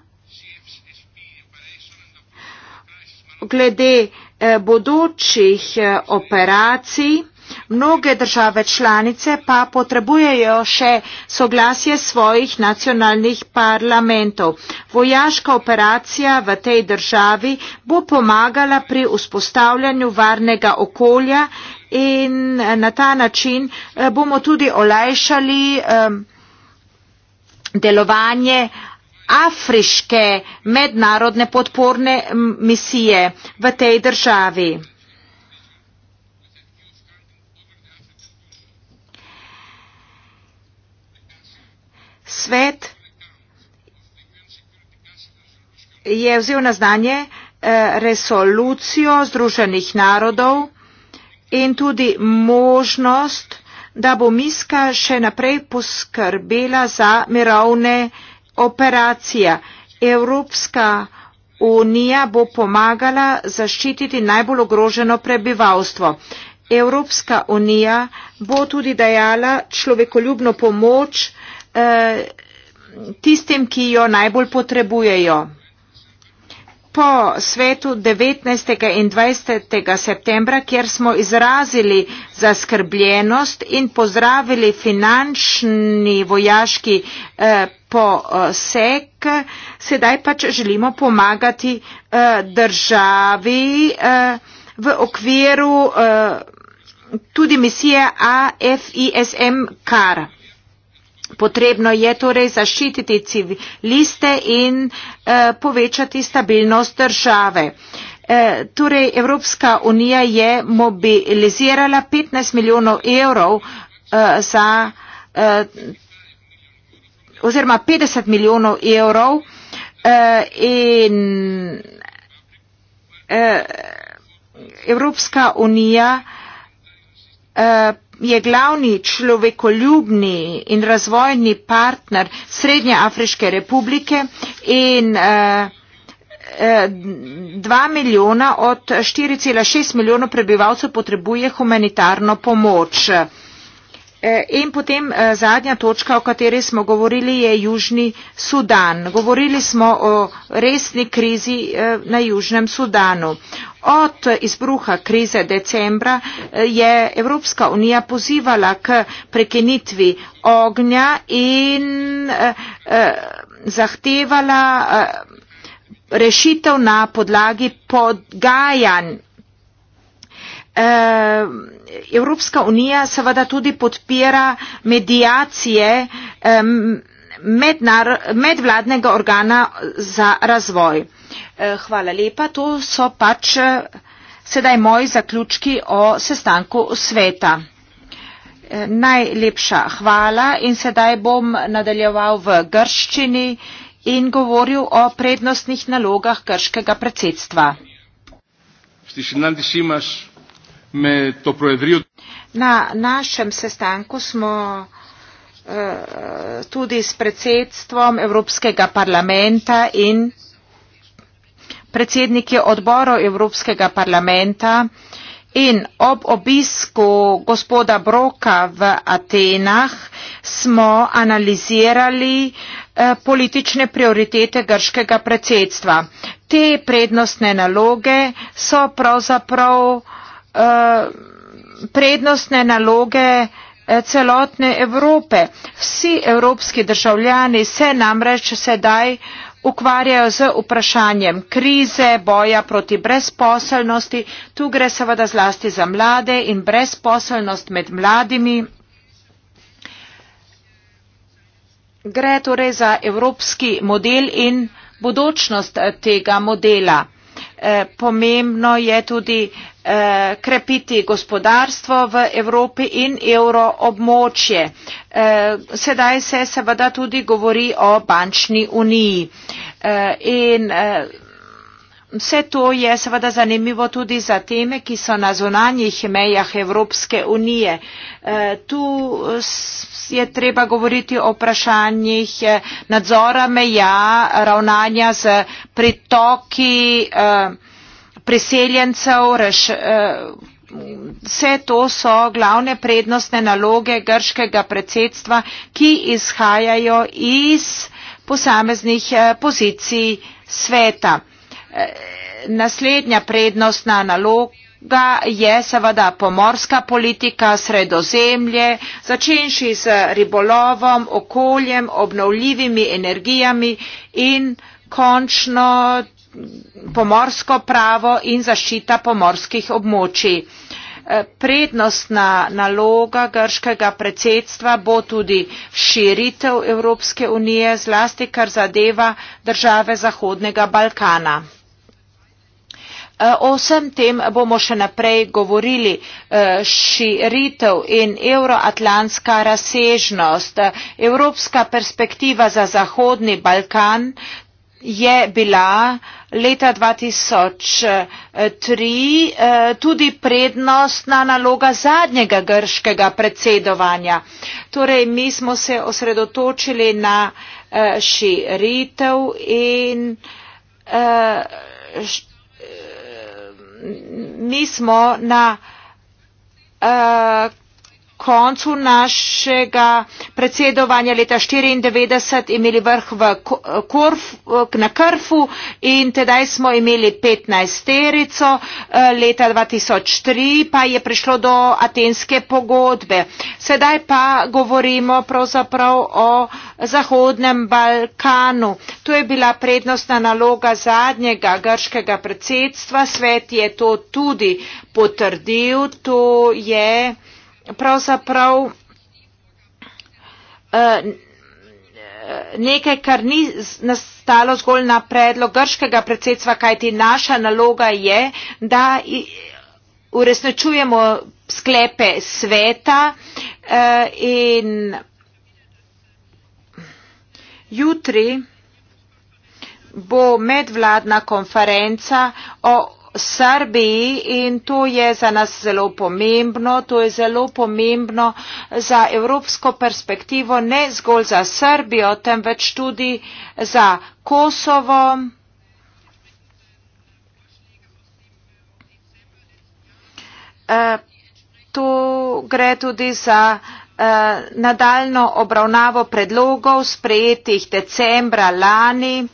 glede eh, Eh, bodočih eh, operacij. Mnoge države članice pa potrebujejo še soglasje svojih nacionalnih parlamentov. Vojaška operacija v tej državi bo pomagala pri vzpostavljanju varnega okolja in eh, na ta način bomo tudi olajšali delovanje afriške mednarodne podporne misije v tej državi. Svet je vzel na znanje eh, resolucijo Združenih narodov in tudi možnost, da bo Miska še naprej poskrbela za mirovne države operacija. Evropska unija bo pomagala zaščititi najbolj ogroženo prebivalstvo. Evropska unija bo tudi dajala človekoljubno pomoč eh, tistim, ki jo najbolj potrebujejo po svetu 19. in 20. septembra, kjer smo izrazili zaskrbljenost in pozdravili finančni vojaški eh, poseg, sedaj pač želimo pomagati eh, državi eh, v okviru tudi misije AFISM Kara. Potrebno je torej zaščititi civiliste in eh, povečati stabilnost države. Eh, torej Evropska unija je mobilizirala 15 milijonov evrov eh, za, eh, oziroma 50 milijonov evrov eh, in eh, Evropska unija eh, je glavni človekoljubni in razvojni partner Srednje Afriške republike in dva eh, eh, milijona od 4,6 milijona prebivalcev potrebuje humanitarno pomoč. Eh, in potem eh, zadnja točka, o kateri smo govorili, je Južni Sudan. Govorili smo o resni krizi eh, na Južnem Sudanu. Od izbruha krize decembra je Evropska unija pozivala k prekinitvi ognja in zahtevala rešitev na podlagi podgajanj Eh, Evropska unija seveda tudi podpira medijacije medvladnega organa za razvoj. Eh, hvala lepa, to so pač eh, sedaj moji zaključki o sestanku sveta. Najlepša hvala in sedaj bom nadaljeval v grščini in govoril o prednostnih nalogah grškega predsedstva. Slišim, Na našem sestanku smo eh, tudi s predsedstvom Evropskega parlamenta in predsedniki odborov Evropskega parlamenta in ob obisku gospoda Broka v Atenah smo analizirali eh, politične prioritete grškega predsedstva. Te prednostne naloge so pravzaprav Eh, prednostne naloge eh, celotne Evrope. Vsi evropski državljani se namreč sedaj ukvarjajo z vprašanjem krize, boja proti brezposelnosti, tu gre seveda zlasti za mlade in brezposelnost med mladimi. Gre torej za evropski model in bodočnost eh, tega modela. Pomembno je tudi Eh, krepiti gospodarstvo v Evropi in evroobmočje. Eh, sedaj se seveda tudi govori o bančni uniji. Eh, in vse to je seveda zanimivo tudi za teme, ki so na zunanjih mejah Evropske unije. Tu je treba govoriti o vprašanjih nadzora meja, ravnanja z pritoki priseljencev, reš, eh, vse to so glavne prednostne naloge grškega predsedstva, ki izhajajo iz posameznih eh, pozicij sveta. Eh, naslednja prednostna naloga je seveda pomorska politika, sredozemlje, začenši z ribolovom, okoljem, obnovljivimi energijami in končno pomorsko pravo in zaščita pomorskih območij. Eh, prednostna naloga grškega predsedstva bo tudi širitev Evropske unije, zlasti kar zadeva države Zahodnega Balkana. Eh, o vsem tem bomo še naprej govorili. Eh, širitev in euroatlantska razsežnost, evropska perspektiva za Zahodni Balkan je bila leta 2003 eh, tudi prednostna naloga zadnjega grškega predsedovanja. Torej, mi smo se osredotočili na eh, širitev in eh, mi smo na koncu našega predsedovanja leta štiriindevetdeset imeli vrh v korfu na krfu in tedaj smo imeli petnajsterico eh, leta dva tisoč tri pa je prišlo do atenske pogodbe sedaj pa govorimo pravzaprav o zahodnem balkanu to je bila prednostna naloga zadnjega grškega predsedstva svet je to tudi potrdil to je pravzaprav uh, nekaj, kar ni nastalo zgolj na predlog grškega predsedstva, kajti naša naloga je, da uresničujemo sklepe sveta uh, in jutri bo medvladna konferenca o Srbiji in to je za nas zelo pomembno, to je zelo pomembno za evropsko perspektivo, ne zgolj za Srbijo, temveč tudi za Kosovo. Eh, tu gre tudi za eh, nadaljno obravnavo predlogov sprejetih decembra lani.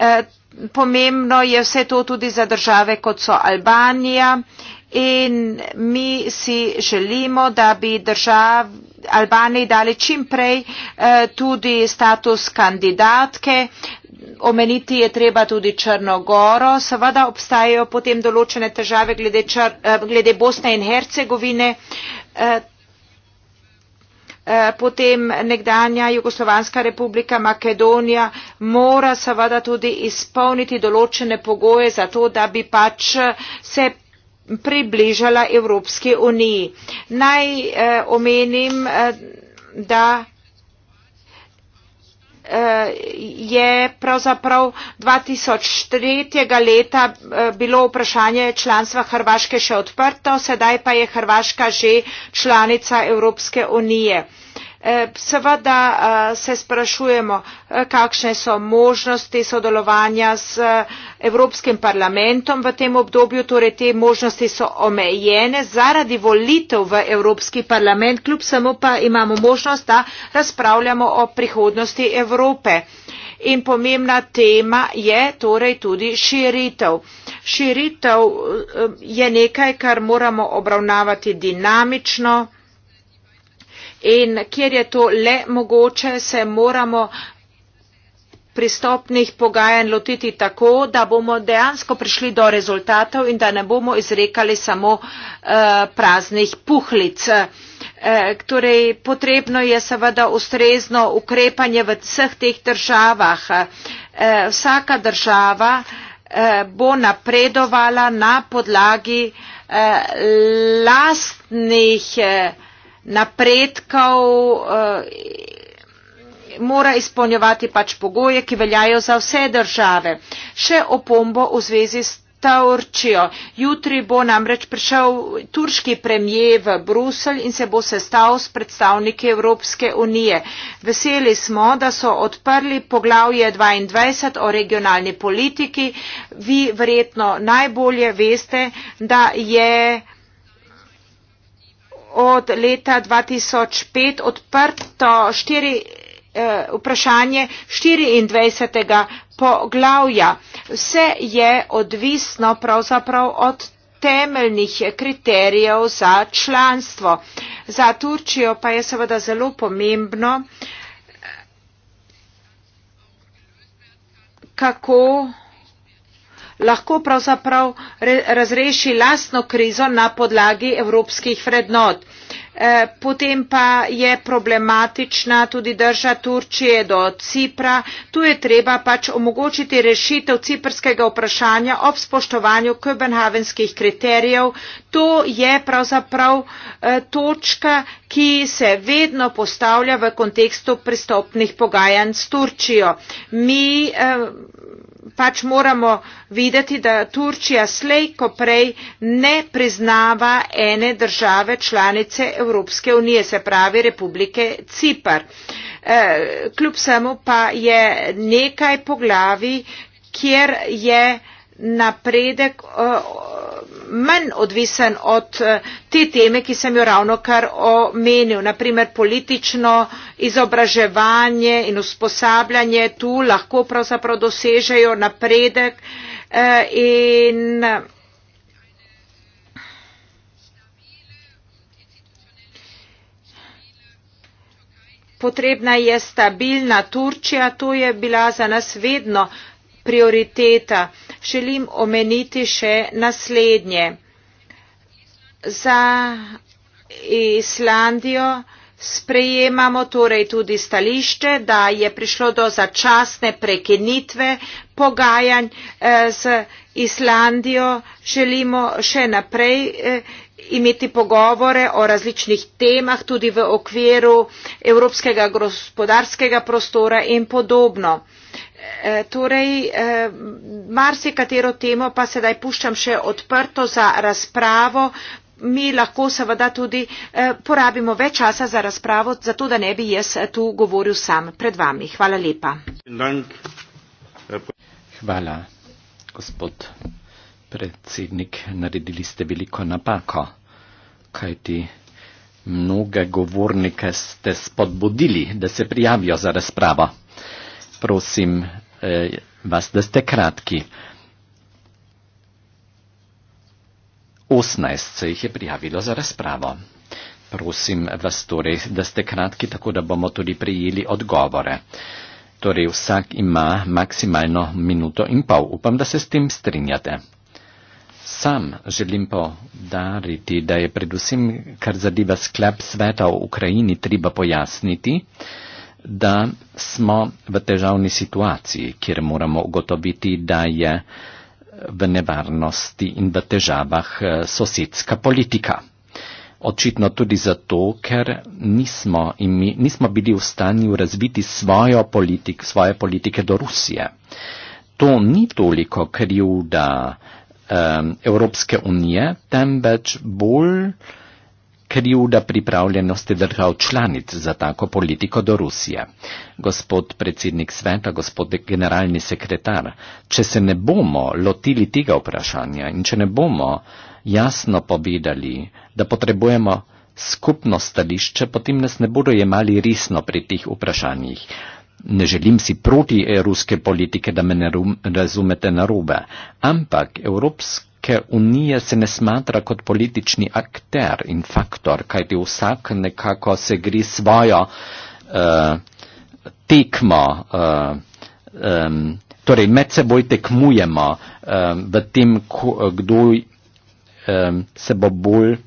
Eh, pomembno je vse to tudi za države, kot so Albanija in mi si želimo, da bi držav, Albaniji dali čim prej eh, tudi status kandidatke. Omeniti je treba tudi Črnogoro. Seveda obstajajo potem določene težave glede, čr, eh, glede Bosne in Hercegovine. Eh, Eh, potem nekdanja Jugoslovanska republika Makedonija mora seveda tudi izpolniti določene pogoje za to, da bi pač se približala Evropske uniji. Naj eh, omenim, eh, da je pravzaprav 2003. leta eh, bilo vprašanje članstva Hrvaške še odprto, sedaj pa je Hrvaška že članica Evropske unije. Eh, seveda eh, se sprašujemo eh, kakšne so možnosti sodelovanja z evropskim parlamentom v tem obdobju torej te možnosti so omejene zaradi volitev v evropski parlament kljub samo pa imamo možnost da razpravljamo o prihodnosti evrope in pomembna tema je torej tudi širitev širitev je nekaj kar moramo obravnavati dinamično in kjer je to le mogoče, se moramo pristopnih pogajanj lotiti tako, da bomo dejansko prišli do rezultatov in da ne bomo izrekali samo eh, praznih puhlic. Eh, torej, potrebno je seveda ustrezno ukrepanje v vseh teh državah. Eh, vsaka država bo napredovala na podlagi lastnih državah, napredkov eh, mora izpolnjevati pač pogoje, ki veljajo za vse države. Še opombo v zvezi s Turčijo. Jutri bo namreč prišel turški premije v Bruselj in se bo sestal s predstavniki Evropske unije. Veseli smo, da so odprli poglavje 22 o regionalni politiki. Vi verjetno najbolje veste, da je od leta 2005 odprto štiri, eh, vprašanje 24. poglavja. Vse je odvisno pravzaprav od temeljnih kriterijev za članstvo. Za Turčijo pa je seveda zelo pomembno, eh, kako lahko pravzaprav re, razreši lastno krizo na podlagi evropskih vrednot. E, potem pa je problematična tudi drža Turčije do Cipra. Tu je treba pač omogočiti rešitev ciprskega vprašanja ob spoštovanju kopenhavenskih kriterijev. To je pravzaprav e, točka, ki se vedno postavlja v kontekstu pristopnih pogajanj s Turčijo. Mi, e, pač moramo videti, da Turčija slej, ko prej ne priznava ene države članice Evropske unije, se pravi Republike Cipar. Eh, kljub samo pa je nekaj poglavi, kjer je napredek eh, manj odvisen od eh, te teme, ki sem jo ravno kar omenil. Naprimer, politično izobraževanje in usposabljanje tu lahko pravzaprav dosežejo napredek eh, in potrebna je stabilna Turčija, to je bila za nas vedno prioriteta želim omeniti še naslednje. Za Islandijo sprejemamo torej tudi stališče, da je prišlo do začasne prekinitve pogajanj eh, z Islandijo. Želimo še naprej eh, imeti pogovore o različnih temah, tudi v okviru evropskega gospodarskega prostora in podobno. Eh, torej, eh, marsikatero temo pa sedaj puščam še odprto za razpravo. Mi lahko seveda tudi eh, porabimo več časa za razpravo, zato da ne bi jaz tu govoril sam pred vami. Hvala lepa. Hvala, gospod predsednik. Naredili ste veliko napako, kajti mnoge govornike ste spodbudili, da se prijavijo za razpravo prosim eh, vas, da ste kratki. 18 se jih je prijavilo za razpravo. Prosim vas torej, da ste kratki, tako da bomo tudi prijeli odgovore. Torej vsak ima maksimalno minuto in pol. Upam, da se s tem strinjate. Sam želim povdariti, da je predvsem, kar zadeva sklep sveta v Ukrajini, treba pojasniti, da smo v težavni situaciji, kjer moramo ugotoviti, da je v nevarnosti in v težavah eh, sosedska politika. Očitno tudi zato, ker nismo, imi, nismo bili v stanju razviti svojo politik, svoje politike do Rusije. To ni toliko krivda um, Evropske unije, temveč bolj krivda pripravljenosti držav članic za tako politiko do Rusije. Gospod predsednik sveta, gospod generalni sekretar, če se ne bomo lotili tega vprašanja in če ne bomo jasno povedali, da potrebujemo skupno stališče, potem nas ne bodo jemali resno pri teh vprašanjih. Ne želim si proti ruske politike, da me ne razumete narobe, ampak evropsk Evropske unije se ne smatra kot politični akter in faktor, kajti vsak nekako se gri svojo uh, tekmo, uh, um, torej med seboj tekmujemo uh, v tem, kdo um, se bo bolj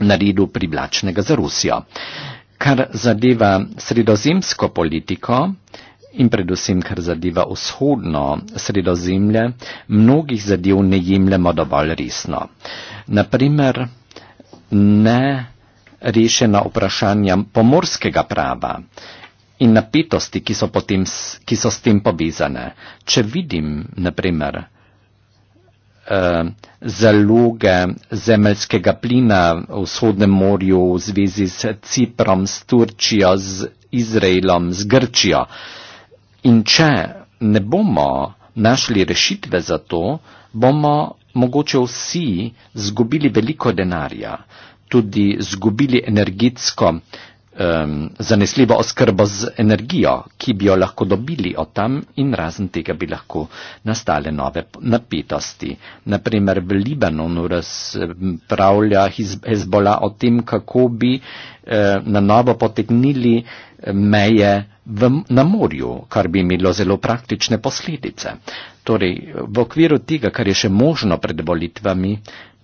naredil privlačnega za Rusijo. Kar zadeva sredozemsko politiko, uh, in predvsem, kar zadeva vzhodno sredozemlje, mnogih zadev ne jemljemo dovolj resno. Naprimer, ne rešena vprašanja pomorskega prava in napetosti, ki so, potem, ki so s tem povezane. Če vidim, naprimer, eh, zaloge zemeljskega plina v vzhodnem morju v zvezi s Ciprom, s Turčijo, z Izraelom, z Grčijo. In če ne bomo našli rešitve za to, bomo mogoče vsi zgubili veliko denarja, tudi zgubili energetsko um, zanesljivo oskrbo z energijo, ki bi jo lahko dobili od tam in razen tega bi lahko nastale nove napetosti. Naprimer, v Libanonu razpravlja Hezbola o tem, kako bi uh, na novo potegnili eh, meje v, na morju, kar bi imelo zelo praktične posledice. Torej, v okviru tega, kar je še možno pred volitvami,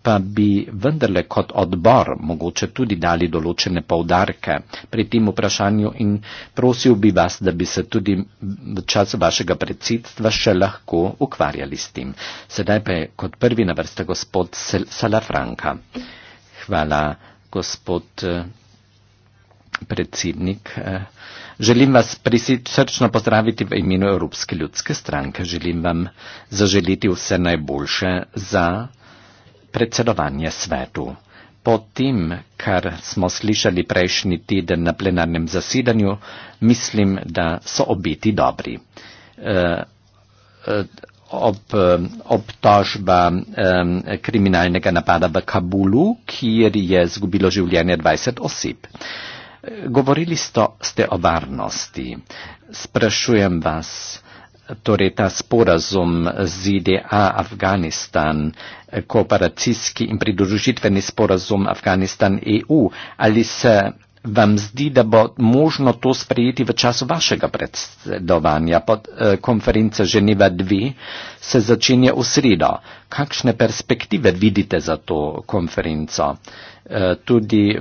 pa bi vendarle kot odbor mogoče tudi dali določene povdarke pri tem vprašanju in prosil bi vas, da bi se tudi v času vašega predsedstva še lahko ukvarjali s tem. Sedaj pa je kot prvi na vrsta gospod Salafranka. Hvala, gospod eh, predsednik. Eh, Želim vas prisrčno pozdraviti v imenu Evropske ljudske stranke. Želim vam zaželiti vse najboljše za predsedovanje svetu. Po tem, kar smo slišali prejšnji teden na plenarnem zasedanju, mislim, da so obeti dobri. Eh, eh, ob, eh, obtožba kriminalnega napada v Kabulu, kjer je zgubilo življenje 20 oseb. Govorili sto, ste o varnosti. Sprašujem vas, torej ta sporazum ZDA Afganistan, kooperacijski in pridružitveni sporazum Afganistan EU, ali se vam zdi, da bo možno to sprejeti v času vašega predsedovanja? Pod, eh, konferenca Ženeva 2 se začenja v sredo. Kakšne perspektive vidite za to konferenco? Eh, tudi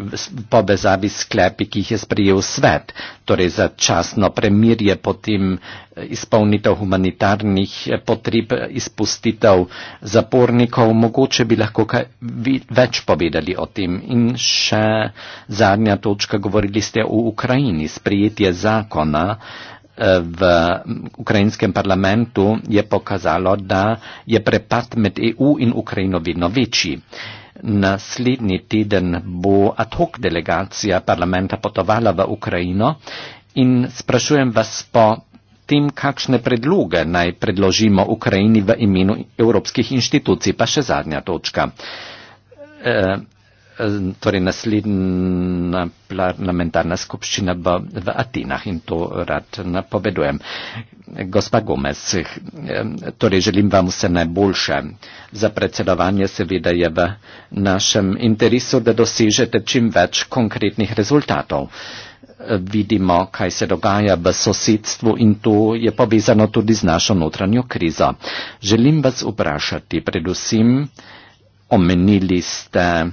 povezavi sklepi, ki jih je sprejel svet, torej za časno premirje, potem eh, izpolnitev humanitarnih eh, potreb, izpustitev zapornikov, mogoče bi lahko kaj več povedali o tem. In še zadnja točka, govorili ste o Ukrajini, sprejetje zakona v ukrajinskem parlamentu je pokazalo, da je prepad med EU in Ukrajino vedno večji. Naslednji teden bo ad hoc delegacija parlamenta potovala v Ukrajino in sprašujem vas po tem, kakšne predloge naj predložimo Ukrajini v imenu evropskih inštitucij. Pa še zadnja točka. E, torej naslednja parlamentarna skupščina bo v Atenah in to rad napovedujem. Gospa Gomez, torej želim vam vse najboljše. Za predsedovanje seveda je v našem interesu, da dosežete čim več konkretnih rezultatov. Vidimo, kaj se dogaja v sosedstvu in to je povezano tudi z našo notranjo krizo. Želim vas vprašati, predvsem omenili ste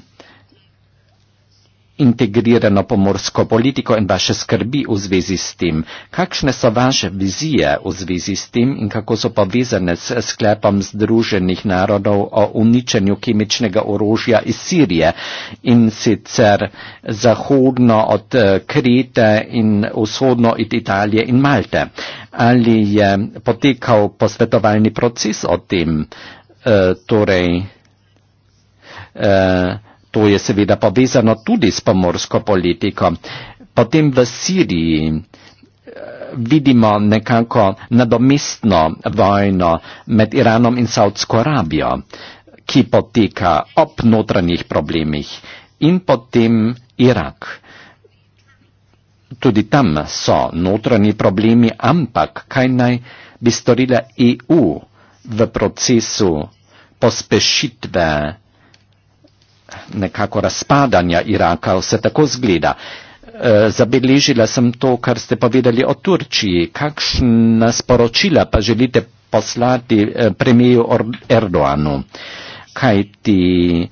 integrirano pomorsko politiko in vaše skrbi v zvezi s tem? Kakšne so vaše vizije v zvezi s tem in kako so povezane s sklepom Združenih narodov o uničenju kemičnega orožja iz Sirije in sicer zahodno od eh, Krete in vzhodno od Italije in Malte? Ali je potekal posvetovalni proces o tem? Uh, torej, uh, To je seveda povezano tudi s pomorsko politiko. Potem v Siriji eh, vidimo nekako nadomestno vojno med Iranom in Saudsko Arabijo, ki poteka ob notranjih problemih in potem Irak. Tudi tam so notranji problemi, ampak kaj naj bi storila EU v procesu pospešitve? nekako razpadanja Iraka, vse tako zgleda. E, zabeležila sem to, kar ste povedali o Turčiji. Kakšna sporočila pa želite poslati e, premijeju Erdoanu? Kaj ti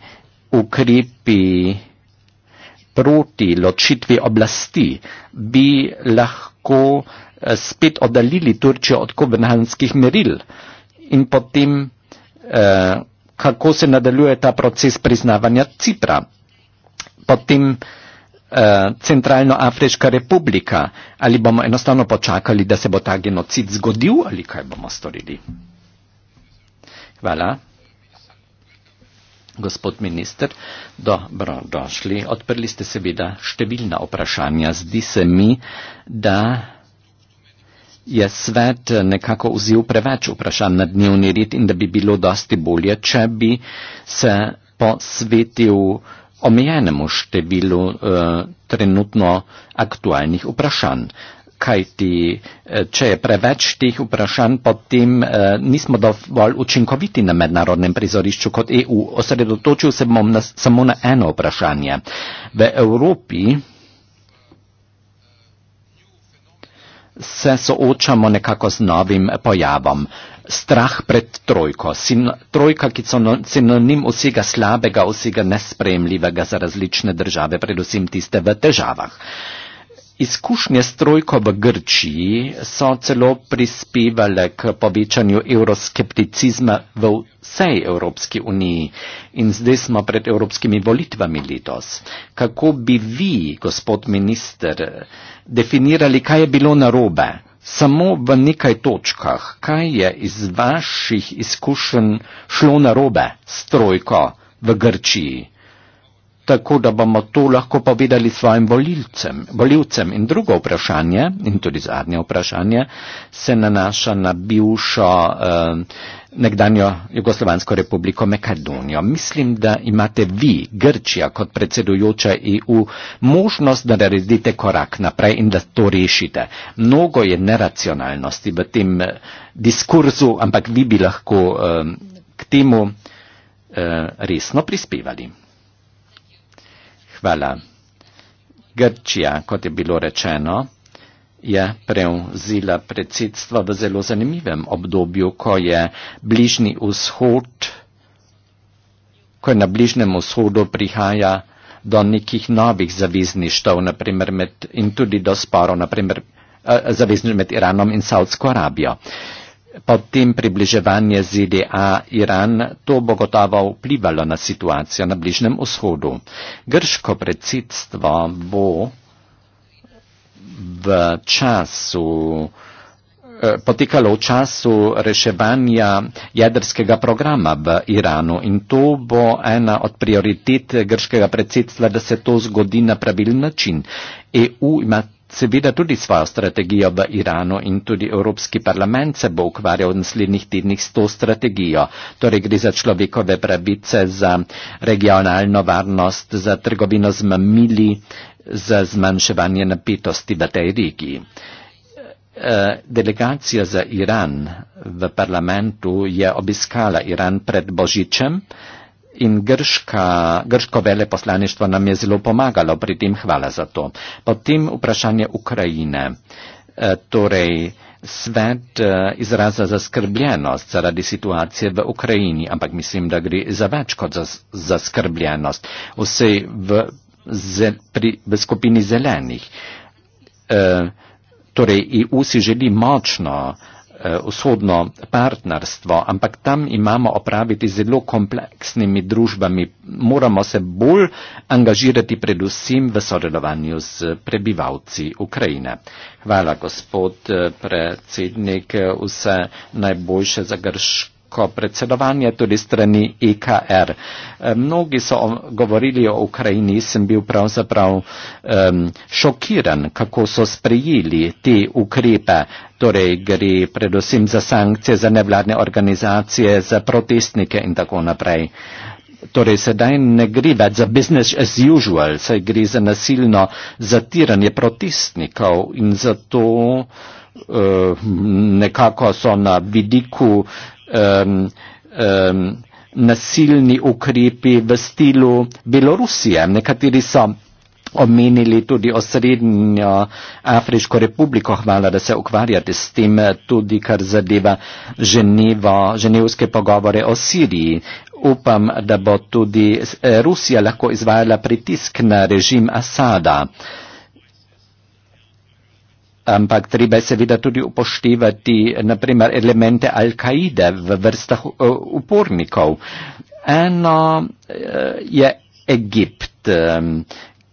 ukrepi proti ločitvi oblasti bi lahko e, spet oddaljili Turčijo od kobenhanskih meril in potem kako se nadaljuje ta proces priznavanja Cipra. Potem eh, Centralnoafriška republika, ali bomo enostavno počakali, da se bo ta genocid zgodil, ali kaj bomo storili. Hvala. Gospod minister, dobrodošli. Odprli ste seveda številna vprašanja. Zdi se mi, da je svet eh, nekako vzel preveč vprašanj na dnevni red in da bi bilo dosti bolje, če bi se posvetil omejenemu številu eh, trenutno aktualnih vprašanj. Kaj ti, eh, če je preveč teh vprašanj, potem eh, nismo dovolj učinkoviti na mednarodnem prizorišču kot EU. Osredotočil se bom na, samo na eno vprašanje. V Evropi se soočamo nekako z novim pojavom. Strah pred trojko. Sin, trojka, ki je no-, sinonim vsega slabega, vsega nespremljivega za različne države, predvsem tiste v težavah. Izkušnje s trojko v Grčiji so celo prispevale k povečanju euroskepticizma v vsej Evropski uniji in zdaj smo pred evropskimi volitvami letos. Kako bi vi, gospod minister, definirali, kaj je bilo narobe? Samo v nekaj točkah, kaj je iz vaših izkušenj šlo narobe s trojko v Grčiji? tako, da bomo to lahko povedali svojim volilcem, volilcem. In drugo vprašanje, in tudi zadnje vprašanje, se nanaša na bivšo eh, nekdanjo Jugoslovansko republiko Makedonijo. Mislim, da imate vi, Grčija, kot predsedujoča EU, možnost, da naredite korak naprej in da to rešite. Mnogo je neracionalnosti v tem eh, diskurzu, ampak vi bi lahko eh, k temu eh, resno prispevali. Hvala. Grčija, kot je bilo rečeno, je prevzela predsedstvo v zelo zanimivem obdobju, ko je bližnji vzhod, ko je na bližnjem vzhodu prihaja do nekih novih zavezništev in tudi do sporo naprimer, eh, zavezništv med Iranom in Saudsko Arabijo. Eh, Potem približevanje ZDA Iran, to bo gotovo vplivalo na situacijo na Bližnem vzhodu. Grško predsedstvo bo v času, eh, potekalo v času reševanja jedrskega programa v Iranu in to bo ena od prioritet grškega predsedstva, da se to zgodi na pravilen način. EU ima seveda tudi svojo strategijo v Iranu in tudi Evropski parlament se bo ukvarjal v naslednjih tednih s to strategijo. Torej gre za človekove pravice, za regionalno varnost, za trgovino z mamili, za zmanjševanje napetosti v tej regiji. E, delegacija za Iran v parlamentu je obiskala Iran pred Božičem in grška, grško vele poslaništvo nam je zelo pomagalo pri tem, hvala za to. Potem vprašanje Ukrajine. E, torej, svet e, izraza zaskrbljenost zaradi situacije v Ukrajini, ampak mislim, da gre za več kot za zaskrbljenost. Vse v, ze, pri, v skupini zelenih. E, torej, EU si želi močno. Eh, usodno partnerstvo, ampak tam imamo opraviti z zelo kompleksnimi družbami. Moramo se bolj angažirati predvsem v sodelovanju z prebivalci Ukrajine. Hvala, gospod eh, predsednik, vse najboljše za grško predsedovanje tudi strani IKR. Eh, mnogi so govorili o Ukrajini, sem bil pravzaprav um, šokiran, kako so sprejeli te ukrepe, torej gre predvsem za sankcije, za nevladne organizacije, za protestnike in tako naprej. Torej sedaj ne gre več za business as usual, saj gre za nasilno zatiranje protestnikov in zato. to. Eh, nekako so na vidiku um, um, nasilni ukrepi v stilu Belorusije. Nekateri so omenili tudi osrednjo Afriško republiko, hvala, da se ukvarjate s tem, tudi kar zadeva Ženevo, ženevske pogovore o Siriji. Upam, da bo tudi eh, Rusija lahko izvajala pritisk na režim Asada. Uh, ampak treba je seveda tudi upoštevati naprimer elemente Al-Kaide v vrstah eh, upornikov. Eno eh, je Egipt, eh,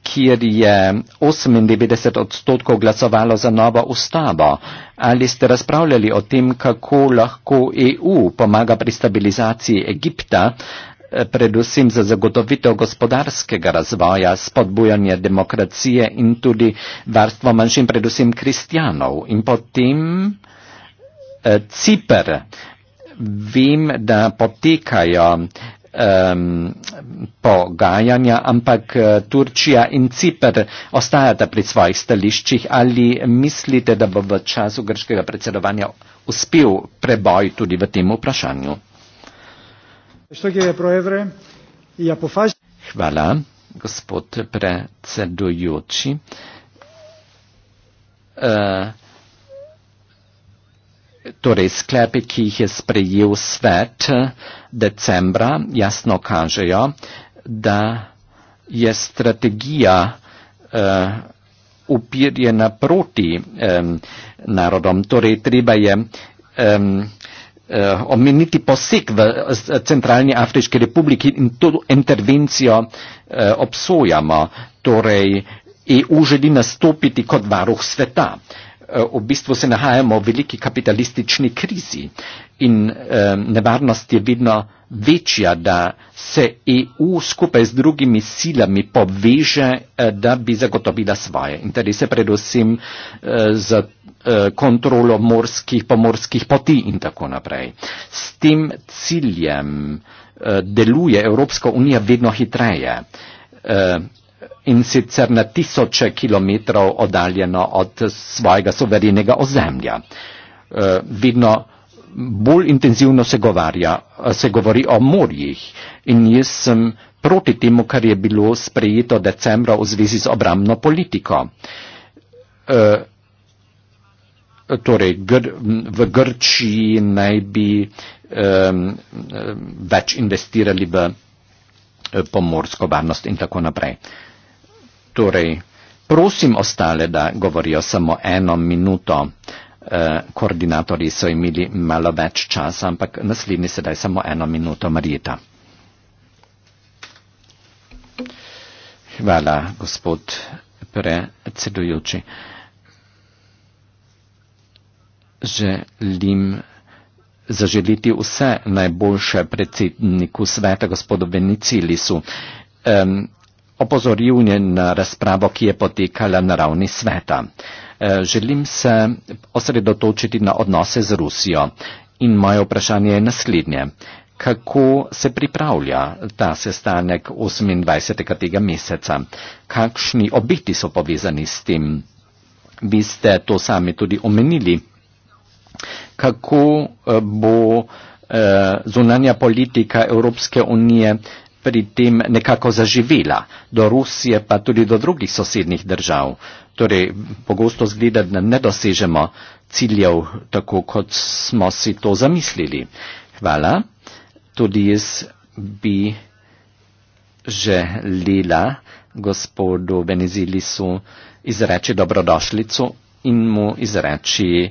kjer je 98 odstotkov glasovalo za novo ustavo. Ali ste razpravljali o tem, kako lahko EU pomaga pri stabilizaciji Egipta? predvsem za zagotovitev gospodarskega razvoja, spodbujanje demokracije in tudi varstvo manjšin, predvsem kristjanov. In potem eh, Cipr. Vem, da potekajo eh, pogajanja, ampak eh, Turčija in Cipr ostajata pri svojih stališčih. Ali mislite, da bo v času grškega predsedovanja uspel preboj tudi v tem vprašanju? Hvala, gospod predsedujoči. E, torej, sklepe, ki jih je sprejel svet eh, decembra, jasno kažejo, da je strategija e, upirjena proti e, narodom. Torej, treba je. E, eh, omeniti poseg v Centralni Afriški republiki in to intervencijo eh, obsojamo. Torej, EU želi nastopiti kot varuh sveta. Eh, v bistvu se nahajamo v veliki kapitalistični krizi in eh, nevarnost je vedno večja, da se EU skupaj z drugimi silami poveže, eh, da bi zagotovila svoje interese, predvsem eh, za eh, kontrolo morskih, pomorskih poti in tako naprej. S tem ciljem deluje Evropska unija vedno hitreje in sicer na tisoče kilometrov oddaljeno od svojega suverenega ozemlja. Vedno bolj intenzivno se, govarja, se govori o morjih in jaz sem proti temu, kar je bilo sprejeto decembra v zvezi z obramno politiko. E, torej, gr, v Grčiji naj bi e, več investirali v e, pomorsko varnost in tako naprej. Torej, prosim ostale, da govorijo samo eno minuto. Eh, koordinatorji so imeli malo več časa, ampak naslednji sedaj samo eno minuto, Marijeta. Hvala, gospod predsedujoči. Želim zaželiti vse najboljše predsedniku sveta, gospodu Venicilisu. Um, opozoril je na razpravo, ki je potekala na ravni sveta. Um, Eh, želim se osredotočiti na odnose z Rusijo. In moje vprašanje je naslednje. Kako se pripravlja ta sestanek 28. tega meseca? Kakšni obiti so povezani s tem? Vi ste to sami tudi omenili. Kako eh, bo eh, zunanja politika Evropske unije pri tem nekako zaživila, do Rusije pa tudi do drugih sosednjih držav. Torej, pogosto zgleda, da ne dosežemo ciljev tako, kot smo si to zamislili. Hvala. Tudi jaz bi želela gospodu Venizilisu izreči dobrodošlico in mu izreči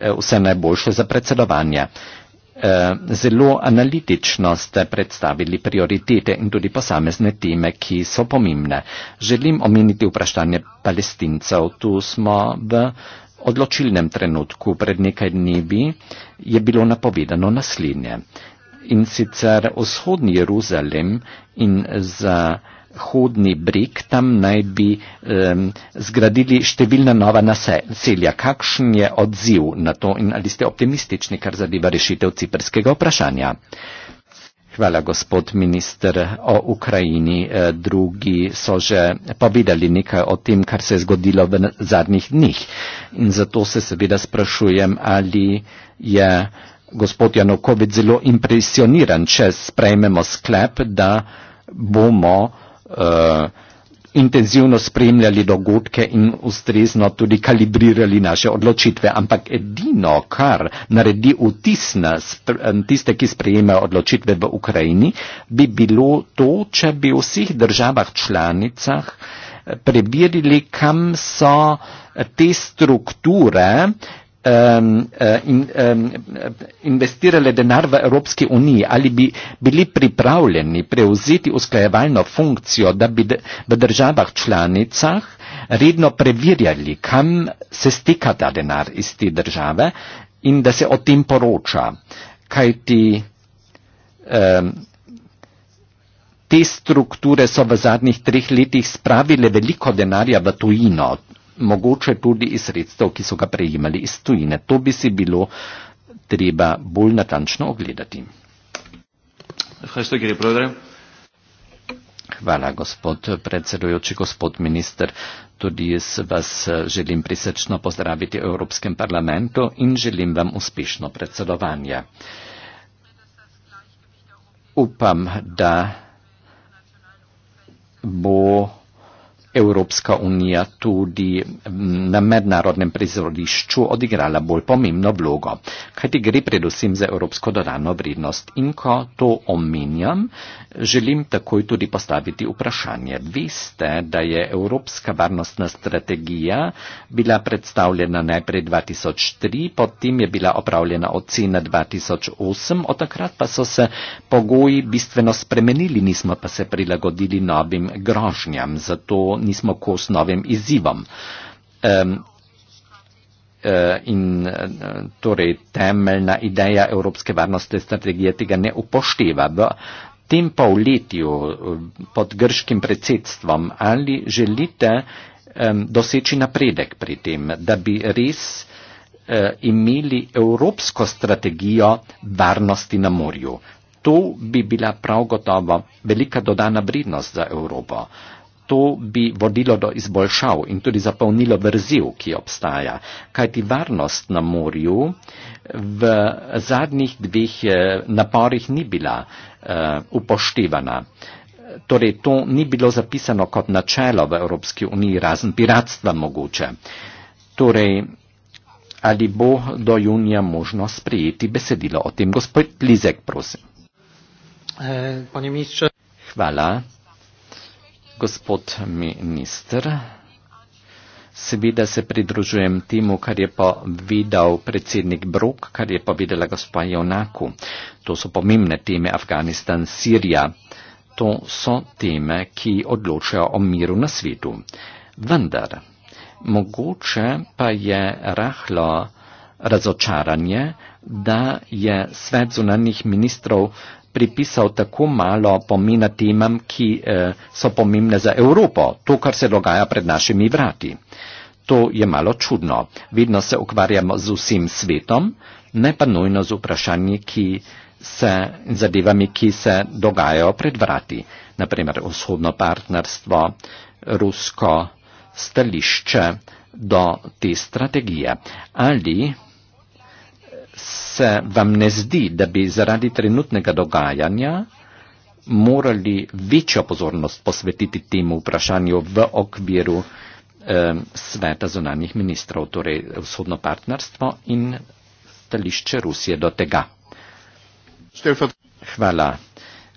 eh, vse najboljše za predsedovanje eh, zelo analitično ste predstavili prioritete in tudi posamezne teme, ki so pomembne. Želim omeniti vprašanje palestincev. Tu smo v odločilnem trenutku. Pred nekaj dnevi je bilo napovedano naslednje. In sicer vzhodni Jeruzalem in za hudni brik, tam naj bi um, zgradili številna nova naselja. Kakšen je odziv na to in ali ste optimistični, kar zadeva rešitev ciperskega vprašanja? Hvala, gospod minister o Ukrajini. Eh, drugi so že povedali nekaj o tem, kar se je zgodilo v zadnjih dneh. In zato se seveda sprašujem, ali je gospod Janukovic zelo impresioniran, če sprejmemo sklep, da bomo uh, Eh, intenzivno spremljali dogodke in ustrezno tudi kalibrirali naše odločitve. Ampak edino, kar naredi vtis na eh, tiste, ki sprejemajo odločitve v Ukrajini, bi bilo to, če bi v vseh državah članicah eh, prebirali, kam so te strukture, um, uh, in, um, investirale denar v Evropski uniji, ali bi bili pripravljeni prevzeti usklajevalno funkcijo, da bi v državah članicah redno preverjali, kam se steka ta denar iz te države in da se o tem poroča. Kaj ti um, te strukture so v zadnjih treh letih spravile veliko denarja v tujino, mogoče tudi iz sredstev, ki so ga prejemali iz tujine. To bi si bilo treba bolj natančno ogledati. Hvala, gospod predsedujoči, gospod minister. Tudi jaz vas eh, želim prisrčno pozdraviti v Evropskem parlamentu in želim vam uspešno predsedovanje. Upam, da bo Evropska unija tudi na mednarodnem prizorišču odigrala bolj pomembno vlogo, kajti gre predvsem za evropsko dodano vrednost. In ko to omenjam, želim takoj tudi postaviti vprašanje. Veste, da je Evropska varnostna strategija bila predstavljena najprej 2003, potem je bila opravljena ocena 2008, od takrat pa so se pogoji bistveno spremenili, nismo pa se prilagodili novim grožnjam. Zato nismo kos novim izzivom. Um, In eh, torej temeljna ideja Evropske varnostne strategije tega ne upošteva. V tem polletju eh, pod grškim predsedstvom ali želite um, doseči napredek pri tem, da bi res uh, imeli Evropsko strategijo varnosti na morju? To bi bila prav gotovo velika dodana vrednost za Evropo. Uh, to bi vodilo do izboljšav in tudi zapolnilo vrzel, ki obstaja. Kajti varnost na morju v zadnjih dveh eh, naporih ni bila eh, upoštevana. Torej, to ni bilo zapisano kot načelo v Evropski uniji, razen piratstva mogoče. Torej, ali bo do junija možno sprejeti besedilo o tem? Gospod Lizek, prosim. Eh, Hvala gospod minister. Seveda se pridružujem temu, kar je pa videl predsednik Brok, kar je pa videla gospa Jonaku. To so pomembne teme Afganistan, Sirija. To so teme, ki odločajo o miru na svetu. Vendar, mogoče pa je rahlo razočaranje, da je svet zunanjih ministrov pripisal tako malo pomena temam, ki eh, so pomembne za Evropo, to, kar se dogaja pred našimi vrati. To je malo čudno. Vedno se ukvarjamo z vsem svetom, ne pa nujno z vprašanji, ki se zadevami, ki se dogajajo pred vrati. Naprimer, vzhodno partnerstvo, rusko stališče do te strategije. Ali se vam ne zdi, da bi zaradi trenutnega dogajanja morali večjo pozornost posvetiti temu vprašanju v okviru eh, sveta zunanjih ministrov, torej vzhodno partnerstvo in stališče Rusije do tega? Hvala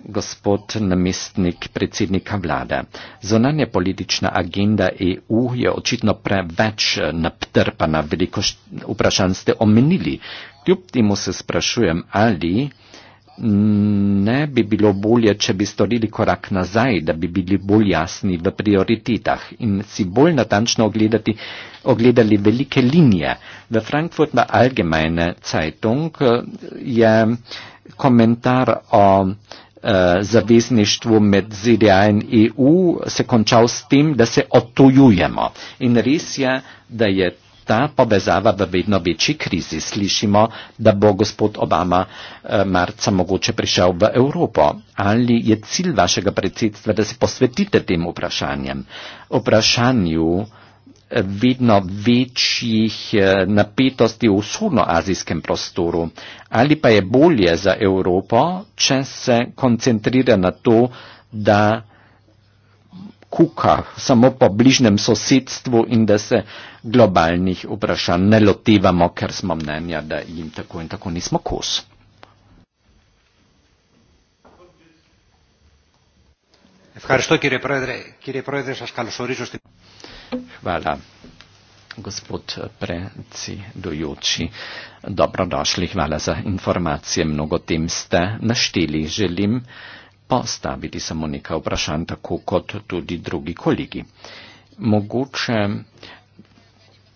gospod namestnik predsednika vlade. Zonanje politična agenda EU je očitno preveč eh, naptrpana, veliko vprašanj ste omenili. Kljub temu se sprašujem, ali ne bi bilo bolje, če bi storili korak nazaj, da bi bili bolj jasni v prioritetah in si bolj natančno ogledati, ogledali velike linije. V Frankfurter Allgemeine Zeitung eh, je komentar o Eh, zavezništvu med ZDA in EU se končal s tem, da se otujujemo. In res je, da je ta povezava v vedno večji krizi. Slišimo, da bo gospod Obama eh, marca mogoče prišel v Evropo. Ali je cilj vašega predsedstva, da se posvetite tem vprašanjem? Vprašanju, vedno večjih eh, napetosti v vzhodnoazijskem prostoru. Ali pa je bolje za Evropo, če se koncentrira na to, da kuka samo po bližnjem sosedstvu in da se globalnih vprašanj ne lotevamo, ker smo mnenja, da jim tako in tako nismo kos. Kjer je proizrešaš, kaj so rečeš? Hvala, gospod predsedujoči. Dobrodošli, hvala za informacije. Mnogo tem ste našteli. Želim postaviti samo nekaj vprašanj, tako kot tudi drugi kolegi. Mogoče,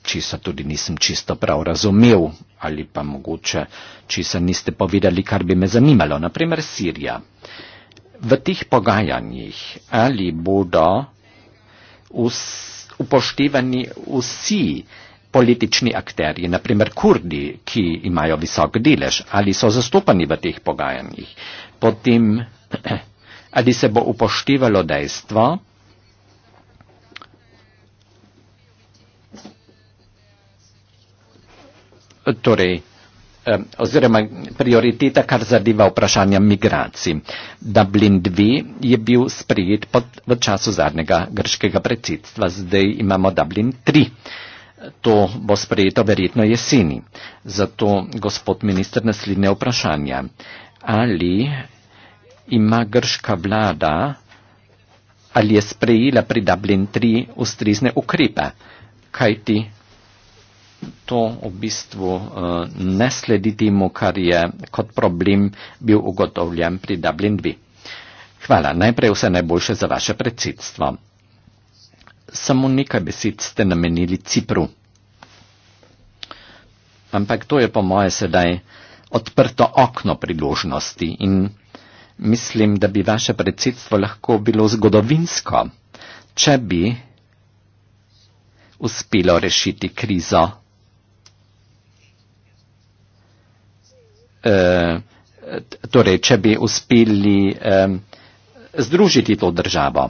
če se tudi nisem čisto prav razumel, ali pa mogoče, če se niste povedali, kar bi me zanimalo, naprimer Sirija. V teh pogajanjih ali bodo vsi upoštevani vsi politični akterji, naprimer kurdi, ki imajo visok delež ali so zastopani v teh pogajanjih, potem ali se bo upoštevalo dejstvo, torej Eh, oziroma prioriteta, kar zadeva vprašanja migracij. Dublin 2 je bil sprejet pod, v času zadnjega grškega predsedstva, zdaj imamo Dublin 3. To bo sprejeto verjetno jeseni. Zato, gospod minister, naslednje vprašanje. Ali ima grška vlada, ali je sprejela pri Dublin 3 ustrezne ukrepe? Kaj ti to v bistvu eh, ne sledi temu, kar je kot problem bil ugotovljen pri Dublin 2. Hvala, najprej vse najboljše za vaše predsedstvo. Samo nekaj besed ste namenili Cipru. Ampak to je po moje sedaj odprto okno priložnosti in mislim, da bi vaše predsedstvo lahko bilo zgodovinsko, če bi uspelo rešiti krizo Eh, torej, če bi uspeli eh, združiti to državo.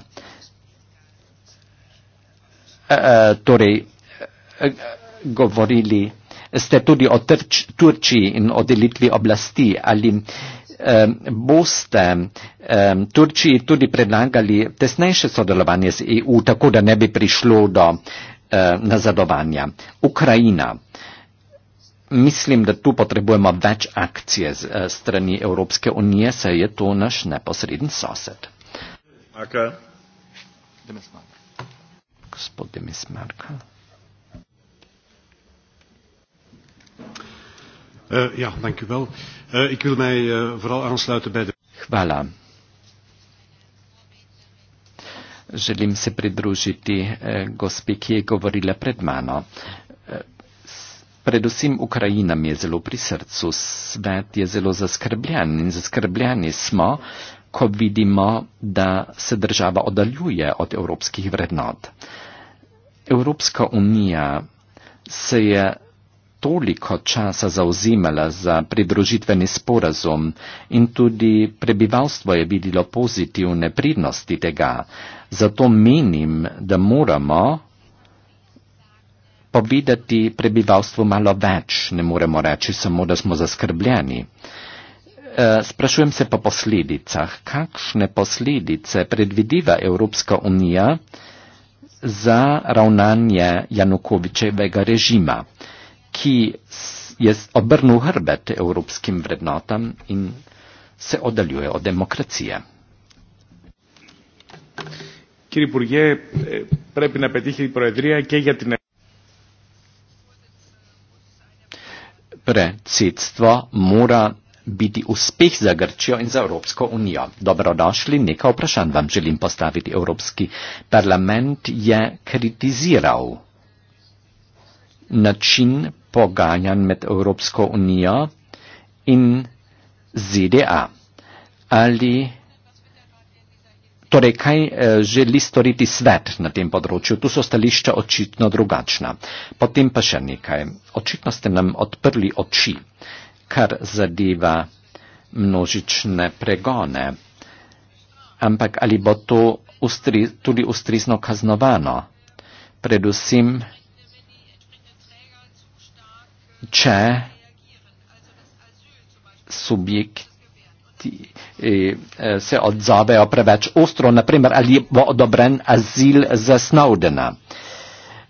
Eh, torej, govorili ste tudi o Turčiji in o delitvi oblasti ali boste Turčiji tudi predlagali tesnejše sodelovanje z EU, tako da ne bi prišlo do nazadovanja. Ukrajina. Mislim, da tu potrebujemo več akcije z, eh, strani Evropske unije, saj je to naš neposreden sosed. Eh, ja, eh, Hvala. Želim se pridružiti gospe, ki je govorila pred mano predvsem Ukrajinam je zelo pri srcu. Svet je zelo zaskrbljen in zaskrbljeni smo, ko vidimo, da se država oddaljuje od evropskih vrednot. Evropska unija se je toliko časa zauzimala za pridružitveni sporazum in tudi prebivalstvo je videlo pozitivne pridnosti tega. Zato menim, da moramo povedati prebivalstvu malo več, ne moremo reči samo, da smo zaskrbljeni. Eh, sprašujem se po posledicah. Kakšne posledice predvideva Evropska unija za ravnanje Janukovičevega režima, ki je obrnil hrbet evropskim vrednotam in se oddaljuje od demokracije? Kjer je, prepi na petih in proedrija, kje je tine. predsedstvo mora biti uspeh za Grčijo in za Evropsko unijo. Dobrodošli, nekaj vprašanj vam želim postaviti. Evropski parlament je kritiziral način pogajanj med Evropsko unijo in ZDA. Ali Torej, kaj eh, želi storiti svet na tem področju? Tu so stališča očitno drugačna. Potem pa še nekaj. Očitno ste nam odprli oči, kar zadeva množične pregone. Ampak ali bo to ustri, tudi ustrizno kaznovano? Predvsem, če subjekt pomoti, eh, eh, se odzovejo preveč ostro, naprimer, ali bo odobren azil za Snowdena.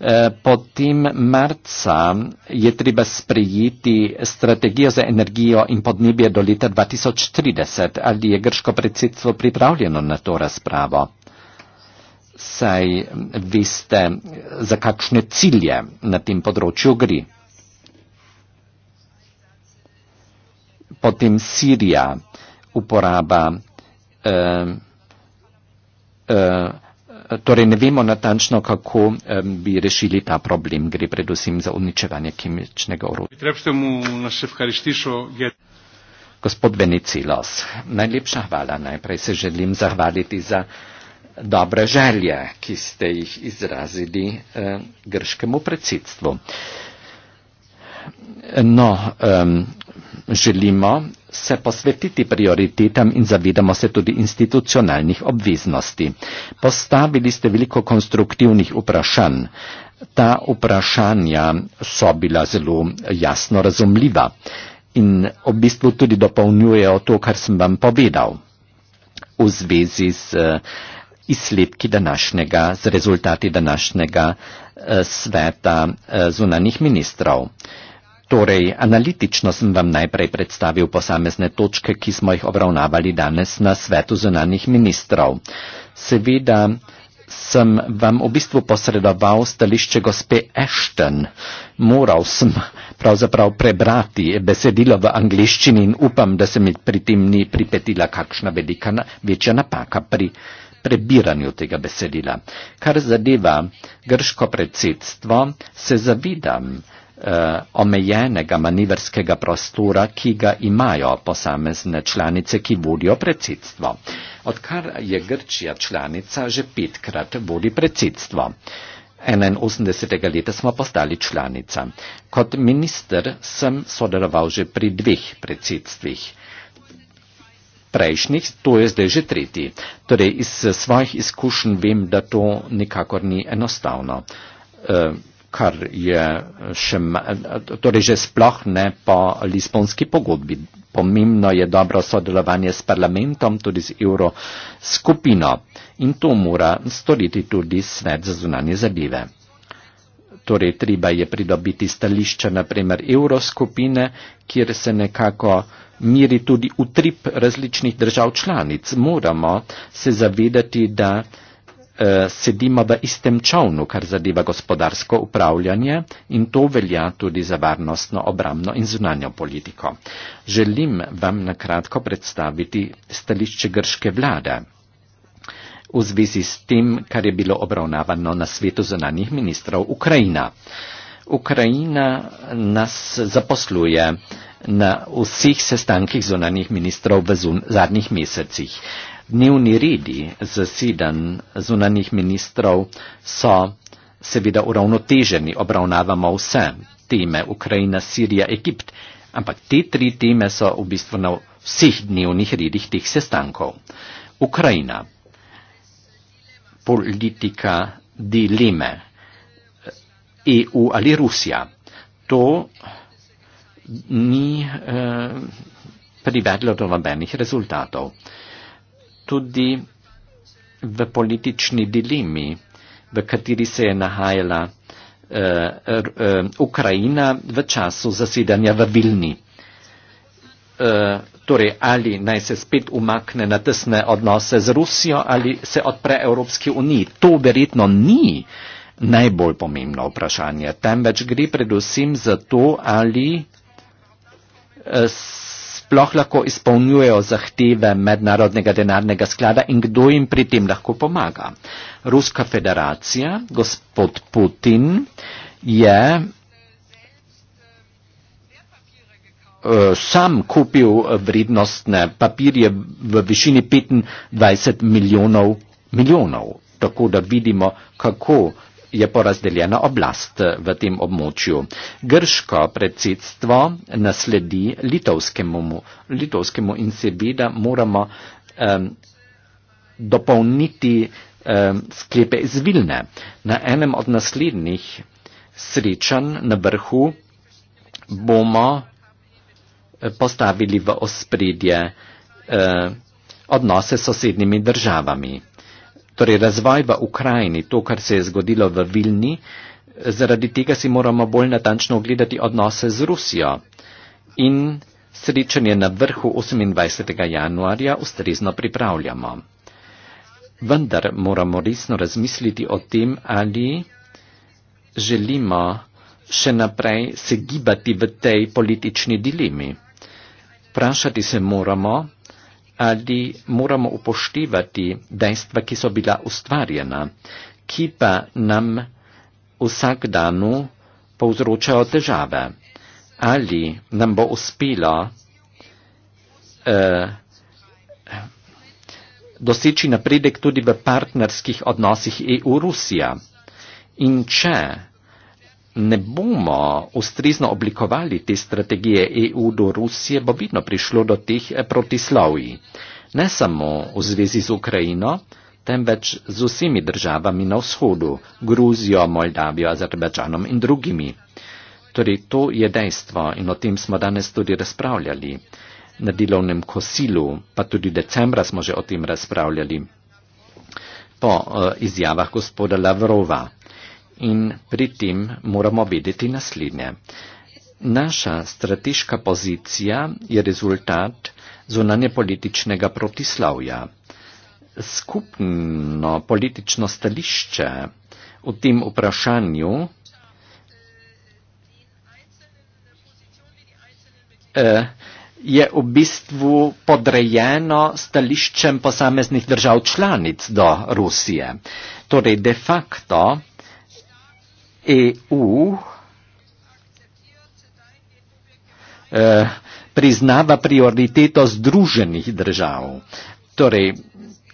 Eh, potem marca je treba sprejeti strategijo za energijo in podnebje do leta 2030. Ali je grško predsedstvo pripravljeno na to razpravo? Saj mm, veste, za kakšne cilje na tem področju gre. Potem Sirija uporaba, eh, eh, torej ne vemo natančno, kako eh, bi rešili ta problem. Gre predvsem za uničevanje kemičnega orodja. Gospod Benicilos, najlepša hvala. Najprej se želim zahvaliti za dobre želje, ki ste jih izrazili eh, grškemu predsedstvu. Eh, No, um, želimo se posvetiti prioritetam in zavedamo se tudi institucionalnih obveznosti. Postavili ste veliko konstruktivnih vprašanj. Ta vprašanja so bila zelo jasno razumljiva in v bistvu tudi dopolnjujejo to, kar sem vam povedal v zvezi z eh, izsledki današnjega, z rezultati današnjega eh, sveta eh, zunanih ministrov. Torej, analitično sem vam najprej predstavil posamezne točke, ki smo jih obravnavali danes na svetu zunanih ministrov. Seveda sem vam v bistvu posredoval stališče gospe Ashton. Moral sem pravzaprav prebrati besedilo v angliščini in upam, da se mi pri tem ni pripetila kakšna velika večja napaka pri prebiranju tega besedila. Kar zadeva grško predsedstvo, se zavidam, eh, omejenega manivrskega prostora, ki ga imajo posamezne članice, ki vodijo predsedstvo. Odkar je Grčija članica, že petkrat vodi predsedstvo. 81. leta smo postali članica. Kot minister sem sodeloval že pri dveh predsedstvih. Prejšnjih, to je zdaj že tretji. Torej, iz svojih izkušenj vem, da to nikakor ni enostavno. E, kar je še, torej že sploh ne po Lisbonski pogodbi. Pomembno je dobro sodelovanje s parlamentom, tudi z evro skupino in to mora storiti tudi svet za zunanje zadeve. Torej, treba je pridobiti stališča, naprimer, evroskupine, kjer se nekako miri tudi utrip različnih držav članic. Moramo se zavedati, da eh, sedimo v istem čovnu, kar zadeva gospodarsko upravljanje in to velja tudi za varnostno, obramno in zunanjo politiko. Želim vam na kratko predstaviti stališče grške vlade v zvezi s tem, kar je bilo obravnavano na svetu zunanjih ministrov Ukrajina. Ukrajina nas zaposluje na vseh sestankih zunanjih ministrov v zun, zadnjih mesecih. Dnevni redi zasedanj zunanjih ministrov so seveda uravnoteženi, obravnavamo vse teme Ukrajina, Sirija, Egipt, ampak te tri teme so v bistvu na vseh dnevnih redih teh sestankov. Ukrajina, politika dileme, EU ali Rusija, to ni eh, privedlo do nobenih rezultatov. Eh, tudi v politični dilemi, v kateri se je nahajala uh, uh, Ukrajina v času zasedanja v Vilni. Uh, torej, ali naj se spet umakne na tesne odnose z Rusijo ali se odpre Evropski uniji. To verjetno ni najbolj pomembno vprašanje, temveč gre predvsem za to, ali uh, sploh lahko izpolnjujejo zahteve mednarodnega denarnega sklada in kdo jim pri tem lahko pomaga. Ruska federacija, gospod Putin, je eh, sam kupil eh, vrednostne papirje v višini 25 milijonov, milijonov. tako da vidimo, kako je porazdeljena oblast v tem območju. Grško predsedstvo nasledi litovskemu, litovskemu in seveda moramo um, dopolniti um, sklepe iz Vilne. Na enem od naslednjih srečanj na vrhu bomo eh, postavili v ospredje uh, odnose s sosednjimi državami. Torej, razvoj v Ukrajini, to, kar se je zgodilo v Vilni, zaradi tega si moramo bolj natančno ogledati odnose z Rusijo in srečanje na vrhu 28. januarja ustrezno pripravljamo. Vendar moramo resno razmisliti o tem, ali želimo še naprej se gibati v tej politični dilemi. Vprašati se moramo, ali moramo upoštevati dejstva, ki so bila ustvarjena, ki pa nam vsak danu povzročajo težave. Ali nam bo uspelo eh, doseči napredek tudi v partnerskih odnosih EU-Rusija. In če ne bomo ustrezno oblikovali te strategije EU do Rusije, bo vidno prišlo do teh eh, protislovij. Ne samo v zvezi z Ukrajino, temveč z vsemi državami na vzhodu, Gruzijo, Moldavijo, Azerbajdžanom in drugimi. Torej, to je dejstvo in o tem smo danes tudi razpravljali. Na delovnem kosilu, pa tudi decembra smo že o tem razpravljali. Po uh, izjavah gospoda Lavrova. In pri tem moramo vedeti naslednje. Naša strateška pozicija je rezultat zunanje političnega protislavja. Skupno politično stališče v tem vprašanju eh, je v bistvu podrejeno stališčem posameznih držav članic do Rusije. Torej, de facto EU eh, priznava prioriteto združenih držav. Torej,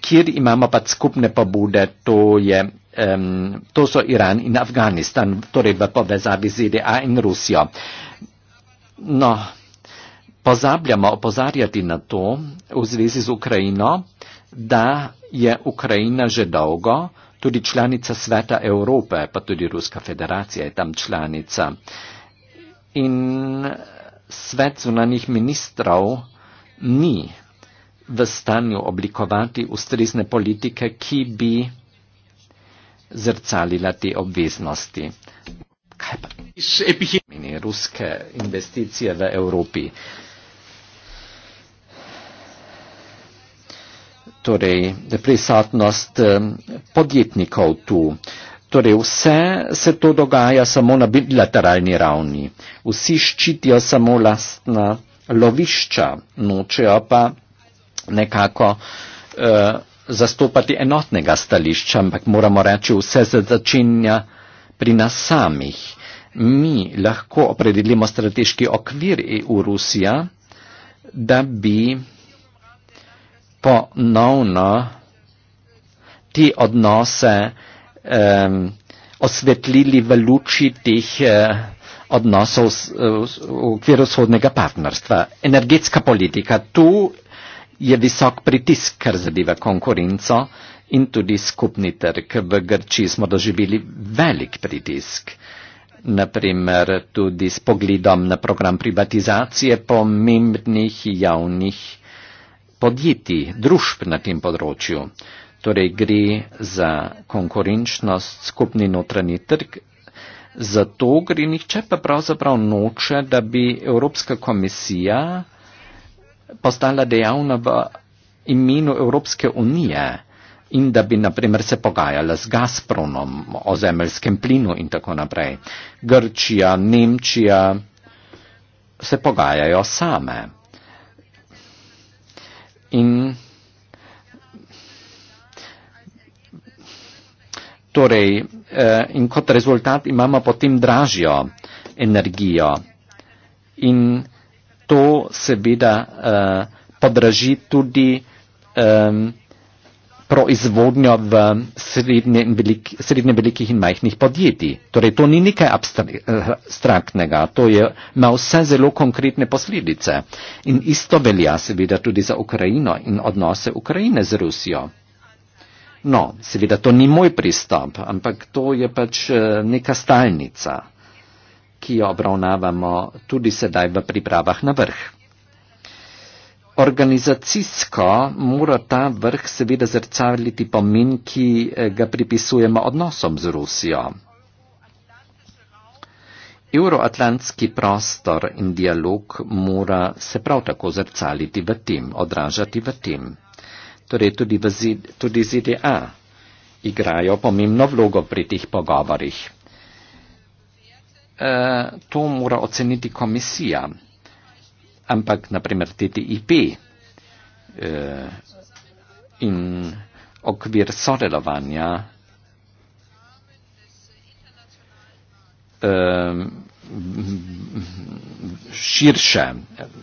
kjer imamo pa skupne pobude, to, je, um, to so Iran in Afganistan, torej v povezavi z ZDA in Rusijo. No, pozabljamo opozarjati na to v zvezi z Ukrajino, da je Ukrajina že dolgo tudi članica Sveta Evrope, pa tudi Ruska federacija je tam članica. In svet zunanih ministrov ni v stanju oblikovati ustrezne politike, ki bi zrcalila te obveznosti. Kaj pa? Ruske investicije v Evropi. torej, prisotnost podjetnikov tu. Torej, vse se to dogaja samo na bilateralni ravni. Vsi ščitijo samo lastna lovišča, nočejo pa nekako eh, zastopati enotnega stališča, ampak moramo reči, vse se začenja pri nas samih. Mi lahko opredelimo strateški okvir EU-Rusija, da bi ponovno ti odnose um, osvetlili v luči teh uh, odnosov s, uh, v okviru shodnega partnerstva. Energetska politika, tu je visok pritisk, kar zadeva konkurenco in tudi skupni trg. V Grčiji smo doživeli velik pritisk. Naprimer, tudi s pogledom na program privatizacije pomembnih javnih podjetij, družb na tem področju. Torej gre za konkurenčnost, skupni notranji trg. Zato gre nihče pa pravzaprav noče, da bi Evropska komisija postala dejavna v imenu Evropske unije in da bi, naprimer, se pogajala z Gazpromom o zemeljskem plinu in tako naprej. Grčija, Nemčija se pogajajo same in torej eh, in kot rezultat imamo potem dražjo energijo in to seveda eh, podraži tudi um, proizvodnjo v srednje velikih in majhnih podjetij. Torej, to ni nekaj eh, abstraktnega, to je, ima vse zelo konkretne posledice. In isto velja seveda tudi za Ukrajino in odnose Ukrajine z Rusijo. No, seveda to ni moj pristop, ampak to je pač eh, neka stalnica, ki jo obravnavamo tudi sedaj v pripravah na vrh. Organizacijsko mora ta vrh seveda zrcavljati pomen, ki eh, ga pripisujemo odnosom z Rusijo. Euroatlantski prostor in dialog mora se prav tako zrcaliti v tem, odražati v tem. Torej tudi, v Z, tudi ZDA igrajo pomembno vlogo pri teh pogovorih. E, to mora oceniti komisija ampak naprimer TTIP eh, in okvir sodelovanja eh, širše,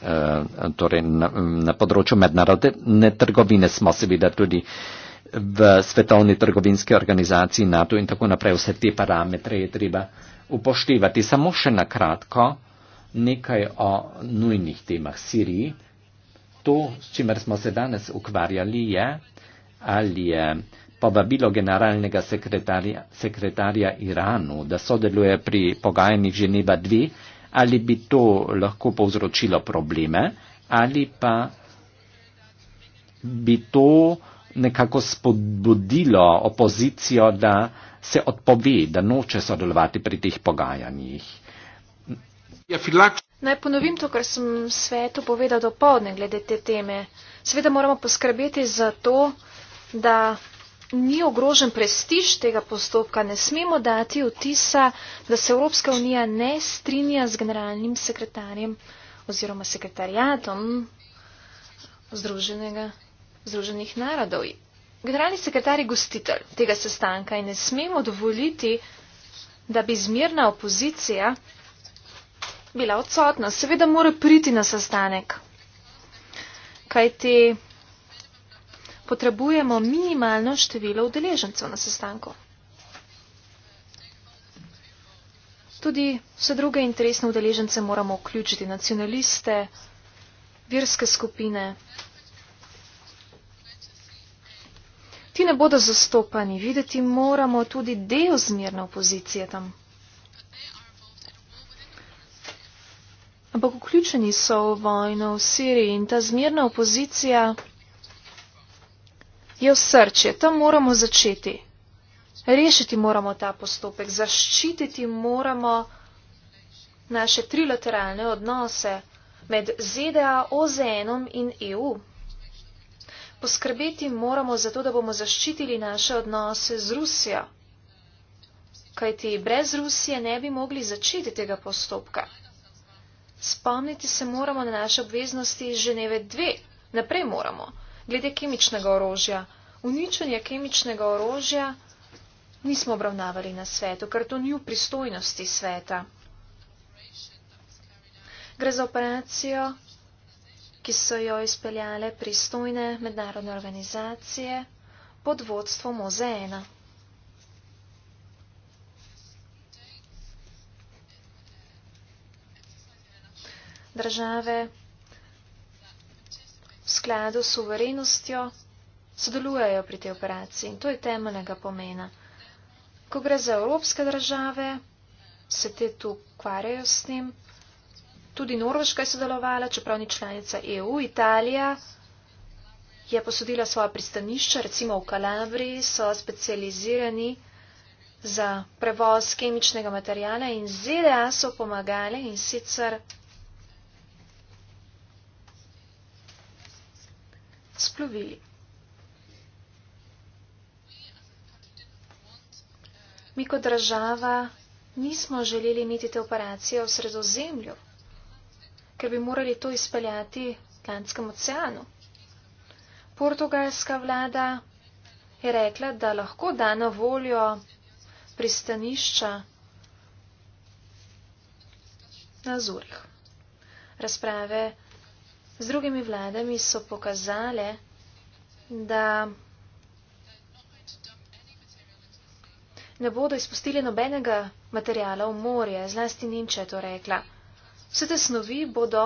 eh, torej na, na področju mednarodne trgovine smo seveda tudi v svetovni trgovinski organizaciji NATO in tako naprej. Vse te parametre je treba upoštevati. Samo še na kratko nekaj o nujnih temah Siriji. To, s čimer smo se danes ukvarjali, je, ali je povabilo generalnega sekretarja, sekretarja Iranu, da sodeluje pri pogajanjih Ženeva 2, ali bi to lahko povzročilo probleme, ali pa bi to nekako spodbudilo opozicijo, da se odpove, da noče sodelovati pri teh pogajanjih. Ja, Naj ponovim to, kar sem svetu povedal do povdne glede te teme. Seveda moramo poskrbeti za to, da ni ogrožen prestiž tega postopka. Ne smemo dati vtisa, da se Evropska unija ne strinja z generalnim sekretarjem oziroma sekretarjatom Združenih narodov. Generalni sekretar je gostitelj tega sestanka in ne smemo dovoliti, da bi zmirna opozicija bila odsotna, seveda mora priti na sestanek. Kaj ti potrebujemo minimalno število udeležencev na sestanku? Tudi vse druge interesne udeležence moramo vključiti, nacionaliste, verske skupine. Ti ne bodo zastopani, videti moramo tudi del zmerne opozicije tam. Ampak vključeni so v vojno v Siriji in ta zmirna opozicija je v srče. Tam moramo začeti. Rešiti moramo ta postopek, zaščititi moramo naše trilateralne odnose med ZDA, OZN in EU. Poskrbeti moramo za to, da bomo zaščitili naše odnose z Rusijo. Kajti brez Rusije ne bi mogli začeti tega postopka. Spomniti se moramo na naše obveznosti iz Ženeve 2. Naprej moramo. Glede kemičnega orožja. Uničenje kemičnega orožja nismo obravnavali na svetu, ker to ni v pristojnosti sveta. Gre za operacijo, ki so jo izpeljale pristojne mednarodne organizacije pod vodstvom OZN. -a. države v skladu s suverenostjo sodelujejo pri tej operaciji. In to je temeljnega pomena. Ko gre za evropske države, se te tu kvarjajo s tem. Tudi Norveška je sodelovala, čeprav ni članica EU. Italija je posodila svoja pristanišča, recimo v Kalabriji so specializirani za prevoz kemičnega materijala in ZDA so pomagali in sicer splovili. Mi kot država nismo želeli imeti te operacije v sredozemlju, ker bi morali to izpeljati v Atlantskem oceanu. Portugalska vlada je rekla, da lahko da na voljo pristanišča na Zurih. Razprave z drugimi vladami so pokazale, da ne bodo izpustili nobenega materijala v morje, zlasti Nemčija je to rekla. Vse te snovi bodo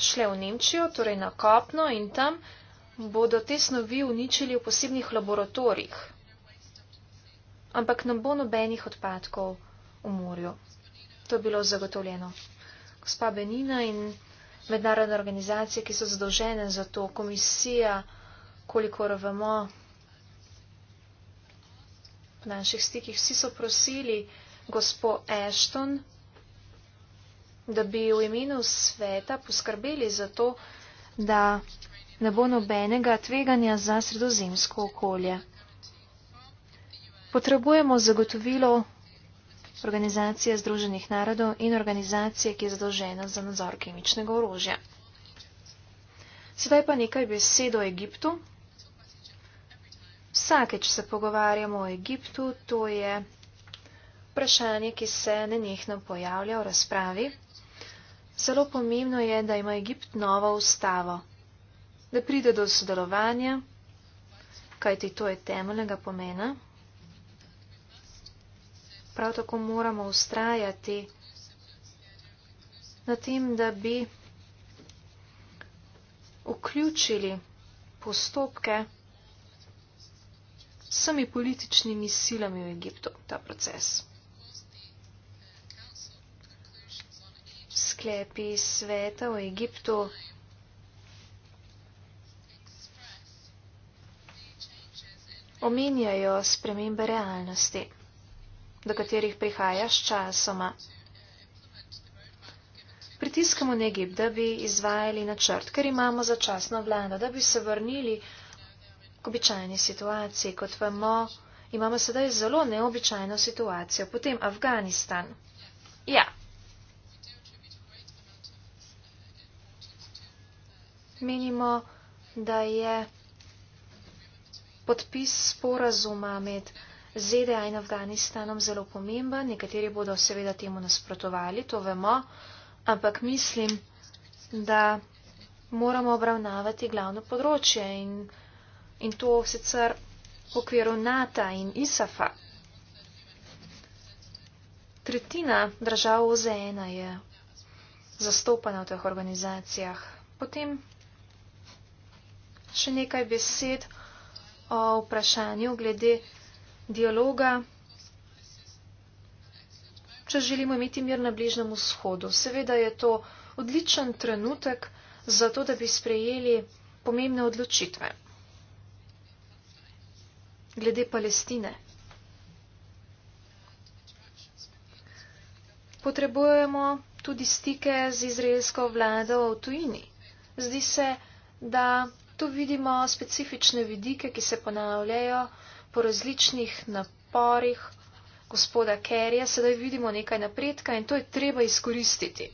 šle v Nemčijo, torej na kopno in tam bodo te snovi uničili v posebnih laboratorijih. Ampak nam bo nobenih odpadkov v morju. To je bilo zagotovljeno gospa Benina in mednarodne organizacije, ki so zadolžene za to, komisija, kolikor vemo, v naših stikih vsi so prosili gospo Ashton, da bi v imenu sveta poskrbeli za to, da ne bo nobenega tveganja za sredozemsko okolje. Potrebujemo zagotovilo Organizacija združenih narodov in organizacije, ki je zadolžena za nadzor kemičnega orožja. Sedaj pa nekaj besed o Egiptu. Vsake, če se pogovarjamo o Egiptu, to je vprašanje, ki se nenehno pojavlja v razpravi. Zelo pomembno je, da ima Egipt novo ustavo, da pride do sodelovanja, kajti to je temeljnega pomena prav tako moramo ustrajati na tem, da bi vključili postopke s vsemi političnimi silami v Egiptu, ta proces. Sklepi sveta v Egiptu omenjajo spremembe realnosti do katerih prihaja s časoma. Pritiskamo na Egipt, da bi izvajali načrt, ker imamo začasno vlado, da bi se vrnili k običajni situaciji. Kot vemo, imamo sedaj zelo neobičajno situacijo. Potem Afganistan. Ja. Menimo, da je podpis sporazuma med. ZDA in Afganistanom zelo pomemben. Nekateri bodo seveda temu nasprotovali, to vemo, ampak mislim, da moramo obravnavati glavno področje in, in to sicer v okviru NATO in ISAF-a. Tretjina držav OZN-a je zastopana v teh organizacijah. Potem še nekaj besed o vprašanju glede dialoga, če želimo imeti mir na Bližnem vzhodu. Seveda je to odličen trenutek za to, da bi sprejeli pomembne odločitve glede Palestine. Potrebujemo tudi stike z izraelsko vlado v tujini. Zdi se, da tu vidimo specifične vidike, ki se ponavljajo po različnih naporih gospoda Kerija, sedaj vidimo nekaj napredka in to je treba izkoristiti.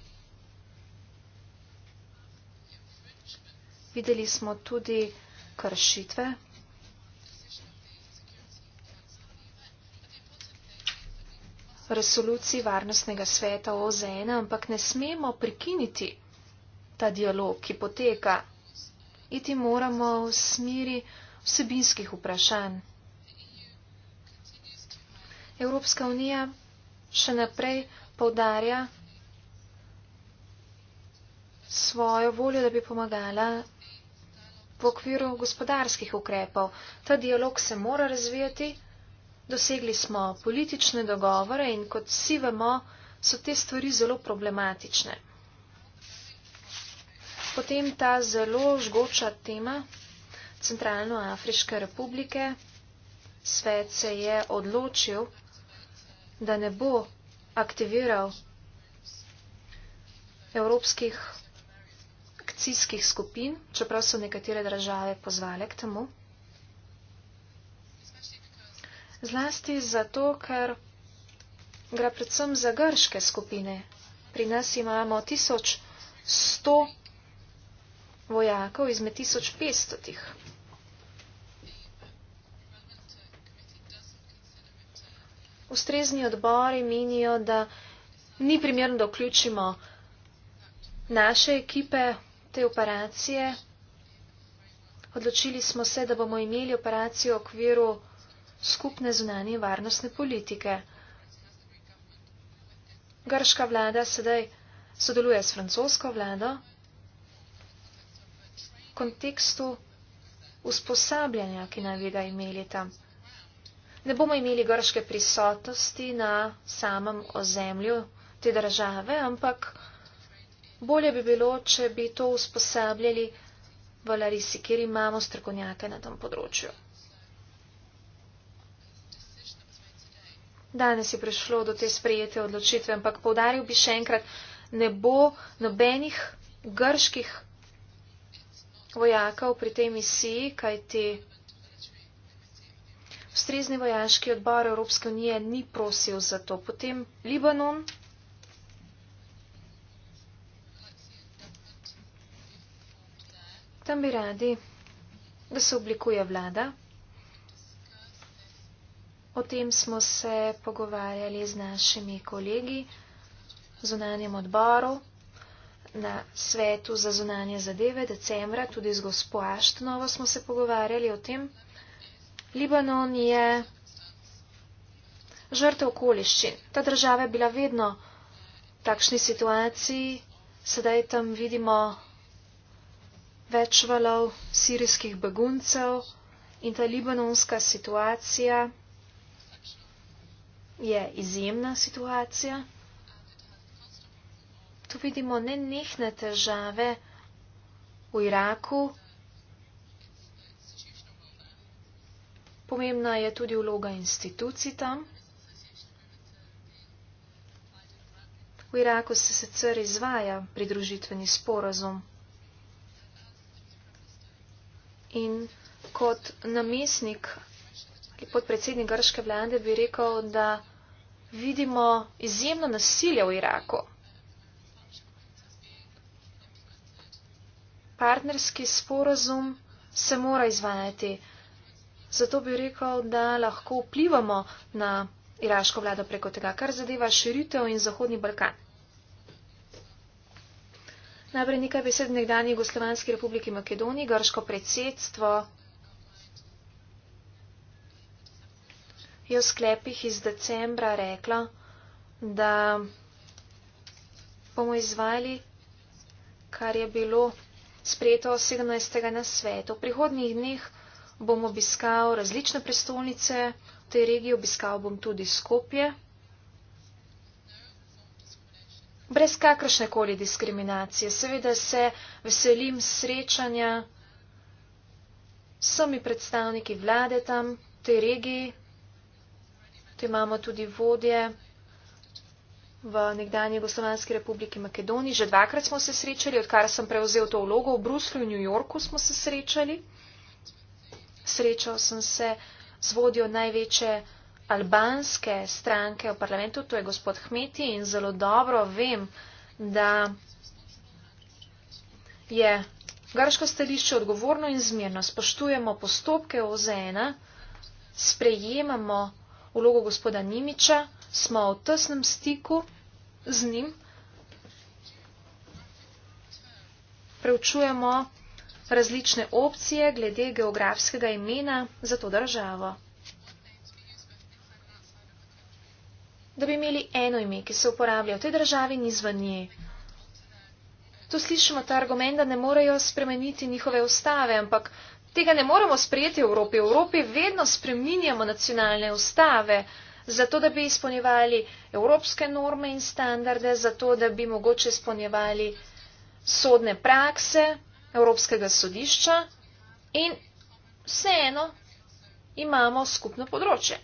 Videli smo tudi kršitve. resoluciji Varnostnega sveta OZN, ampak ne smemo prikiniti ta dialog, ki poteka. Iti moramo v smeri vsebinskih vprašanj. Evropska unija še naprej povdarja svojo voljo, da bi pomagala v okviru gospodarskih ukrepov. Ta dialog se mora razvijati. Dosegli smo politične dogovore in kot vsi vemo, so te stvari zelo problematične. Potem ta zelo žgoča tema Centralno-Afriške republike. Svet se je odločil da ne bo aktiviral evropskih akcijskih skupin, čeprav so nekatere države pozvale k temu. Zlasti zato, ker gre predvsem za grške skupine. Pri nas imamo 1100 vojakov izmed 1500. ustrezni odbori menijo, da ni primerno, da vključimo naše ekipe te operacije. Odločili smo se, da bomo imeli operacijo v okviru skupne zunanje varnostne politike. Grška vlada sedaj sodeluje s francosko vlado v kontekstu usposabljanja, ki naj bi ga imeli tam ne bomo imeli grške prisotnosti na samem ozemlju te države, ampak bolje bi bilo, če bi to usposabljali v Larisi, kjer imamo strokovnjake na tem področju. Danes je prišlo do te sprejete odločitve, ampak povdaril bi še enkrat, ne bo nobenih grških vojakov pri tej misiji, kajti ustrezni vojaški odbor Evropske unije ni prosil za to. Potem Libanon. Tam bi radi, da se oblikuje vlada. O tem smo se pogovarjali z našimi kolegi v zunanjem odboru na svetu za zunanje zadeve decembra, tudi z gospo Aštnovo smo se pogovarjali o tem. Libanon je žrtev okoliščin. Ta država je bila vedno v takšni situaciji, sedaj tam vidimo več valov sirijskih beguncev in ta libanonska situacija je izjemna situacija. Tu vidimo nenehne težave v Iraku, Pomembna je tudi vloga institucij tam. V Iraku se sicer izvaja pridružitveni sporazum in kot namestnik ali podpredsednik grške vlade bi rekel, da vidimo izjemno nasilje v Iraku. Partnerski sporazum se mora izvajati. Zato bi rekel, da lahko vplivamo na iraško vlado preko tega, kar zadeva širitev in Zahodni Balkan. Najprej nekaj besed nekdani Jugoslovanski republiki Makedoniji, grško predsedstvo je v sklepih iz decembra reklo, da bomo izvajali, kar je bilo sprejeto 17. na svetu. V prihodnjih dneh bom obiskal različne prestolnice v tej regiji, obiskal bom tudi Skopje. Brez kakršne koli diskriminacije. Seveda se veselim srečanja s vsemi predstavniki vlade tam, v tej regiji. Tu imamo tudi vodje v nekdanji Jugoslovanski republiki Makedoniji. Že dvakrat smo se srečali, odkar sem prevzel to vlogo. V Bruslju in New Yorku smo se srečali srečal sem se z vodjo največje albanske stranke v parlamentu, to je gospod Hmeti in zelo dobro vem, da je Garško stališče odgovorno in zmirno. Spoštujemo postopke OZN, sprejemamo vlogo gospoda Nimiča, smo v tesnem stiku z njim, preučujemo različne opcije glede geografskega imena za to državo. Da bi imeli eno ime, ki se uporablja v tej državi in izven nje. Tu slišimo ta argument, da ne morejo spremeniti njihove ustave, ampak tega ne moremo sprejeti v Evropi. V Evropi vedno spreminjamo nacionalne ustave, zato da bi izpolnjevali evropske norme in standarde, zato da bi mogoče izpolnjevali sodne prakse, Evropskega sodišča in vseeno imamo skupno področje.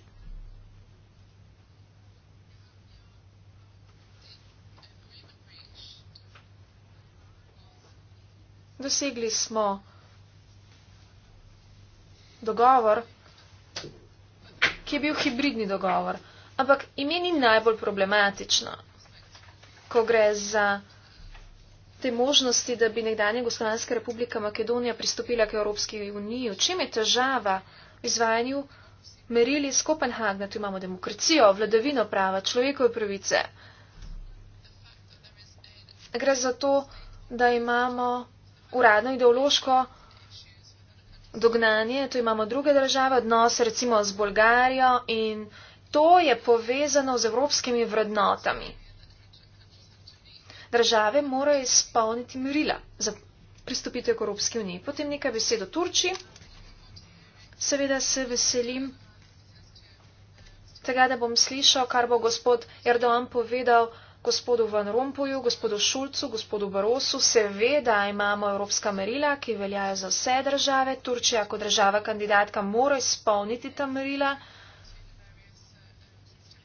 Dosegli smo dogovor, ki je bil hibridni dogovor, ampak imeni najbolj problematično, ko gre za te možnosti, da bi nekdanja Jugoslovanska republika Makedonija pristopila k Evropski uniji. V čem je težava v izvajanju meril iz Kopenhagna? Tu imamo demokracijo, vladavino prava, človekove pravice. Gre za to, da imamo uradno ideološko dognanje, tu imamo druge države, odnose recimo z Bolgarijo in to je povezano z evropskimi vrednotami države morajo izpolniti merila za pristopitev k Evropski uniji. Potem nekaj besed o Turčiji. Seveda se veselim tega, da bom slišal, kar bo gospod Erdoğan povedal gospodu Van Rompuju, gospodu Šulcu, gospodu Barosu. Seveda imamo evropska merila, ki veljajo za vse države. Turčija kot država kandidatka mora izpolniti ta merila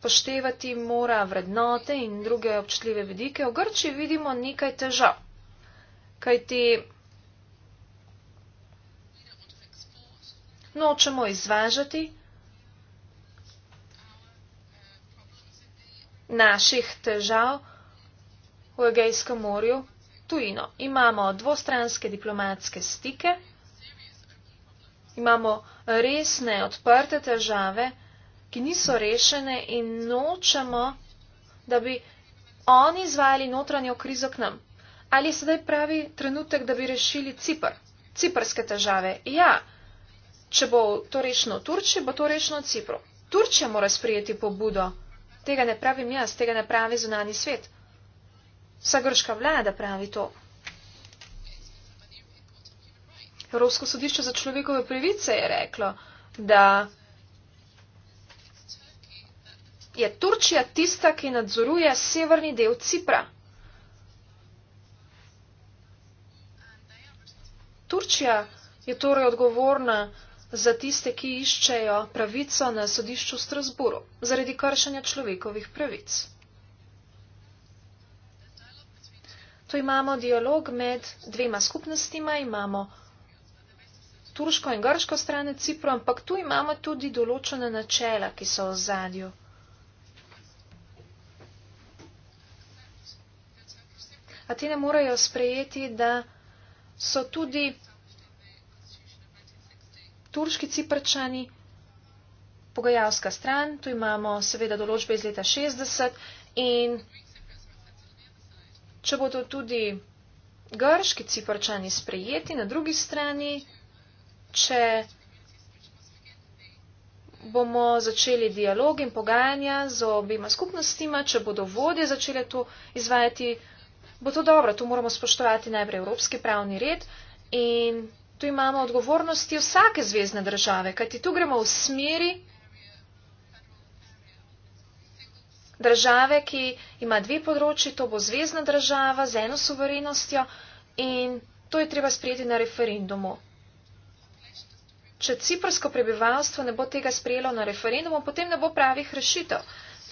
upoštevati mora vrednote in druge občutljive vidike, v Grči vidimo nekaj težav. Kajti nočemo izvažati naših težav v Egejskem morju tujino. Imamo dvostranske diplomatske stike, imamo resne odprte težave, ki niso rešene in nočemo, da bi oni izvajali notranjo krizo k nam. Ali je sedaj pravi trenutek, da bi rešili Cipr, ciprske težave? Ja, če bo to rešeno Turčji, bo to rešeno Cipru. Turčja mora sprijeti pobudo. Tega ne pravim jaz, tega ne pravi zunani svet. Vsa grška vlada pravi to. Evropsko sodišče za človekove pravice je reklo, da je Turčija tista, ki nadzoruje severni del Cipra. Turčija je torej odgovorna za tiste, ki iščejo pravico na sodišču v Strasburu zaradi kršenja človekovih pravic. Tu imamo dialog med dvema skupnostima, imamo turško in grško stran Cipra, ampak tu imamo tudi določene načela, ki so v zadju. a ti ne morejo sprejeti, da so tudi turški ciprčani pogajalska stran. Tu imamo seveda določbe iz leta 60 in če bodo tudi grški ciprčani sprejeti na drugi strani, če bomo začeli dialog in pogajanja z obima skupnostima, če bodo vodje začele to izvajati bo to dobro, tu moramo spoštovati najprej evropski pravni red in tu imamo odgovornosti vsake zvezdne države, kajti tu gremo v smeri države, ki ima dve področji, to bo zvezdna država z eno suverenostjo in to je treba sprejeti na referendumu. Če ciprsko prebivalstvo ne bo tega sprejelo na referendumu, potem ne bo pravih rešitev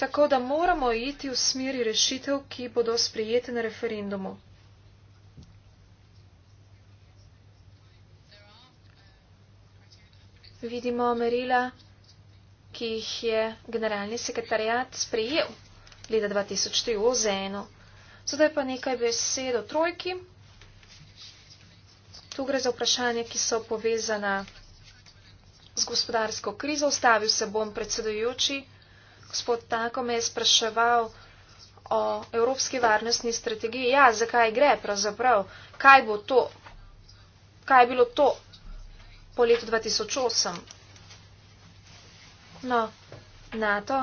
tako da moramo iti v smeri rešitev, ki bodo sprijete na referendumu. Vidimo merila, ki jih je generalni sekretarjat sprijel leta 2003 v OZN-u. Zdaj pa nekaj besed o trojki. Tu gre za vprašanje, ki so povezana z gospodarsko krizo. Ostavil se bom predsedujoči. Gospod Tanko me je spraševal o evropski varnostni strategiji. Ja, zakaj gre pravzaprav? Kaj bo to? Kaj je bilo to po letu 2008? No, NATO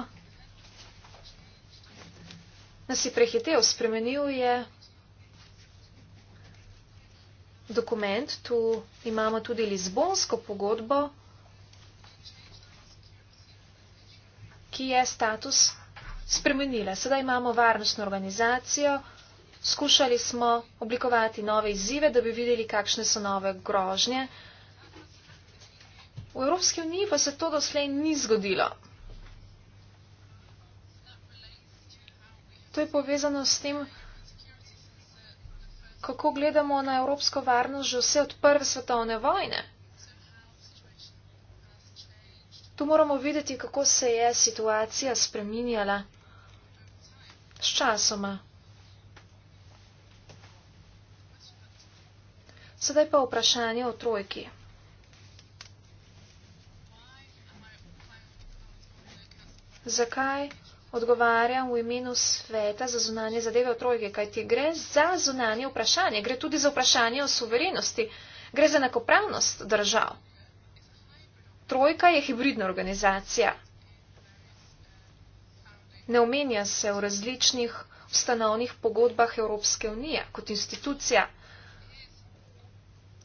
nas je prehitev, spremenil je dokument. Tu imamo tudi Lizbonsko pogodbo. ki je status spremenila. Sedaj imamo varnostno organizacijo, skušali smo oblikovati nove izzive, da bi videli, kakšne so nove grožnje. V Evropski uniji pa se to doslej ni zgodilo. To je povezano s tem, kako gledamo na evropsko varnost že vse od prve svetovne vojne. Tu moramo videti, kako se je situacija spreminjala s časoma. Sedaj pa vprašanje o trojki. Zakaj odgovarjam v imenu sveta za zunanje zadeve o trojki? Kaj ti gre za zunanje vprašanje? Gre tudi za vprašanje o suverenosti. Gre za enakopravnost držav. Trojka je hibridna organizacija. Ne omenja se v različnih ustanovnih pogodbah Evropske unije kot institucija.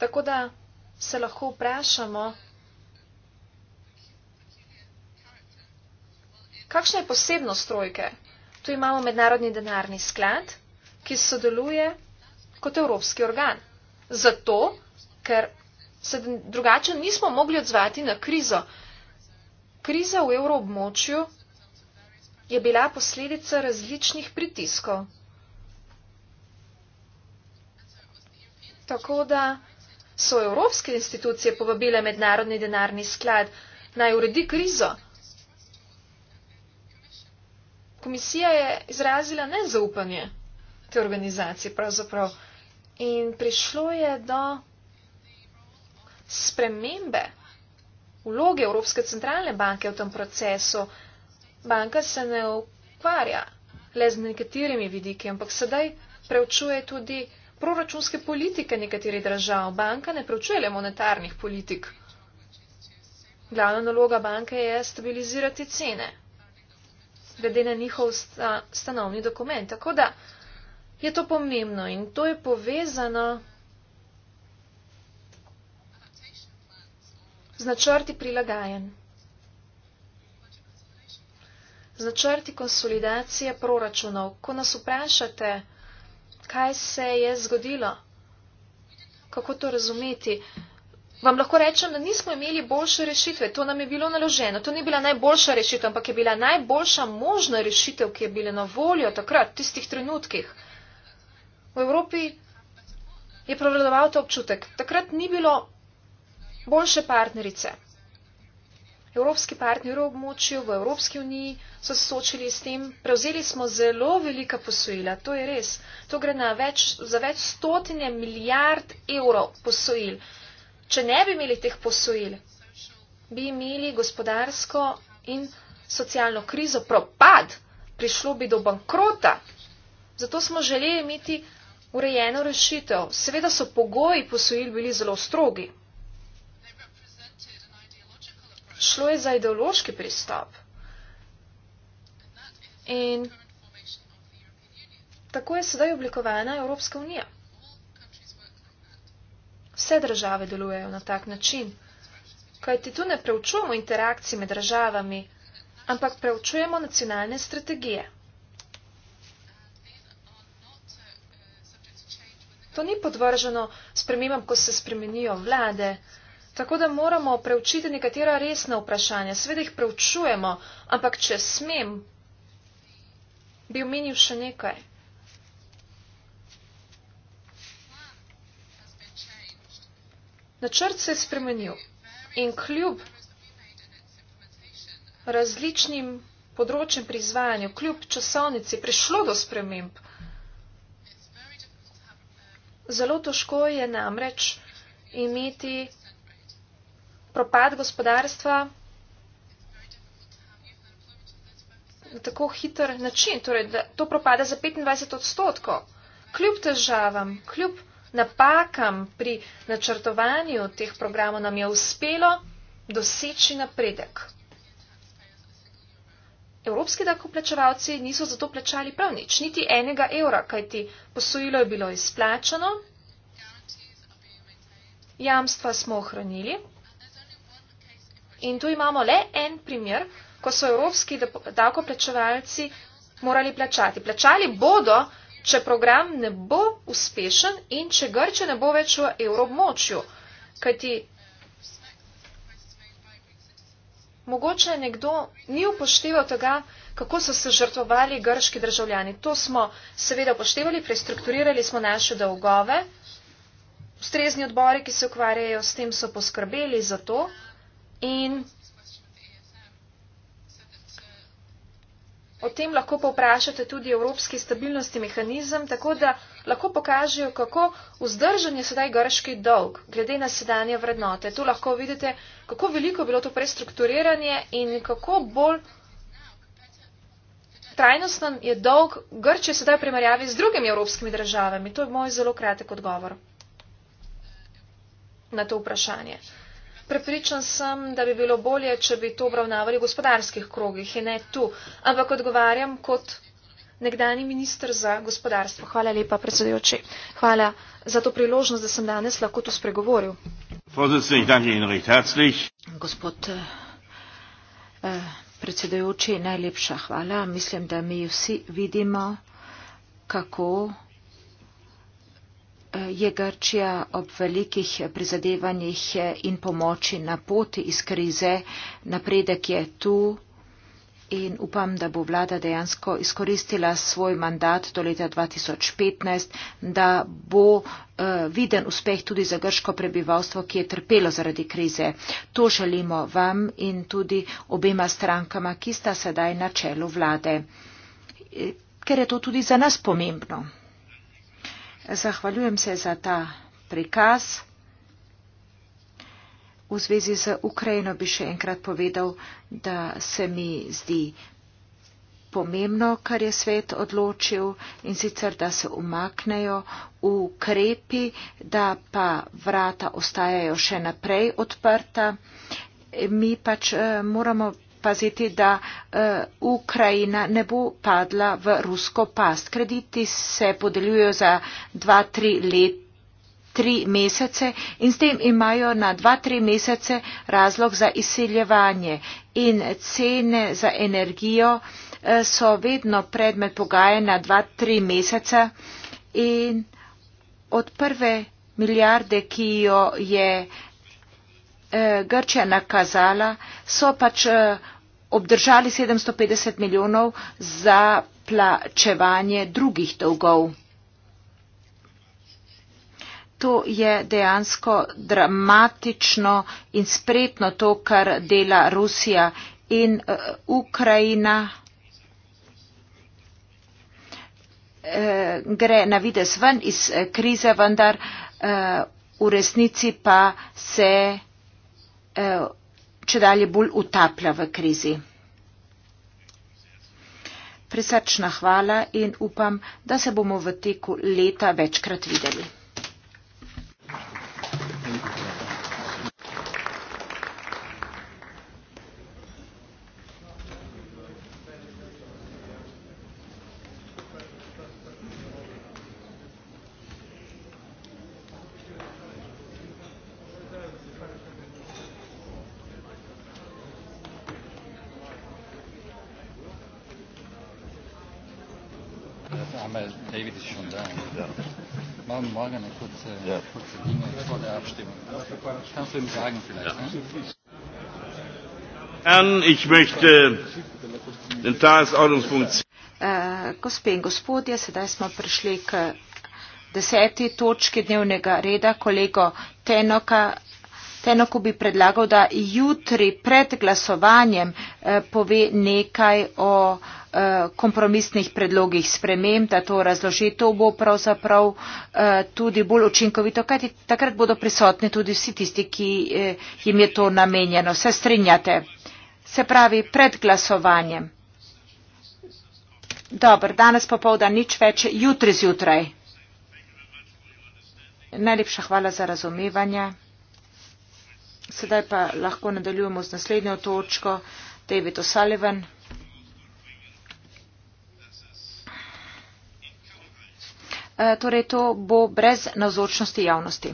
Tako da se lahko vprašamo, kakšna je posebnost trojke. Tu imamo mednarodni denarni sklad, ki sodeluje kot evropski organ. Zato, ker se drugače nismo mogli odzvati na krizo. Kriza v evroobmočju je bila posledica različnih pritiskov. Tako da so evropske institucije povabile mednarodni denarni sklad naj uredi krizo. Komisija je izrazila nezaupanje te organizacije pravzaprav in prišlo je do spremembe vloge Evropske centralne banke v tem procesu. Banka se ne ukvarja le z nekaterimi vidiki, ampak sedaj preučuje tudi proračunske politike nekaterih držav. Banka ne preučuje le monetarnih politik. Glavna naloga banke je stabilizirati cene, glede na njihov sta, stanovni dokument. Tako da je to pomembno in to je povezano. z načrti prilagajen. Z načrti konsolidacije proračunov. Ko nas vprašate, kaj se je zgodilo, kako to razumeti, vam lahko rečem, da nismo imeli boljše rešitve. To nam je bilo naloženo. To ni bila najboljša rešitev, ampak je bila najboljša možna rešitev, ki je bila na voljo takrat, v tistih trenutkih. V Evropi je prevladoval ta občutek. Takrat ni bilo boljše partnerice. Evropski partneri v območju, v Evropski uniji so se soočili s tem, prevzeli smo zelo velika posojila, to je res. To gre na več, za več stotine milijard evrov posojil. Če ne bi imeli teh posojil, bi imeli gospodarsko in socialno krizo, propad, prišlo bi do bankrota. Zato smo želeli imeti urejeno rešitev. Seveda so pogoji posojil bili zelo strogi šlo je za ideološki pristop. In tako je sedaj oblikovana Evropska unija. Vse države delujejo na tak način, kajti tu ne preučujemo interakcij med državami, ampak preučujemo nacionalne strategije. To ni podvrženo spremembam, ko se spremenijo vlade, Tako da moramo preučiti nekatera resna vprašanja. Sveda jih preučujemo, ampak če smem, bi omenil še nekaj. Načrt se je spremenil in kljub različnim področjem pri izvajanju, kljub časovnici, prišlo do sprememb. Zelo težko je namreč imeti propad gospodarstva na tako hiter način, torej da to propada za 25 odstotkov. Kljub težavam, kljub napakam pri načrtovanju teh programov nam je uspelo doseči napredek. Evropski dakoplačevalci niso zato plačali prav nič, niti enega evra, kajti posojilo je bilo izplačano, jamstva smo ohranili. In tu imamo le en primer, ko so evropski davkoplačevalci morali plačati. Plačali bodo, če program ne bo uspešen in če Grče ne bo več v evrobmočju. Kajti mogoče nekdo ni upošteval tega, kako so se žrtvovali grški državljani. To smo seveda upoštevali, prestrukturirali smo naše dolgove. Strezni odbori, ki se ukvarjajo s tem, so poskrbeli za to. In o tem lahko povprašate tudi Evropski stabilnostni mehanizem, tako da lahko pokažejo, kako vzdržen je sedaj grški dolg, glede na sedanje vrednote. Tu lahko vidite, kako veliko je bilo to prestrukturiranje in kako bolj trajnostan je dolg Grčije sedaj v primerjavi z drugimi evropskimi državami. To je moj zelo kratek odgovor na to vprašanje. Prepričan sem, da bi bilo bolje, če bi to obravnavali v gospodarskih krogih in ne tu. Ampak odgovarjam kot nekdani minister za gospodarstvo. Hvala lepa, predsedujoči. Hvala za to priložnost, da sem danes lahko tu spregovoril. Gospod eh, eh, predsedujoči, najlepša hvala. Mislim, da mi vsi vidimo, kako je Grčija ob velikih prizadevanjih in pomoči na poti iz krize. Napredek je tu in upam, da bo vlada dejansko izkoristila svoj mandat do leta 2015, da bo eh, viden uspeh tudi za grško prebivalstvo, ki je trpelo zaradi krize. To želimo vam in tudi obema strankama, ki sta sedaj na čelu vlade eh, ker je to tudi za nas pomembno. Zahvaljujem se za ta prikaz. V zvezi z Ukrajino bi še enkrat povedal, da se mi zdi pomembno, kar je svet odločil in sicer, da se umaknejo ukrepi, da pa vrata ostajajo še naprej odprta. Mi pač eh, moramo paziti, da uh, Ukrajina ne bo padla v rusko past. Krediti se podeljujejo za 2-3 let. Tri mesece in s tem imajo na dva, tri mesece razlog za izseljevanje. In cene za energijo eh, so vedno predmet pogajanja dva, tri mesece in od prve milijarde, ki jo je eh, Grčija nakazala, so pač obdržali sedemsto petdeset milijonov za plačevanje drugih dolgov. To je dejansko dramatično in spretno to, kar dela Rusija in uh, Ukrajina. Eh, gre na vides ven iz eh, krize, vendar uh, v resnici pa se uh, če dalje bolj utaplja v krizi. Prisrčna hvala in upam, da se bomo v teku leta večkrat videli. Herrn morgen eine kurze, ja. kurze Dinge vor der Abstimmung. Das kannst du ihm sagen vielleicht? Ja. Ne? Herren, ich möchte den Tagesordnungspunkt. Äh, Gospe in Gospodje, sedaj smo prišli k deseti točki dnevnega reda. Kolego Tenoka Fenoku bi predlagal, da jutri pred glasovanjem eh, pove nekaj o eh, kompromisnih predlogih sprememb, da to razloži. To bo pravzaprav eh, tudi bolj učinkovito, kajti takrat bodo prisotni tudi vsi tisti, ki jim je to namenjeno. Se strinjate? Se pravi, pred glasovanjem. Dobar, danes popovdan nič več, jutri zjutraj. Najlepša hvala za razumevanje. Sedaj pa lahko nadaljujemo z naslednjo točko. David O'Sullivan. E, torej, to bo brez navzočnosti javnosti.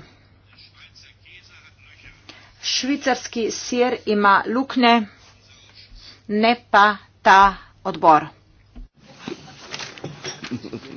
Švicarski sir ima lukne, ne pa ta odbor. Thank you.